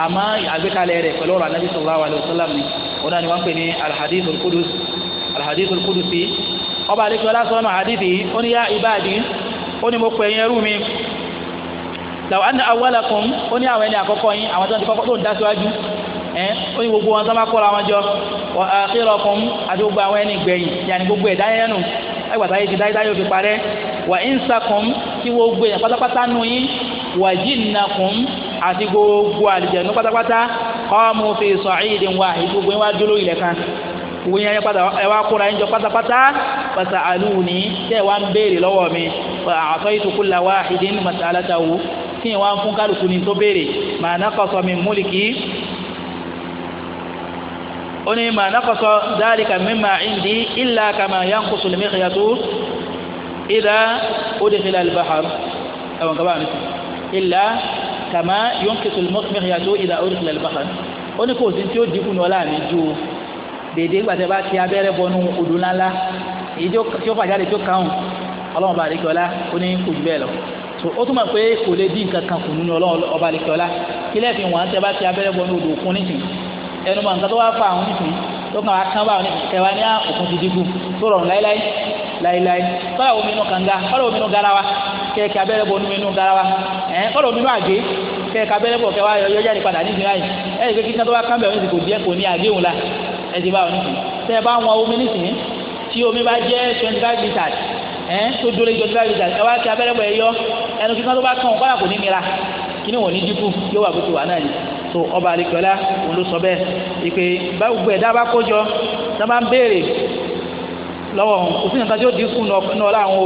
A: àmọ́ àgbékalẹ̀ rẹ̀ pẹ̀lú ọ̀rọ̀ anabi sallallahu alayhi wa sallam ni òun ni wọ́n pè ní al-hadith ọba àlekí ọlá sọ́nà hadithi ó ní yá ibadi ó ní mo pè yín ẹrú mi law anna awwalakum ó ní àwọn ẹni àkọ́kọ́ yín àwọn tó ń ti kọ́kọ́ tó ń gbogbo wọn makọrọ bá wọn jọ wa àti gbogbo àwọn ẹni gbẹ̀yìn gbogbo ẹgbàtà yìí ti òfin parẹ́ kí gbogbo yẹn pátápátá nù gbogbo yẹn yẹn padà ẹ wá kóra yín jọ pátápátá pàṣẹ àlùní tẹ́ ẹ wá ń béèrè lọ́wọ́ mi àtọ́ ìtukú la wá ìdí ní masalata wo kí yẹn wá ń fún kálukú ni tó béèrè màá ná kọsọ mi múlìkì ó ní màá ná kọsọ dhalika mimma indi illa kama yanqusu al-mikhyatu idha udkhila al-bahr ẹ̀wọ̀n kaba mi illa kama yanqusu al-mikhyatu idha udkhila al-bahr ó ní kò sí tí ó dínkù ní ọlá mi ju dèdè gbàtẹ́ bá ti abẹ́rẹ́ bọnú odò ńláńlá èyí tí ó fàjáde tó kàn án ọlọ́run bá ó ní kò jù bẹ́ẹ̀ lọ so ó túmọ̀ pé kò lè dín nǹkan kan kù nínú ọlọ́run ọba àdékọ́lá kí lẹ́ẹ̀fi wọ́n tẹ́ bá ti abẹ́rẹ́ bọnú odò òkun nísìn ẹnu mọ̀ nǹkan tó wá fa àwọn nísìn tó kàn wá kán bá àwọn kẹwàá ní ah, òkun ti dínkù tó rọrùn láíláí láíláí kọ́lá omi inú kànga kọ́lá omi inú garawa kẹ̀kẹ́ abẹ́rẹ́ bọnú inú garawa ẹ̀ kọ́lá omi inú àgé kẹ̀kẹ́ abẹ́rẹ́ bọ̀ kẹwàá yọjáde padà nísìnyí láyé ẹ̀ ẹ̀ kí kí n tó wá kán bẹ̀ wọ́n ti kò díẹ̀ kò ní àgéhùn la ẹ̀dì báwọn nìkan tẹ́ ẹ bá wọn omi nísìnyí tí omi bá jẹ́ twenty five litres ẹ̀ tó dúró twenty five litres ẹ wá kí abẹ́rẹ́ bọ̀ ẹ yọ ẹnu kíkan tó bá kàn wọn kọ́lá kò ní mira kí ni wọ́n ní dínkù yóò wà bó wà náà ni so ọba àlekọ́lá òun ló sọ bẹ́ẹ̀ ìpè gbogbo ẹ̀dá kójọ tá ń béèrè lọ́wọ́ òfin nǹkan tí ó dínkù nù ọ̀la àwọn o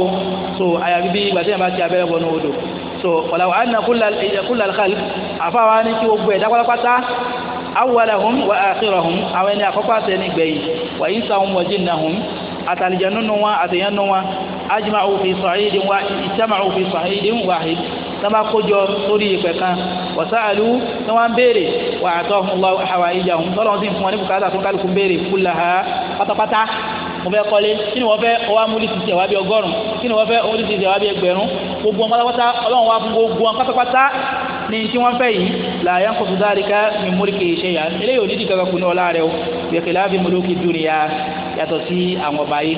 A: so àyàfi bí ìgbà tí yẹn bá ti abẹ́rẹ́ bọ̀ nù odò so wàlá wà á nà kúlà eh, alkhal àfáwa ní kí gbogbo ẹ̀dá pátápátá awwalahum wa akhirahum àwọn ẹni àkọ́kọ́ àti ẹni gbẹ̀yìn wà insahum wa jinnahum àtàlìjẹ̀nu nù wọn àtẹ̀yẹn nù ajma'u fi sa'idin wa ijtama'u fi sa'idin wahid tọ́ba kójọ sórí ìpẹ́ kan wàsáàlú tí wọ́n ń béèrè wà àtọ́ ọ̀hún lọ́wọ́ àwàyíjà ọ̀hún tọ́lọ́run sì ń fún wọn ní kullaha pátápátá mo fẹ́ kọ́lé kí ni wọ́n fẹ́ ọwá múlí ti tẹ̀ wá bí ọgọ́rùn kí ni wọ́n fẹ́ múlí ti tẹ̀ wá bí ẹgbẹ̀rún gbogbo wọn pátápátá ọlọ́run wá fún gbogbo wọn pátápátá ní tí wọ́n fẹ́ yìí la yanqutu dhalika min mulki shay'an eléyìí ò ní di kankan kù ní ọlá rẹ o bi khilafi muluki dunya yàtọ̀ sí àwọn ọba yìí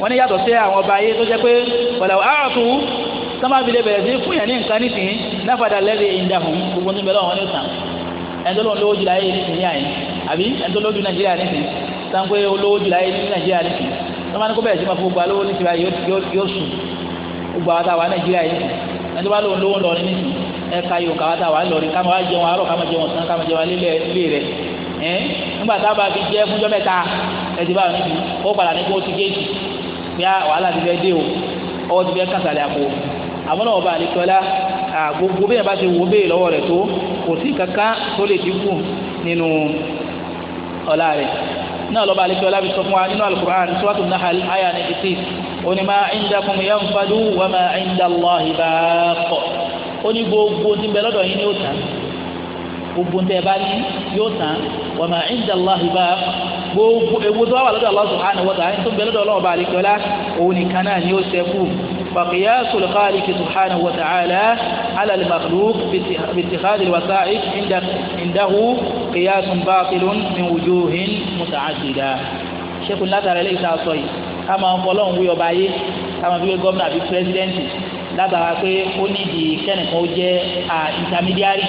A: wọ́n ní yàtọ̀ sí àwọn ọba yìí tó jẹ́ pé wàlà àràtú sábàbílẹ̀ bẹ̀rẹ̀ sí fún yẹn ní nǹkan nísìnyí náfàdà lẹ́sẹ̀ ìdáhùn gbogbo níbẹ̀ lọ́wọ́ ní ìtàn ẹ̀ńtọ́ lóun lówó jùlọ ayé nísìnyí sanwó olówó jùlọ ayé ní nàìjíríà ní ti wọn bá ní kó ma fún gbogbo alówó ní ti báyìí yóò sùn gbogbo àwọn táwa nàìjíríà yìí ní ti wọn bá lóun lówó lọ ní ti ẹ ká yóò káwa táwa lọrin ká máa jẹun àárọ̀ ká máa a bá fi jẹ o ọwọ́ ti fẹ́ kásálẹ̀ àpò àmọ́ ọba gbogbo bá ti wo bẹ́ẹ̀ lọ́wọ́ rẹ̀ náà lọ́ba àlejò ọlábi sọ fún wa nínú alukur'an suratu nahal aya ní ìtì òní ma indakum yanfadu wa ma inda Allahi baaq ó ní gbogbo tí ń bẹ lọ́dọ̀ yín ni ó tán gbogbo tẹ bá ní yóò tán wa ma inda Allahi baaq gbogbo ewu tó wà lọ́dọ̀ Allah subhanahu wa ta'ala tó bẹ lọ́dọ̀ ọlọ́ọ̀ba àlejò ọlá òun nìkan náà ni ó ṣẹ́kù وقياس الخالق سبحانه وتعالى على المخلوق باتخاذ الوسائط عند عنده قياس باطل من وجوه متعددة شيخ لا ترى ليس أصوي أما أنفلون ويوباي أما في الجمهور في بريزيدنتي látara pé ó nídìí kẹ́nìkan ó jẹ́ intermediary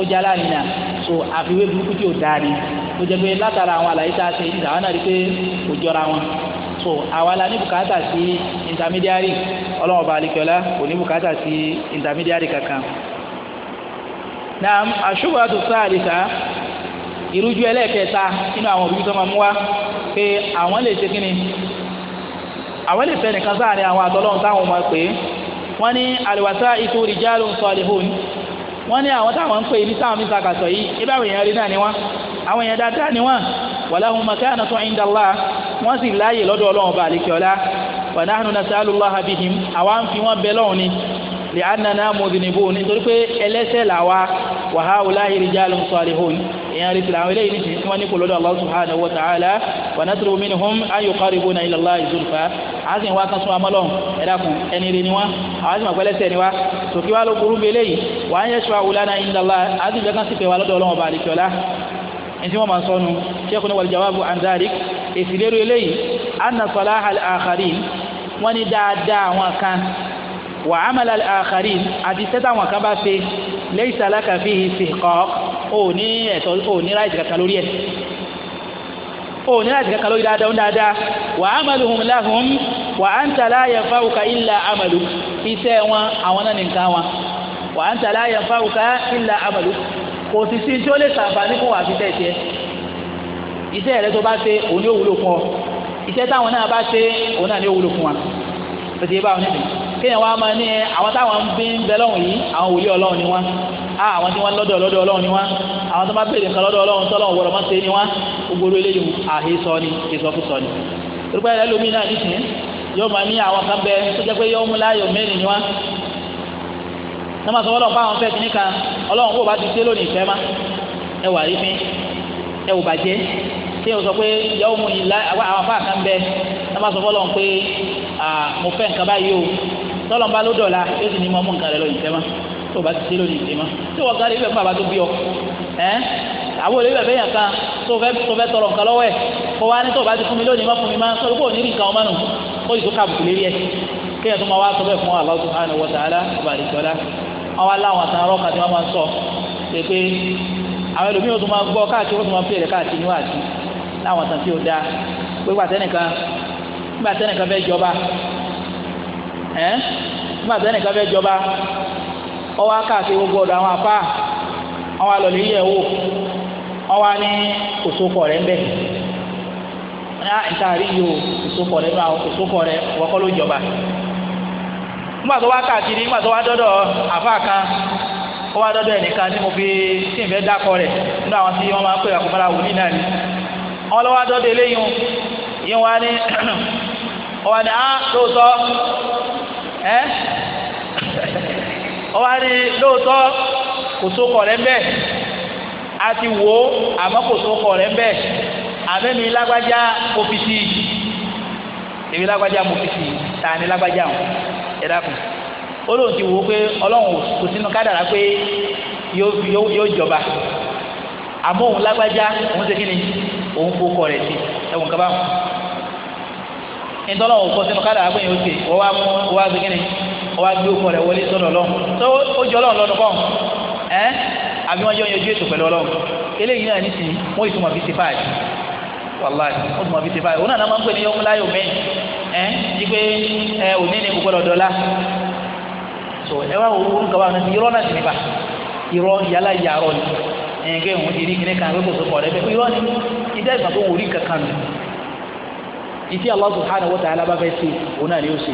A: ó jẹ́ alárinà so àfiwé burúkú tí ò dáa ni ó jẹ́ pé látara àwọn àlàyé tá a ṣe ìdáwọ́n náà rí pé kò jọra wọn so àwa la ní bùkátà sí intermediary ọlọ́run ọba àlekẹ́lá kò ní bùkátà sí intermediary kankan. naam àṣùbọ̀ àtúntà àlìsà ìrújú ẹlẹ́ẹ̀kẹta nínú àwọn òbí tó máa mú wa pé àwọn lè ṣe kí ni àwọn lè fẹ́ nìkan sáà ní àwọn àtọ́lọ́run táwọn máa pè é wọ́n ní àlùwàsá ikú rijalun salihun wọ́n ní àwọn táwọn ń pè ní táwọn mí sàkàtọ̀ yìí ibà àwọn èèyàn rí náà ni wọ́n àwọn èèyàn dáadáa ni wọ́n walahum makanatu inda Allah wọ́n sì láàyè lọ́dọ̀ ọlọ́run ọba àlekíọ́lá wa nahnu nas'alullaha bihim àwa ń fi wọ́n bẹ lọ́hùn ni li'annana mudhnibun nítorí pé ẹlẹ́ṣẹ̀ làwa wa haula'i rijalun salihun èèyàn rí tìlà àwọn eléyìí ní tìǹtì wọn ní kò lọ́dọ̀ Allah subhanahu wa ta'ala wa natlubu minhum an yuqarribuna ila Allahi zulfa àásì wa kan sún amọ́lọ́ ẹ̀dàkùn ẹni rí ni wọn àwọn àti màgbẹ́lẹ́sẹ̀ ni wa sòkè wa ló burú bẹ́ẹ̀ léyìí wa an yashfa'u lana inda Allah àásì jẹ́ kan sì pé wa lọ́dọ̀ ọlọ́wọ́n bá àlìkọ́lá ẹni tí wọ́n máa sọnu ṣẹ́kùn wal jawabu an dhalik èsì lérò eléyìí anna salaha al-akharin wọ́n ní dáadáa àwọn kan wa amala al-akharin àti sẹ́tà àwọn kan bá ṣe laysa laka fihi istihqaq ò ní ẹ̀tọ́ ò ní ráìtì kankan lórí ẹ̀ ò ní ráìtì kankan lórí dáadáa dáadáa wa amaluhum lahum wa anta la yanfa'uka illa amaluk iṣẹ́ wọn àwọn náà nìkan wọn wa anta la yanfa'uka illa amaluk kò sì sí tí ó lè sàǹfààní fún wàá tiẹ̀ iṣẹ́ rẹ tó bá ṣe òun ni wúlò fún ọ iṣẹ́ táwọn náà bá ṣe òun náà ni ó wúlò fún wa tètè bá wọn níbi kéèyàn wá máa ní ẹ àwọn táwọn bí ń bẹ lọ́hùn yìí àwọn wòlíì ọlọ́run ni wọ́n á àwọn tí wọ́n lọ́dọ̀ lọ́dọ̀ ọlọ́run ni wọ́n àwọn tó bá nǹkan lọ́dọ̀ ọlọ́run wọ̀rọ̀ ni wọ́n eléyìí ni ni ẹlòmíì náà nìsín yóò máa ní àwọn kan bẹ tó jẹ́ pé ní ma sọ ọlọ́run bá wọn fẹ́ kí nìkan ọlọ́run kó o bá ti dé lónìí ìfẹ́ ma ẹ wà rí mi ẹ wò bàjẹ́ kí o sọ pé yàwó mu yìí la àwọn afá kan bẹ ní ma sọ ọlọ́run pé mo fẹ́ nǹkan báyìí o tọ́lọ́n bá ló dọ̀la yóò sì ní mọ́ mú nǹkan rẹ lónìí ìfẹ́ ma tó o bá ti dé lónìí ìfẹ́ ma tí wọ́n kárí ibẹ̀ fún àbá tó bí ọ ẹ́ àwọn olóyè bẹ̀rẹ̀ yàn kan tó fẹ́ tó fẹ́ tọrọ nǹkan lọ́wọ́ ẹ̀ kó wá ní tó bá ti fún mi lónìí má fún mi má sọ pé òní rí nǹkan ọmọ nù ó yìí tó káàbùkù lérí ẹ̀ kéèyàn tó máa wá sọ bẹ́ẹ̀ fún Allah subhanahu wa ta'ala ọba àdìsọ́lá àwọn aláwọn àtàwọn ọkà tí máa ń sọ ṣe pé àwọn ẹlòmíì ó tún gbọ́ káàkiri máa àti láwọn àtàn tí ó dáa pé gbàtẹ́nìkan gbàtẹ́nìkan fẹ́ jọba ẹ́ gbàtẹ́nìkan fẹ́ jọba ọwọ́ káàkiri gbogbo ọ̀dọ̀ àwọn àfáà àwọn yẹ̀ wò wá ní rẹ ní àìsàn ah, nígbà tó wá káàkiri nígbà wá dọ́dọ̀ àfa ó wá dọ́dọ̀ ẹnìkan tí mo fi tí n fẹ́ dákọ rẹ̀ nínú àwọn tí wọ́n máa ń pè náà ni wọ́n lọ́wọ́ dọ́dọ̀ eléyìí yín wá ní ó wá ní á lóòótọ́ ẹ́ ó wá ní lóòótọ́ kò rẹ̀ ń bẹ̀ a ti wò ó àmọ́ kò sókọ̀ rẹ̀ ń bẹ̀ lágbájá mo fi ẹ dákun ó lóun ti wò ó pé ọlọ́run kò sínú kádàrá pé yóò jọba àmọ́ òun lágbájá òun ṣe kí ni òun kó kọ rẹ̀ sí ẹ̀wọ̀n kaba ntọ́lọ́ òun kọ sínú kádàrá pé yóò ṣe wọ́n wá mú wọ́n wá ṣe kí ni wọ́n wá gbé rẹ̀ wọlé sọ́dọ̀ ọlọ́run tó ó jọ ọlọ́run ẹ́ àbí wọ́n ètò pẹ̀lú ọlọ́run wàláì ó tún mọ fi ṣe báyìí òun náà máa ń pè ní yọmú láyò mí ẹ yí pé ẹ òní ni kò gbọdọ̀ dọ́là so ẹ wá wo orúkọ wa ní irọ́ náà sì níbà irọ́ yálà yàrá ni ẹ ń gbé òun ti rí kíní kan pé kò sókò rẹ bẹ́ẹ̀ irọ́ ni ìdá ìgbà tó wò rí kankan nù ìtí Allah subhanahu wa ta'ala bá fẹ́ ṣe òun náà ni ó ṣe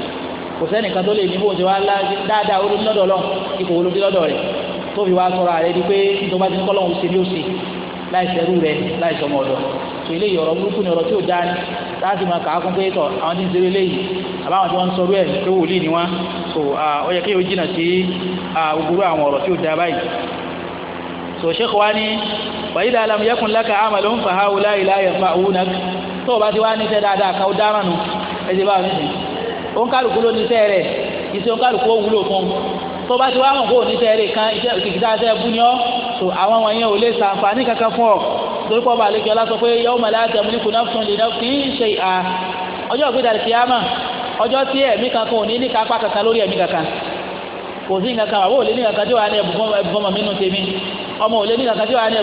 A: kò sẹ́nìkan tó lè ní bó ṣe wá láì sẹ́rú rẹ̀ láì sọmọ ọ̀dọ̀ tó eléyìí ọ̀rọ̀ burúkú ni ọ̀rọ̀ tí ò dá ní láti máa kàá kún pé tọ̀ àwọn tí ń ṣeré léyìí àbáwọn tí wọ́n ń sọrú ẹ̀ pé wòlíì ni wọ́n so ó yẹ kéèyàn jìnnà sí gbogbo àwọn ọ̀rọ̀ tí ò dá báyìí so sheikh wa ni wa idha lam yakun laka amalun fa haula ila yanfa'unak tó bá ti wá ní ṣe dáadáa ka o daranu e se ba ni o n kálukú ló ní ṣe rẹ̀ ise o n kálukú ó tó bá ti wá mọ̀ kó o ní sẹ́ẹ̀rẹ̀ kan iṣẹ́ òkìkìtà sẹ́ bú ni ọ́ tó àwọn wọ̀nyẹn ò lè sàǹfààní kankan fún ọ torí pọ́ bá àlejò ọlá sọ pé yawma la tamliku nafsun li nafsin shay'a ọjọ́ ògbé dàrí kìámà ọjọ́ tí ẹ̀mí kankan ò ní ní kápá kankan lórí ẹ̀mí kankan kò sí nǹkan kan àwọn ò lè ní kankan tí wàá ní ẹ̀bùn ọmọ mi tèmi ọmọ ò lè ní kankan tí wàá ní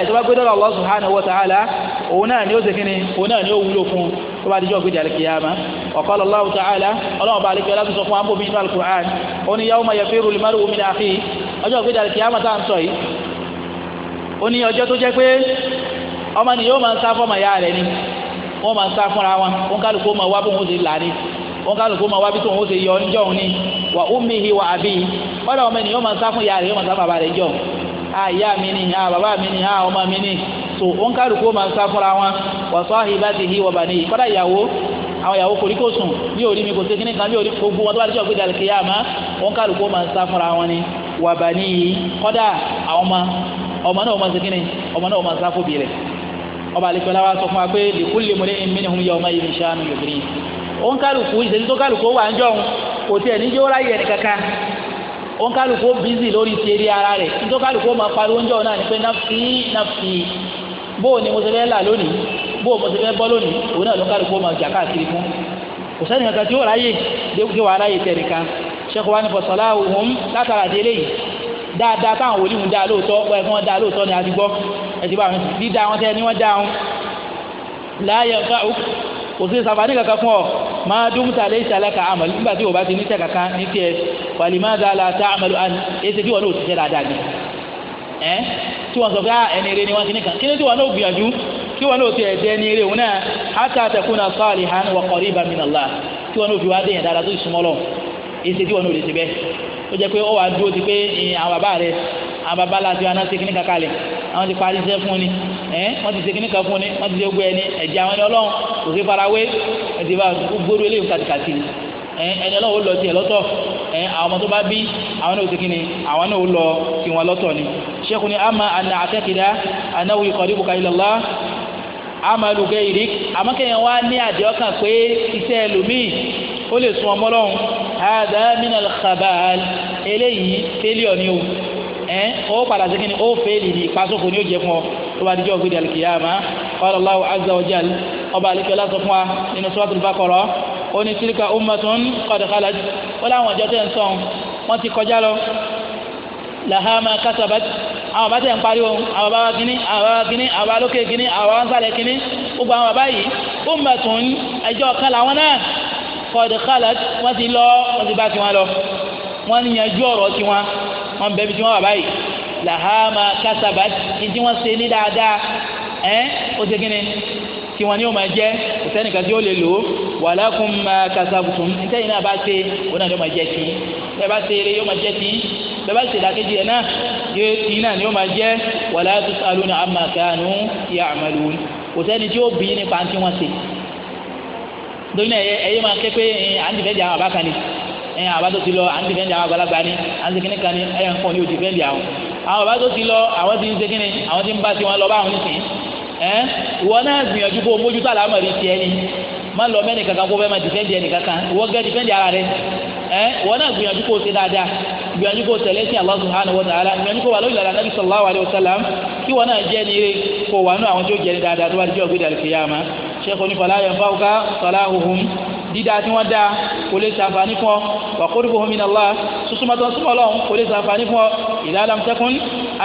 A: ẹ̀bùn Allah subhanahu wa ta'ala ni ó ṣe kíni ni ó wúlò tó bá dijọ́ alikiyama wa qala Allahu ta'ala ọlọ́run alikiyama sọ fún mi alukur'an ọjọ́ gbéjà alikiyama tá à ń sọ yìí tó pé ọmọ ni yóò máa ya rẹ̀ ni wọ́n máa ń sá fúnra wọn wọn wá ó là wọn wá bí ó yọ ọjọ́ òun ni wa ummihi ọmọ ni yóò máa ń sá fún ya rẹ̀ yóò máa ń sá bàbá rẹ̀ jọ so ó ń kálukú máa ń sá fúnra wọn wa sahibatihi wa banihi kọ́dà ìyàwó àwọn ìyàwó kò rí kò sùn ní orí mi kò sí kíní kan ní orí gbogbo wọn tó bá ti sọ pé dàlùkì yá àmọ́ ó ń kálukú máa ń sá fúnra wọn ni wa banihi kọ́dà àwọn ọmọ ọmọ náà máa ń ṣe kíní ọmọ náà máa ń sá fòbí rẹ̀ ọba àlekọ́lá wa sọ fún wa pé likulli mri'in minhum yawma idhin sha'nun yughnihi ó ń kálukú ìṣèlú tó kálukú wà ń jọun kò tiẹ̀ níjó ráyè ẹni bízì lórí ti eré ara rẹ̀ nítorí kálukú máa pariwo ń jọ náà ní pé nafsi nafsi bóò ni mo ṣe fẹ́ là lónìí bóò mo ṣe fẹ́ bọ́ lónìí òun náà ló kárí kó máa jà káàkiri fún kò sẹ́ni kankan tí ó ráyè dé wàá ráyè tẹ̀ríka ṣẹ́kọ̀ wá ní fọ̀sọ̀lá òun látara délé yìí dáadáa táwọn wòlíì ń dá lóòótọ́ wọ́n ẹ̀fọ́n dá lóòótọ́ ni a ti gbọ́ ẹ̀sìn bá wọn dídá wọn tẹ́ ni wọ́n dá wọn láàyè nǹkan kò sí sàfàní kankan fún ọ máa dún tàlẹ́ ìṣàlẹ̀ kan àmọ̀ nígbà tí o bá ti níṣẹ́ kankan ní tiẹ̀ wàlímọ́ dáa la ta àmọ̀ lu àná èsì tí wọn ò ti ṣe dáadáa ni ẹ eh? tí wọn sọ pé ah, ẹni eré ni wọn ti ní kan kí ni tí wọn náà gbìyànjú kí wọn náà ti ẹdẹ ẹni eré òun náà hátà àtẹkùnà salihan wa qariban min Allah wọn náà fi wá dé yẹn dáadáa èsì tí wọn náà lè ṣe bẹ́ẹ̀ ó jẹ́ pé ó wàá dúró ti pé àwọn bàbá àwọn bàbá ẹni ọlọ́wọ́ lọ tiẹ̀ lọ́tọ̀ ẹ àwọn ọmọ tó bá bí àwọn náà ó ti kí ni àwọn náà ó lọ kí wọn lọ́tọ̀ ni ṣẹ́kù ni ama ana àtẹ́kìdá anáwó ikọ̀ dìbò kàìlọ́lá ama lùgẹ́ ìrí àmọ́ kẹ́yìn wá ní àdéhọ́kàn pé iṣẹ́ ẹlòmíì ó lè sun ọmọ lọ́hùn hàdá minal khabal eléyìí fẹ́líọ̀ ni o ẹ ó padà sí kí ni ó fẹ́lì ní ìpasòfò ni ó jẹ fún ọ azza wa jal ọba àlekẹ́lá sọ fún wa nínú suratul ó ní tilka ummatun qad khalat ó láwọn ọjọ́ tẹ̀ ń sọ̀n wọ́n ti kọjá lọ lahama kasabat àwọn bá tẹ̀ ń pariwo àwọn bá wa kínní àwọn bá wa kínní àwọn bá lókè kínní àwọn bá wa ń sàlẹ̀ kínní gbogbo àwọn bàbá yìí ummatun ẹjọ́ kan làwọn náà qad khalat ti lọ wọ́n ti bá tiwọn lọ wọ́n ní yanjú ọ̀rọ̀ tiwọn wọ́n bẹ̀ bí tiwọn bàbá yìí lahama kasabat ní tí wọ́n ṣe ní dáadáa ẹ́ ó ṣe kínní tiwọn ni ó máa jẹ́ kò sẹ́nìkan tí ó lè lò ó walakum ma kasabtum ntẹ́yìn náà bá ṣe òun náà ni ó máa jẹ́ tiyín bẹ́ẹ̀ bá ṣe eré yóò máa jẹ́ tiyín bẹ́ẹ̀ bá ṣe ìdàkejì ẹ̀ náà yóò tiyín náà ni ó máa jẹ́ wala tusaluna amma kanu ya'malun kò sẹ́ni tí ó bí nípa tí wọ́n ṣe lórí náà ẹ̀yẹ́ máa ké pé à ń àwọn àbákan ni àbá tó ti lọ à ń dìfẹ́ǹdì àwọn àgbàlagbà ni à ń ṣe kíní kan ni ẹ̀yẹ́ nǹkan ni ò dìfẹ́ǹdì àwọn àwọn àbá tó ti lọ àwọn ti ẹ ìwọ náà gbìyànjú kó o mójútó àlámọ̀rí tiẹ̀ ni má lọ mẹ́ni kankan kó fẹ́ máa dìfẹ́ǹdì ẹnì kankan ìwọ gẹ́ dìfẹ́ǹdì ara rẹ ẹ ìwọ náà gbìyànjú kó o ṣe dáadáa gbìyànjú kó o tẹ̀lé sí Allah subhanahu wa ta'ala gbìyànjú kó o wà lórí ìlànà nabi sallallahu alayhi wa sallam kí wọn náà jẹ́ ní ire o wà nínú àwọn tó jẹ́ ní dáadáa tó bá ti jẹ́ ògbé dàlùkìyàmá ṣé kò ní fọlá yẹn fáwọn ká sọlá dídá tí wọ́n dá kò lè ṣàǹfààní fún ọ wa qurbuhum min Allah súnmọ́ tó súnmọ́ lọ́hùn kò lè ṣàǹfààní fún ọ idha lam takun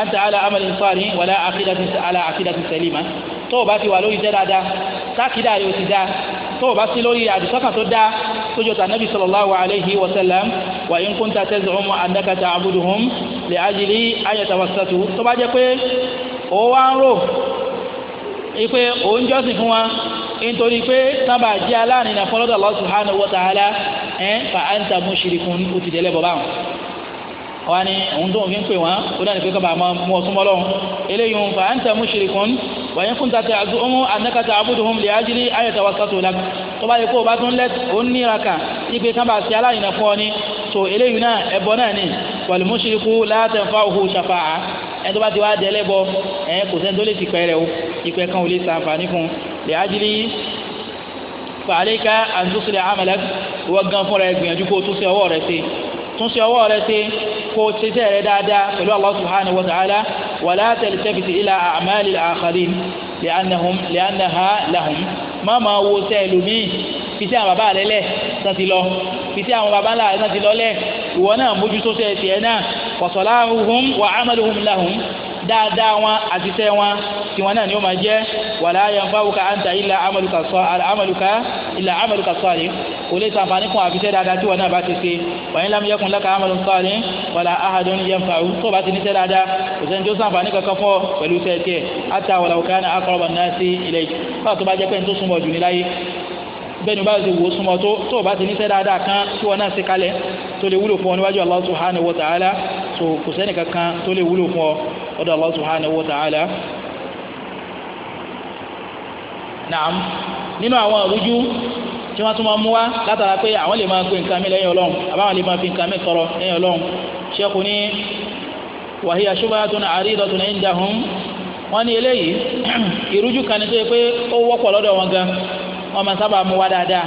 A: anta ala amalin salih wala aqidatin ala aqidatin salima tó o bá ti wà lórí iṣẹ́ dáadáa tákìdá yóò ti dá tó o bá sí lórí àdìsọ́kàn tó dá tó jọta nabi sallallahu alayhi wa sallam wa in kunta tazumu annaka ta'buduhum li ajli ayatawassatu tó bá jẹ́ pé òun wá ń rò pé òun jọ́sìn fún wa nítorí pé sábà jẹ́ aláàrin náà fọlọ́dọ̀ Allah subhanahu wa ta'ala ẹ̀ fa anta mushrikun ó ti dẹ́lẹ́ bọ̀ báwọn wọ́n ní ohun tó ń fi ń pè wọ́n ó dáni pé kábàámọ́ mú ọ súnmọ́ lọ́wọ́ eléyìí ń fa anta mushrikun wa in kunta ta'zumu annaka ta'buduhum li ajli an yatawassatu lak tó bá yẹ kó o bá tún lẹ́t ó níra kan ipe kábà sí aláìní náà fún ọ ní tó eléyìí náà ẹbọ la tanfa'uhu shafa'a ẹ tó bá ti wá dẹ́lẹ́bọ ẹ kò sẹ́ni tó lè ti pẹ́ لأجلي فعليك أن تصلح عملك وقن فرع gbìyànjú kó tún ṣe ọwọ́ rẹ ṣe tún ṣe ọwọ́ rẹ ṣe kó ṣiṣẹ́ rẹ dáadáa pẹ̀lú Allah subhanahu wa ta'ala ولا تلتفت إلى أعمال الآخرين لأنهم لأنها لهم má ma wo ṣẹ́ ẹlòmíì fi àwọn bàbá rẹ lẹ̀ tán ti lọ fi àwọn bàbá ńlá rẹ ti lọ lẹ̀ ìwọ náà mójútó ṣẹ́ tiẹ̀ náà wa salahuhum wa dáadáa wọn àti tẹ́ wọn tiwọn náà ni ó máa jẹ́ wàlá yanfa'uka anta illa amaluka sọ amaluka illa amaluka salih kò lè sàǹfààní fún àfisẹ́ dáadáa tí wọn náà bá ti ṣe wa in lam yakun laka amalun salih wàlá ahadun yanfa'u tó bá ti níṣẹ́ dáadáa kò sẹ́ni tó sàǹfààní kankan fọ́ pẹ̀lú sẹ́ẹ̀tì ẹ̀ àtàwọn làwùká náà aqraban nasi ilayk bẹ́ni bá ṣe wò súnmọ́ tó tó bá ti níṣẹ́ dáadáa kan tí wọ́n náà ṣe kalẹ̀ tó lè wúlò fún ọ níwájú Allah subhanahu wa ta'ala tó kò sẹ́ni kankan tó lè wúlò fún ọ ọ̀dọ̀ Allah subhanahu wa ta'ala. naam nínú àwọn ìrújú tí wọ́n tún máa mú wá látara pé àwọn lè máa gbé nǹkan mi lẹ́yìn ọlọ́run wọn máa sábà mú wa dáadáa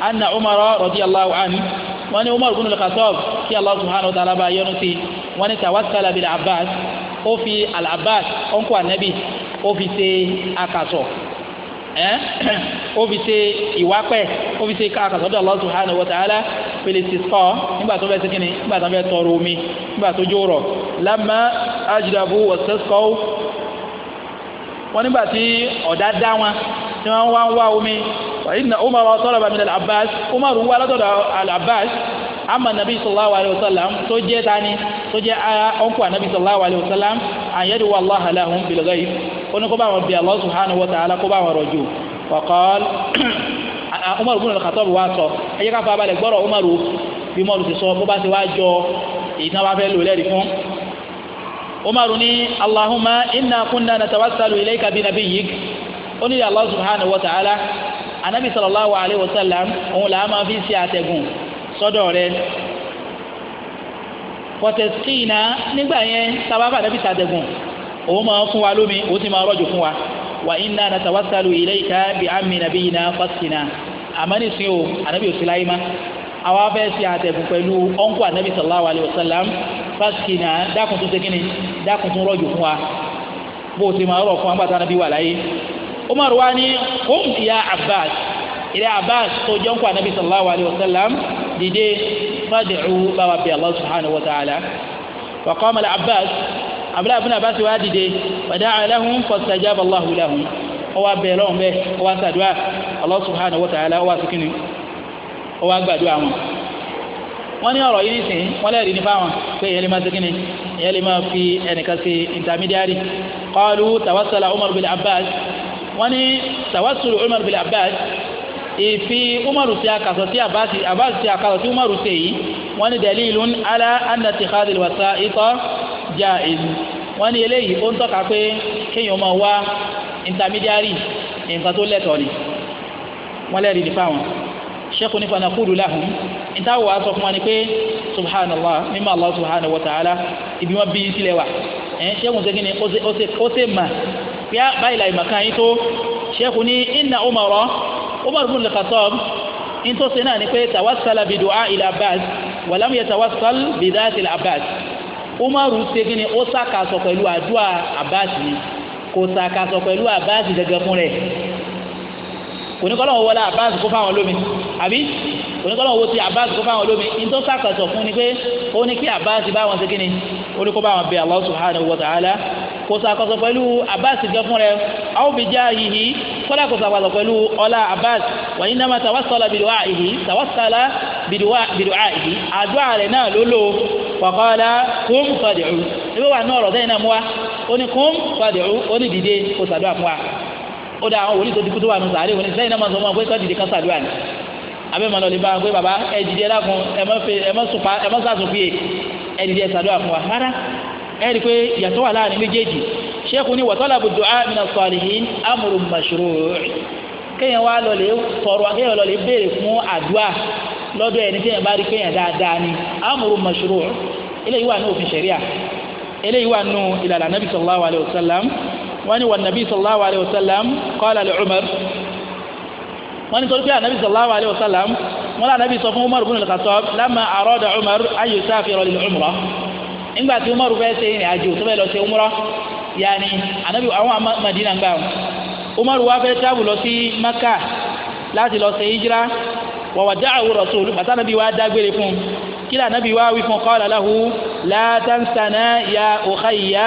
A: anna umar radiyallahu anhu wọn ni umar ibn al-khattab kí allah subhanahu wa ta'ala bá yọ́nú sí wọn ni tawassala bil abbas ó fi al-abbas ọ̀nkọ́ anabi ó fi ṣe akasọ ó fi ṣe ìwápẹ́ ó fi ṣe akasọ dọ̀ allah subhanahu wa ta'ala fèlèsì sọ nígbà tó sikini nígbà tó tọrọ omi nígbà tó lamma ajdabu wa sẹ́sọ́ wọn nígbà tí dá wọn tí wọ́n wá ń wá omi ìnà umar talaba min al-abbas umar wà látọ̀dọ̀ al-abbas amma nabi sallallahu alayhi wa sallam tó jẹ́ tani tó jẹ́ ọkọ̀ ah, anabi sallallahu alayhi wa sallam àyẹ̀dù wà allah lahum bil ó ní kó bá wọn bí allah subhanahu wa ta'ala kó bá wọn rọ̀jò wa umar ibn al-khattab wà sọ ẹ ká fa gbọ́rọ̀ umar bí mọ́ọ̀lù ti sọ bó bá ti wá jọ èyí tí fẹ́ lò lẹ́rìí fún umar ní allahumma inna kunna natawassalu ilayka bi nabiyyik ó ní Allah subhanahu wa ta'ala anabi sallallahu alayhi wa sallam òun làá máa fi ṣe àtẹ̀gùn sọ́dọ̀ rẹ̀ fọ̀tẹ̀sìnà nígbà yẹn sábàbà anabi ṣàtẹ̀gùn òun máa fún wa lómi òun sì máa rọ̀jò fún wa wa inna natawassalu ilayka bi ammi nabiyina fasina àmọ́ nísìnyí o anabi ò sí láyé má àwa fẹ́ ṣe àtẹ̀gùn pẹ̀lú ọ̀nkù anabi sallallahu alayhi wa sallam fasina dákùn tún ṣe kíni dákùn tún rọ̀jò fún wa bó o ti máa rọ̀ fún wa anabi wà láyé umar wa ni kum ya abbas ilẹ̀ abbas tó jẹ́ ń kó anabi sallallahu alayhi wa sallam dìde fad'u báwa bí allah subhanahu wa ta'ala wa qama al abbas abdullahi ibn abbas wa dìde fada'a lahum fastajaba allahu lahum ọwọ́ abẹ́ lọ́wọ́n bẹ́ẹ̀ ọwọ́ sàdúrà allah subhanahu wa ta'ala ọwọ́ sikini ọwọ́ agbàdúrà wọn wọ́n ní ọ̀rọ̀ yìí nísìn wọ́n lẹ́rìí ní fáwọn pé ìyẹn máa segin ni máa fi ẹnìkan ṣe intermediary qalu tawassala umar bin abbas wọ́n ní tawassul umar bin abbas ìfi umaru ti akasọ̀ sí abbas ti akasọ̀ sí umaru ṣe yìí wọ́n ní dalilun ala anna ittikhadil wasa'ita jaiz wọ́n ní eléyìí ó ń tọ́ka pé kéèyàn máa wá intermediary nǹkan tó lẹ́tọ̀ọ́ ni wọ́n lẹ́rìí nípa wọn sẹ́kù nípa náà kúrú láhùn ìtawọ̀ wá sọ fún wa ni pé subhanallah mímọ́ allah subhanahu wa ta'ala ibi wọn bí sílẹ̀ wà ẹ̀ eh, ṣẹ́kù ṣe kíni ó ṣe mà bí báyìí láì màkà yín tó ṣẹ́kù ní inna umara umar ibn al-khattab in tó ṣe náà ni pé tawassala bi du'a ila abbas walam yatawassal bi dhati al-abbas umar ṣe kíni ó sàkàsọ pẹ̀lú àdúrà abbas ni kò sàkàsọ pẹ̀lú abbas gẹ́gẹ́ fún rẹ̀ oníkọ́lọ́wọ́ wọlé Abbas kó fáwọn lómi àbí oníkọ́lọ́wọ́ wo ti Abbas kó fáwọn lómi nítorí sàkàtọ̀ fún ni pé ó ní kí Abbas bá wọn ṣe kíni ó ní kó bá wọn bẹ Allah subhanahu wa ta'ala kò sàkàtọ̀ pẹ̀lú Abbas gan fún rẹ àwọn òbí já yìí kọ́lá kò sàkàtọ̀ pẹ̀lú ọlá Abbas wàyí náà ma tawassala bidu'a'ihi tawassala bidu'a'ihi àdúrà rẹ̀ náà ló lò wàkọ́lá kún fàdìrú ebe wà ní ọ̀rọ̀ sẹ́yìn náà mú wa ó ní kún fàdìrú ó ní dìde kò sàdúrà fún wa ó dá àwọn wòlíì tó ti kú tó wà nù sàárè wòlíì sẹ́yìn náà máa sọ fún wọn pé sọ́ọ́ dìde kan sàdúrà ni abẹ́ máa lọ lè bá wọn pé bàbá ẹ dìde ẹ dákun ẹ má fẹ́ ẹ má sùpá ẹ má sàsùn fìyè ẹ dìde ẹ sàdúrà fún wa rárá ẹ rí i pé yàtọ̀ wà láàrin méjèèjì sẹ́kù ni wàtọ́làbù dùá mina sọ̀lìhìn amúrù màṣúrù kéèyàn wá lọ lè fọ̀rọ̀ kéèyàn lọ lè béèrè fún àdúà lọ́dọ̀ ẹni téèyàn bá rí kéèyàn dáadáa ni amúrù màṣúrù eléyìí wà ní òfin ṣẹ̀ríà eléyìí wà nù ìlànà nàbì sallallahu alaihi wasallam wọ́n ní wà nàbí sallallahu alayhi wa sallam qala li Umar wọ́n ní torí pé ànábì sallallahu alayhi wa sallam wọ́n lànàbì sọ fún Umar ibn al-Khattab lamma arada Umar an yusafira lil umrah nígbà tí Umar fẹ́ ṣe ìrìn àjò tó fẹ́ lọ ṣe umrah yaani ànábì àwọn Madina ń gbà Umar wá fẹ́ tábù lọ sí Makka láti lọ ṣe hijira wa wada'ahu rasul bàtà ànábì wá dágbére fún kí lànàbì wá wí fún qala lahu la tansana ya ukhayya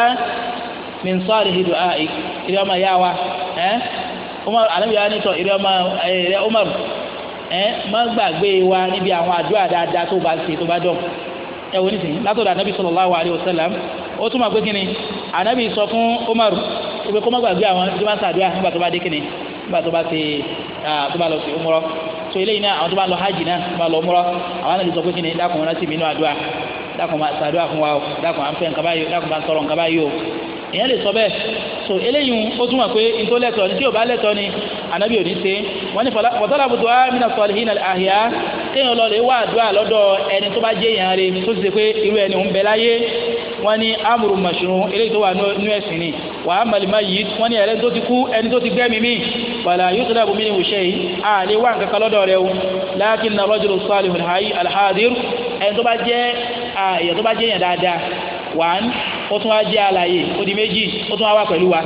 A: min salihi du'aik ìrẹ́ ọmọ ìyá wa ẹ́ umar anabiya ni tọ ìrẹ́ ọmọ umar ẹ́ má gbàgbé wa níbi àwọn àdúrà dáadáa tó bá ṣe tó bá dọ̀ ẹ wò nísìnyí látọ̀dọ̀ anabi sallallahu alayhi wa sallam ó túmọ̀ pé kíni anabi sọ fún umar ìpè kó má gbàgbé àwọn tó bá ń ṣàdúrà nígbà tó bá dé kíni nígbà tó bá ṣe tó bá lọ sí umrọ so eléyìí náà àwọn tó bá lọ hajj náà tó bá lọ umrọ àwọn anabi sọ pé kíni dákùn rántí mi nínú àdúrà dákùn máa ṣàdúrà fún wa o dákùn à ń fẹ́ èèyàn lè sọ bẹ́ẹ̀ so eléyìí ó túmọ̀ pé ntó lẹ́tọ̀ ní tí ò bá lẹ́tọ̀ ni ànábì ò ní ṣe wọ́n ní fọ̀tọ́lá bùtù á mí náà sọ̀rọ̀ hìnà àhíá kéèyàn lọ lè wá àdúrà lọ́dọ̀ ẹni tó bá jẹ́ èèyàn rẹ̀ tó ti ṣe pé irú ẹni ń bẹ láyé wọ́n ní amúrù màṣúrù eléyìí tó wà nú ẹ̀sìn ni wà á màlìmá yìí wọ́n ní ẹ̀rẹ́ tó ti kú ẹni tó ti gbẹ́mí mi wàlà yóò tó dàbò mí ní ìwòsẹ́ yìí a lè wá nǹkan kan lọ́dọ̀ rẹ̀ o láàkín náà rọ́jòló sọ́ọ́lì hàlhàdìr ẹni tó bá jẹ́ èèyàn tó bá jẹ́ èèyàn dáadáa wàn ó tún wá jẹ́ àlàyé ó di méjì ó tún wá wà pẹ̀lú wa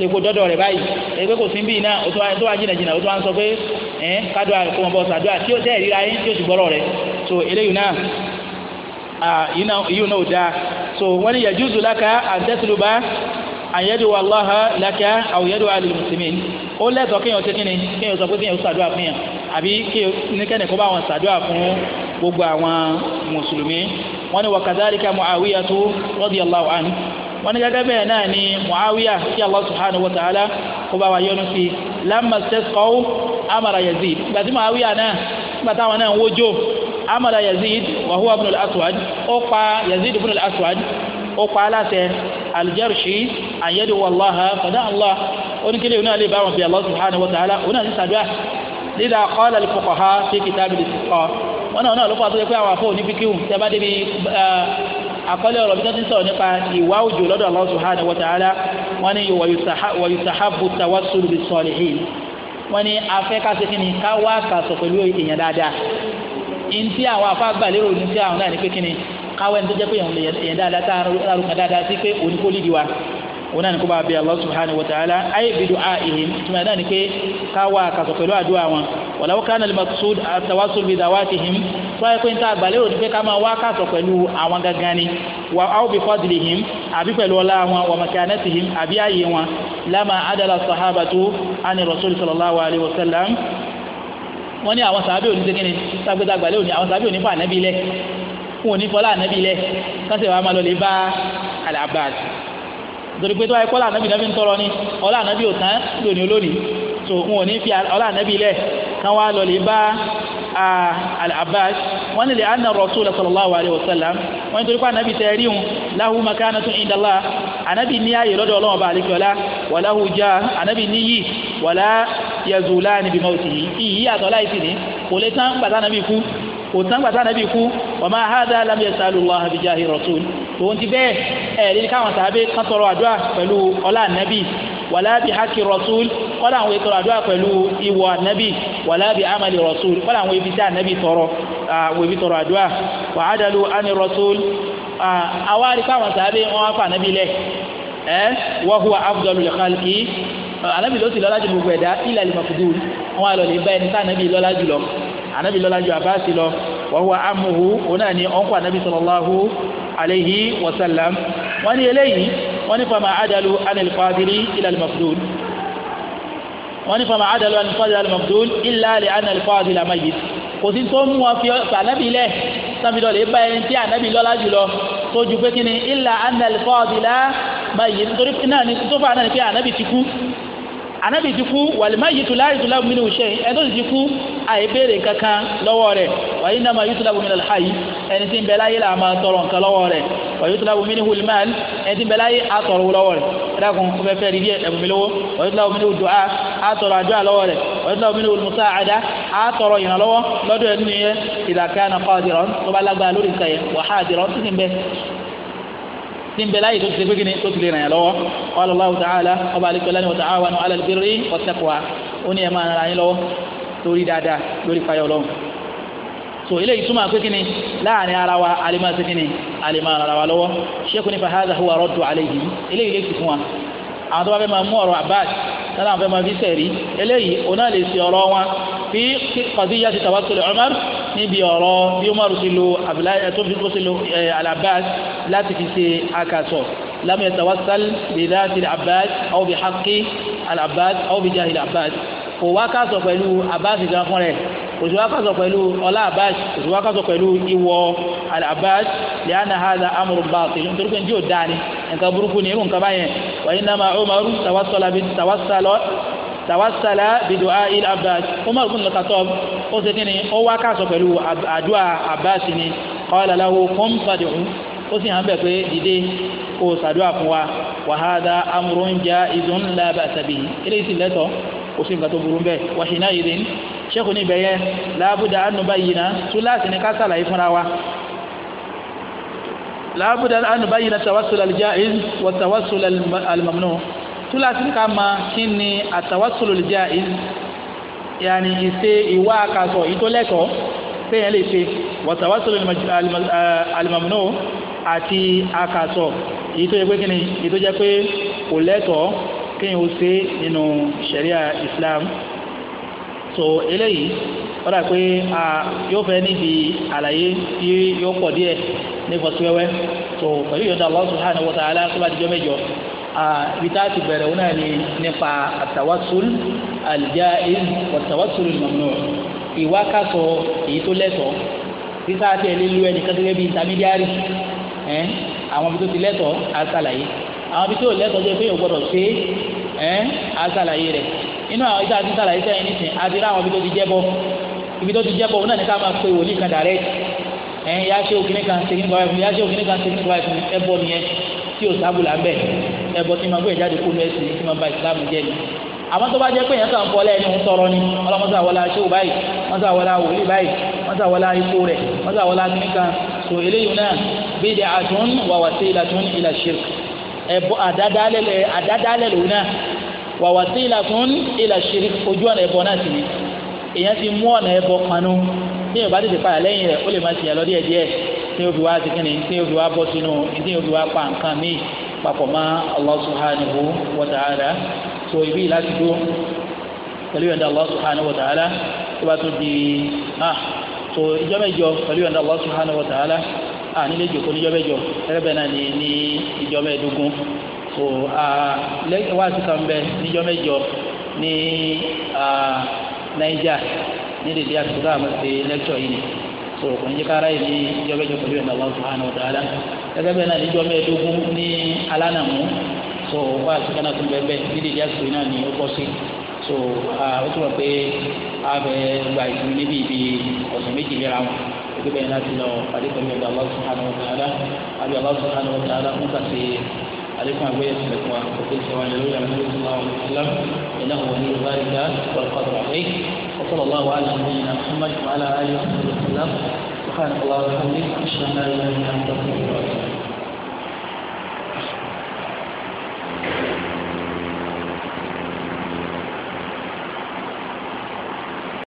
A: èkó dọ́dọ̀ rẹ̀ báyìí èpè kò sí ń bí iná ó tún wá tó wá jìnnà jìnnà ó tún wá ń sọ pé ẹ̀ kádùá kó wọn bọ̀ sàdúà tí ó tẹ́ ìríra yín tí ó sì gbọ́rọ̀ rẹ̀ so eléyìí náà yìí náà ò dáa so wọ́n ní yajuzu laka an tatluba an yad'u Allaha laka aw yad'u lil muslimin ó lẹ́tọ̀ọ́ kéèyàn ṣe kíni kéèyàn sọ pé kéèyàn ṣàdúrà fún yàn àbí kéèyàn ní kẹ́nìkan bá wọn ṣàdúrà gbogbo àwọn mùsùlùmí wọ́n ní wa kadhalika muawiyatu radiyallahu anhu wọ́n ní gẹ́gẹ́ bẹ́ẹ̀ náà ni muawiya tí allah subhanahu wa ta'ala kó bá wa yọ́nú sí lamma istasqaw amara yazid gbàtí muawiya náà gbàtà wọn náà wójó amara yazid wa huwa ibn al-aswad ó pa yazid ibn al-aswad ó pa aláṣẹ aljarshi àyẹ̀dù wàlláha fadá allah oníkele oní alẹ́ báwọn bí allah subhanahu wa ta'ala oní wọn náà náà ló fà tó yẹ pé àwọn afọ onífíkìhù tẹ bá débi àkọlé ọ̀rọ̀ bí tọ́tí sọ̀rọ̀ nípa ìwà òjò lọ́dọ̀ Allah subhanahu wa ta'ala wọ́n ní wa yustahabbu tawassul bis salihin wọ́n ní afẹ́ kásẹ̀ kí ni ká wá kàṣọ pẹ̀lú èèyàn dáadáa ntí àwọn afá gbà ní ti àwọn náà ní pé kí ni káwé ní tó jẹ́ pé èèyàn dáadáa tá a rúkà dáadáa sí náà ní kó bá bẹ Allah subhanahu wa ta'ala ayé bi du'a'ihim tùmọ̀ náà ní pé ká kàṣọ pẹ̀lú àdúrà wọn walau kana al-maqsud at-tawassul tó yẹ pé ń ta àgbàlérò ní pé ká máa wá kàtọ̀ pẹ̀lú àwọn gangan ni wa aw bi fadlihim àbí pẹ̀lú ọlá wọn wa makanatihim àbí ààyè wọn lama adala sahabatu ani rasul sallallahu alayhi wa sallam wọ́n ní àwọn sàábẹ́ òní sẹ́kẹ́ni sàgbẹ́sà àgbàlérò ní àwọn sàábẹ́ òní fún ànábì ilẹ̀ fún òní fọlá ànábì ilẹ̀ kásẹ̀ wàá máa lọ lè bá al torí pé tó wáyé kọ́lá ànábì náà fi ń tọrọ ni ọlá ànábì ò tán lónìí olónìí so n ò fi ọlá ànábì lẹ̀ kan wá lọ lè bá al-abbas wọ́n ní lè anna rasul sallallahu alayhi wa sallam wọ́n ní torí pé anabi tẹ́ rí wọn lahu makanatun inda Allah anabi ní ààyè lọ́dọ̀ ọlọ́wọ́n bá alekiola wàláhu já anabi níyì wàlá yazulani bi mawtihi ìyí àtọ́lá ìsìn kò lè tán gbàtà anabi kú òtún gbàtà nàbí kú wàmà hàdà lam yasalullaha bijahi rasul tòun ti bẹ́ẹ̀ ẹ̀ lè káwọn sàbẹ̀ kan tọrọ wàlá bi haki rasul kọ́lá àwọn ètò àdúrà pẹ̀lú ìwọ ànábì wàlá bi amali rasul kọ́lá àwọn ibi tí ànábì tọrọ àwọn ibi tọrọ àdúrà wà á dàlú ani rasul àwa rí káwọn sàbẹ̀ wọn afa ànábì lẹ̀ ẹ́ wa huwa afdalul khalqi ànábì ló ti lọ́lá ju gbogbo ẹ̀dá ilà lè mọ̀kúdù wọn àlọ́ lè bá ẹni tá ànábì lọ́lá jùlọ ànábì lọ́lá ju àbáṣe lọ wa amuhu alayhi wa sallam wọ́n ní eléyìí wọ́n ní fama adalu anil fadili ila al-mafdul wọ́n ní fama adalu anil fadili ila al-mafdul illa li anna al-fadil mayyit kò sí tó mú wọn fi ànábì lẹ̀ sábì lè bá ẹni tí ànábì lọ́lá jùlọ tó ju pé kí ni illa anna al nítorí náà ni tó fà náà ni pé ànábì ti kú anabi ti kú wàlímá yìí tu láàyè tu láàbù mínú iṣẹ́ ẹni tó sì ti kú àìbéèrè kankan lọ́wọ́ rẹ̀ wàyí náà máa yìí tu láàbù mínú alhayi ẹni tí ń bẹ láyé làá máa tọrọ nǹkan lọ́wọ́ rẹ̀ wàyí tu láàbù mínú hulman ẹni tí ń bẹ láyé àtọrọ lọ́wọ́ rẹ̀ ẹ̀dàkùn kó fẹ́ fẹ́ rí díẹ̀ ẹ̀bùn mi lọ́wọ́ wàyí tu láàbù mínú tí ń bẹ láyé tó ti gbégi ni tó ti lè ràn yàn lọ́wọ́ qala Allahu ta'ala ọba alikọlani wa ta'awanu ala albirri wat taqwa ó ní ẹ máa ràn yín lọ́wọ́ lórí dáadáa lórí fayọ lọ́wọ́ so eléyìí túmọ̀ pé kíni láàrin ara wa alimọ̀ sí kíni alimọ̀ ara wa lọ́wọ́ ṣé kò ní fa hadha huwa raddu alayhi eléyìí lè ti fún wa àwọn tó bá fẹ́ máa mú ọ̀rọ̀ abbas náà fẹ́ máa fi sẹ̀rí eléyìí òun náà lè ṣe ọ̀rọ̀ wọn fi kọ̀díyà ti tàwátúlẹ̀ Umar níbi ọ̀rọ̀ bí Umar ti lo eh, tó fi kóso lo eh, Al-Abbas láti fi ṣe akasọ̀ lam yatawassal bi dhati Al-Abbas aw bi haqqi Al-Abbas aw bi jahi Al-Abbas kò wá kásọ̀ pẹ̀lú Abbas gan fún rẹ̀ òsì wá kásọ̀ pẹ̀lú ọlá abbas òsì wá kásọ̀ pẹ̀lú ìwọ abbas lẹ́yìn àhàdà amúrú báàtì nítorí pé ní yóò dáa ni nǹkan burúkú ni irú nǹkan báyẹn wàyí nàmà umaru tawassala bidu ayil abbas umaru bin al-khattab ó ṣe kí ni ó wá kásọ̀ pẹ̀lú àdúrà abbas ni qala lahu qum fad'u ó sì hàn bẹ́ẹ̀ pé dìde kó o ṣàdúrà fún wa wa hadha amrun jaizun la ba'sa bihi eléyìí sì lẹ́tọ̀ọ́ kò sí nǹkan tó burú bẹ́ẹ̀ wàhíná ìdín ṣẹ́kù ní ìbẹ̀yẹ làbúdà ànúbáyìnà túláàsì ní ká sàlàyé fúnra wa làbúdà ànúbáyìnà tawassul al-ja'iz wa tawassul al-mamnu túláàsì ní ká ma kí ni àtawassul al-ja'iz yàní ìṣe ìwà àkàsọ̀ lè ṣe wa tawassul ni ìtó jẹ́ pé kò lẹ́tọ̀ kéyàn ó ṣe nínú ṣẹ̀ríà Islam so eléyìí wọ́n dà pé yóò fẹ́ níbi àlàyé tí yóò pọ̀ díẹ̀ ní fọ́síwẹ́wẹ́ so pẹ̀lú ìyọ̀dà Allah subhanahu wa ta'ala tó bá dijọ́ mẹ́jọ ibi tá a ti bẹ̀rẹ̀ wọn náà ni nípa àtàwásùl al-jaiz wàtàwásùl al-mamnu' ìwákàtọ̀ èyí tó lẹ́tọ̀ọ́ títà àti ẹ̀ lílu ẹnìkan gẹ́gẹ́ bíi intermediary ẹ̀ àwọn ibi tó ti lẹ́tọ̀ọ́ àṣàlàyé àwọn ibi tó lẹ́tọ̀ọ́ jẹ́ pé yóò gbọ́dọ̀ ṣe ẹ̀ inú àwọn ìta àti sàlàyé sẹ́yìn nísìn àti ráwọn ibi tó ti jẹ́bọ ibi tó ti jẹ́bọ òun náà ní ká máa pe wòlíì kan dàrẹ́ ẹ̀ yá ṣe òkìní kan ṣe nípa ẹ̀fún yá ṣe òkìní kan ṣe nípa ẹ̀fún ẹbọ nìyẹn tí ò sábùlà ń bẹ̀ ẹbọ tí máa gbé ìjáde kó nu ẹsìn tí máa ba ìsìlámù jẹ́ ni àmọ́ tó bá jẹ́ pé yẹn kàn fọ́ lẹ́yìn ń tọrọ ni ọlọ́mọsá wọlá ṣéwù báyìí mọ́sá wọlá wòlíì báyìí mọ́sá wọlá ikú rẹ̀ mọ́sá wọlá kíníkan tó eléyìí náà bídẹ̀ àtún wàwàsí ìlàtún ìlà ṣírk ẹ̀bọ àdádálẹ̀ lòun náà wàwàtí ìlàkùn ìlà ṣírí ojú ọ̀nà ẹ̀bọ náà sì ni èèyàn ti mú ọ̀nà ẹ̀bọ kanú ní ìbá tètè padà lẹ́yìn rẹ̀ ó lè máa tìyàn lọ díẹ̀ díẹ̀ tí yóò fi wá sí kíni tí yóò fi wá bọ́ sínú tí yóò fi wá pa nǹkan míì papọ̀ mọ́ Allah subhanahu wa ta'ala so ibi láti dó pẹ̀lú yọ̀ǹda Allah subhanahu wa ta'ala tó bá tún di ah so ìjọ mẹ́jọ pẹ̀lú yọ̀ǹda Allah subhanahu wa ta'ala ah nílé ìjòkó níjọ mẹ́jọ ẹ̀rẹ́bẹ̀ náà ní ìjọ mẹ́ẹ̀ẹ́dógún so wáàsí kan bẹ níjọ́ mẹ́jọ ní naija ní dèdè àtúntò àmọ́ ṣe lẹ́kítọ̀ yìí so kò ní kára yìí ní níjọ́ mẹ́jọ pẹ̀lú ẹ̀ lọ́wọ́ subhanahu wa ta'ala gẹ́gẹ́ bẹ́ẹ̀ náà níjọ́ mẹ́ẹ̀ẹ́dógún ní alánàmú so wáàsí kan náà tún bẹ́ẹ̀ bẹ́ẹ̀ ní dèdè àtúntò yìí náà ní ó kọ́ sí so ó túmọ̀ pé a fẹ́ gba ìsinmi níbi ibi ọ̀sẹ̀ méjì léra wọn gẹ́gẹ́ bẹ́ẹ̀ náà ti lọ subhanahu wa ta'ala Allah subhanahu wa ta'ala عليكم أبوية لكم وكل سواء لولا النبي صلى الله عليه وسلم إنه ولي ذلك والقدر عليه وصلى الله على نبينا محمد وعلى آله وصحبه وسلم سبحانك اللهم وبحمدك أشهد أن لا إله إلا أنت أستغفرك وأتوب إليك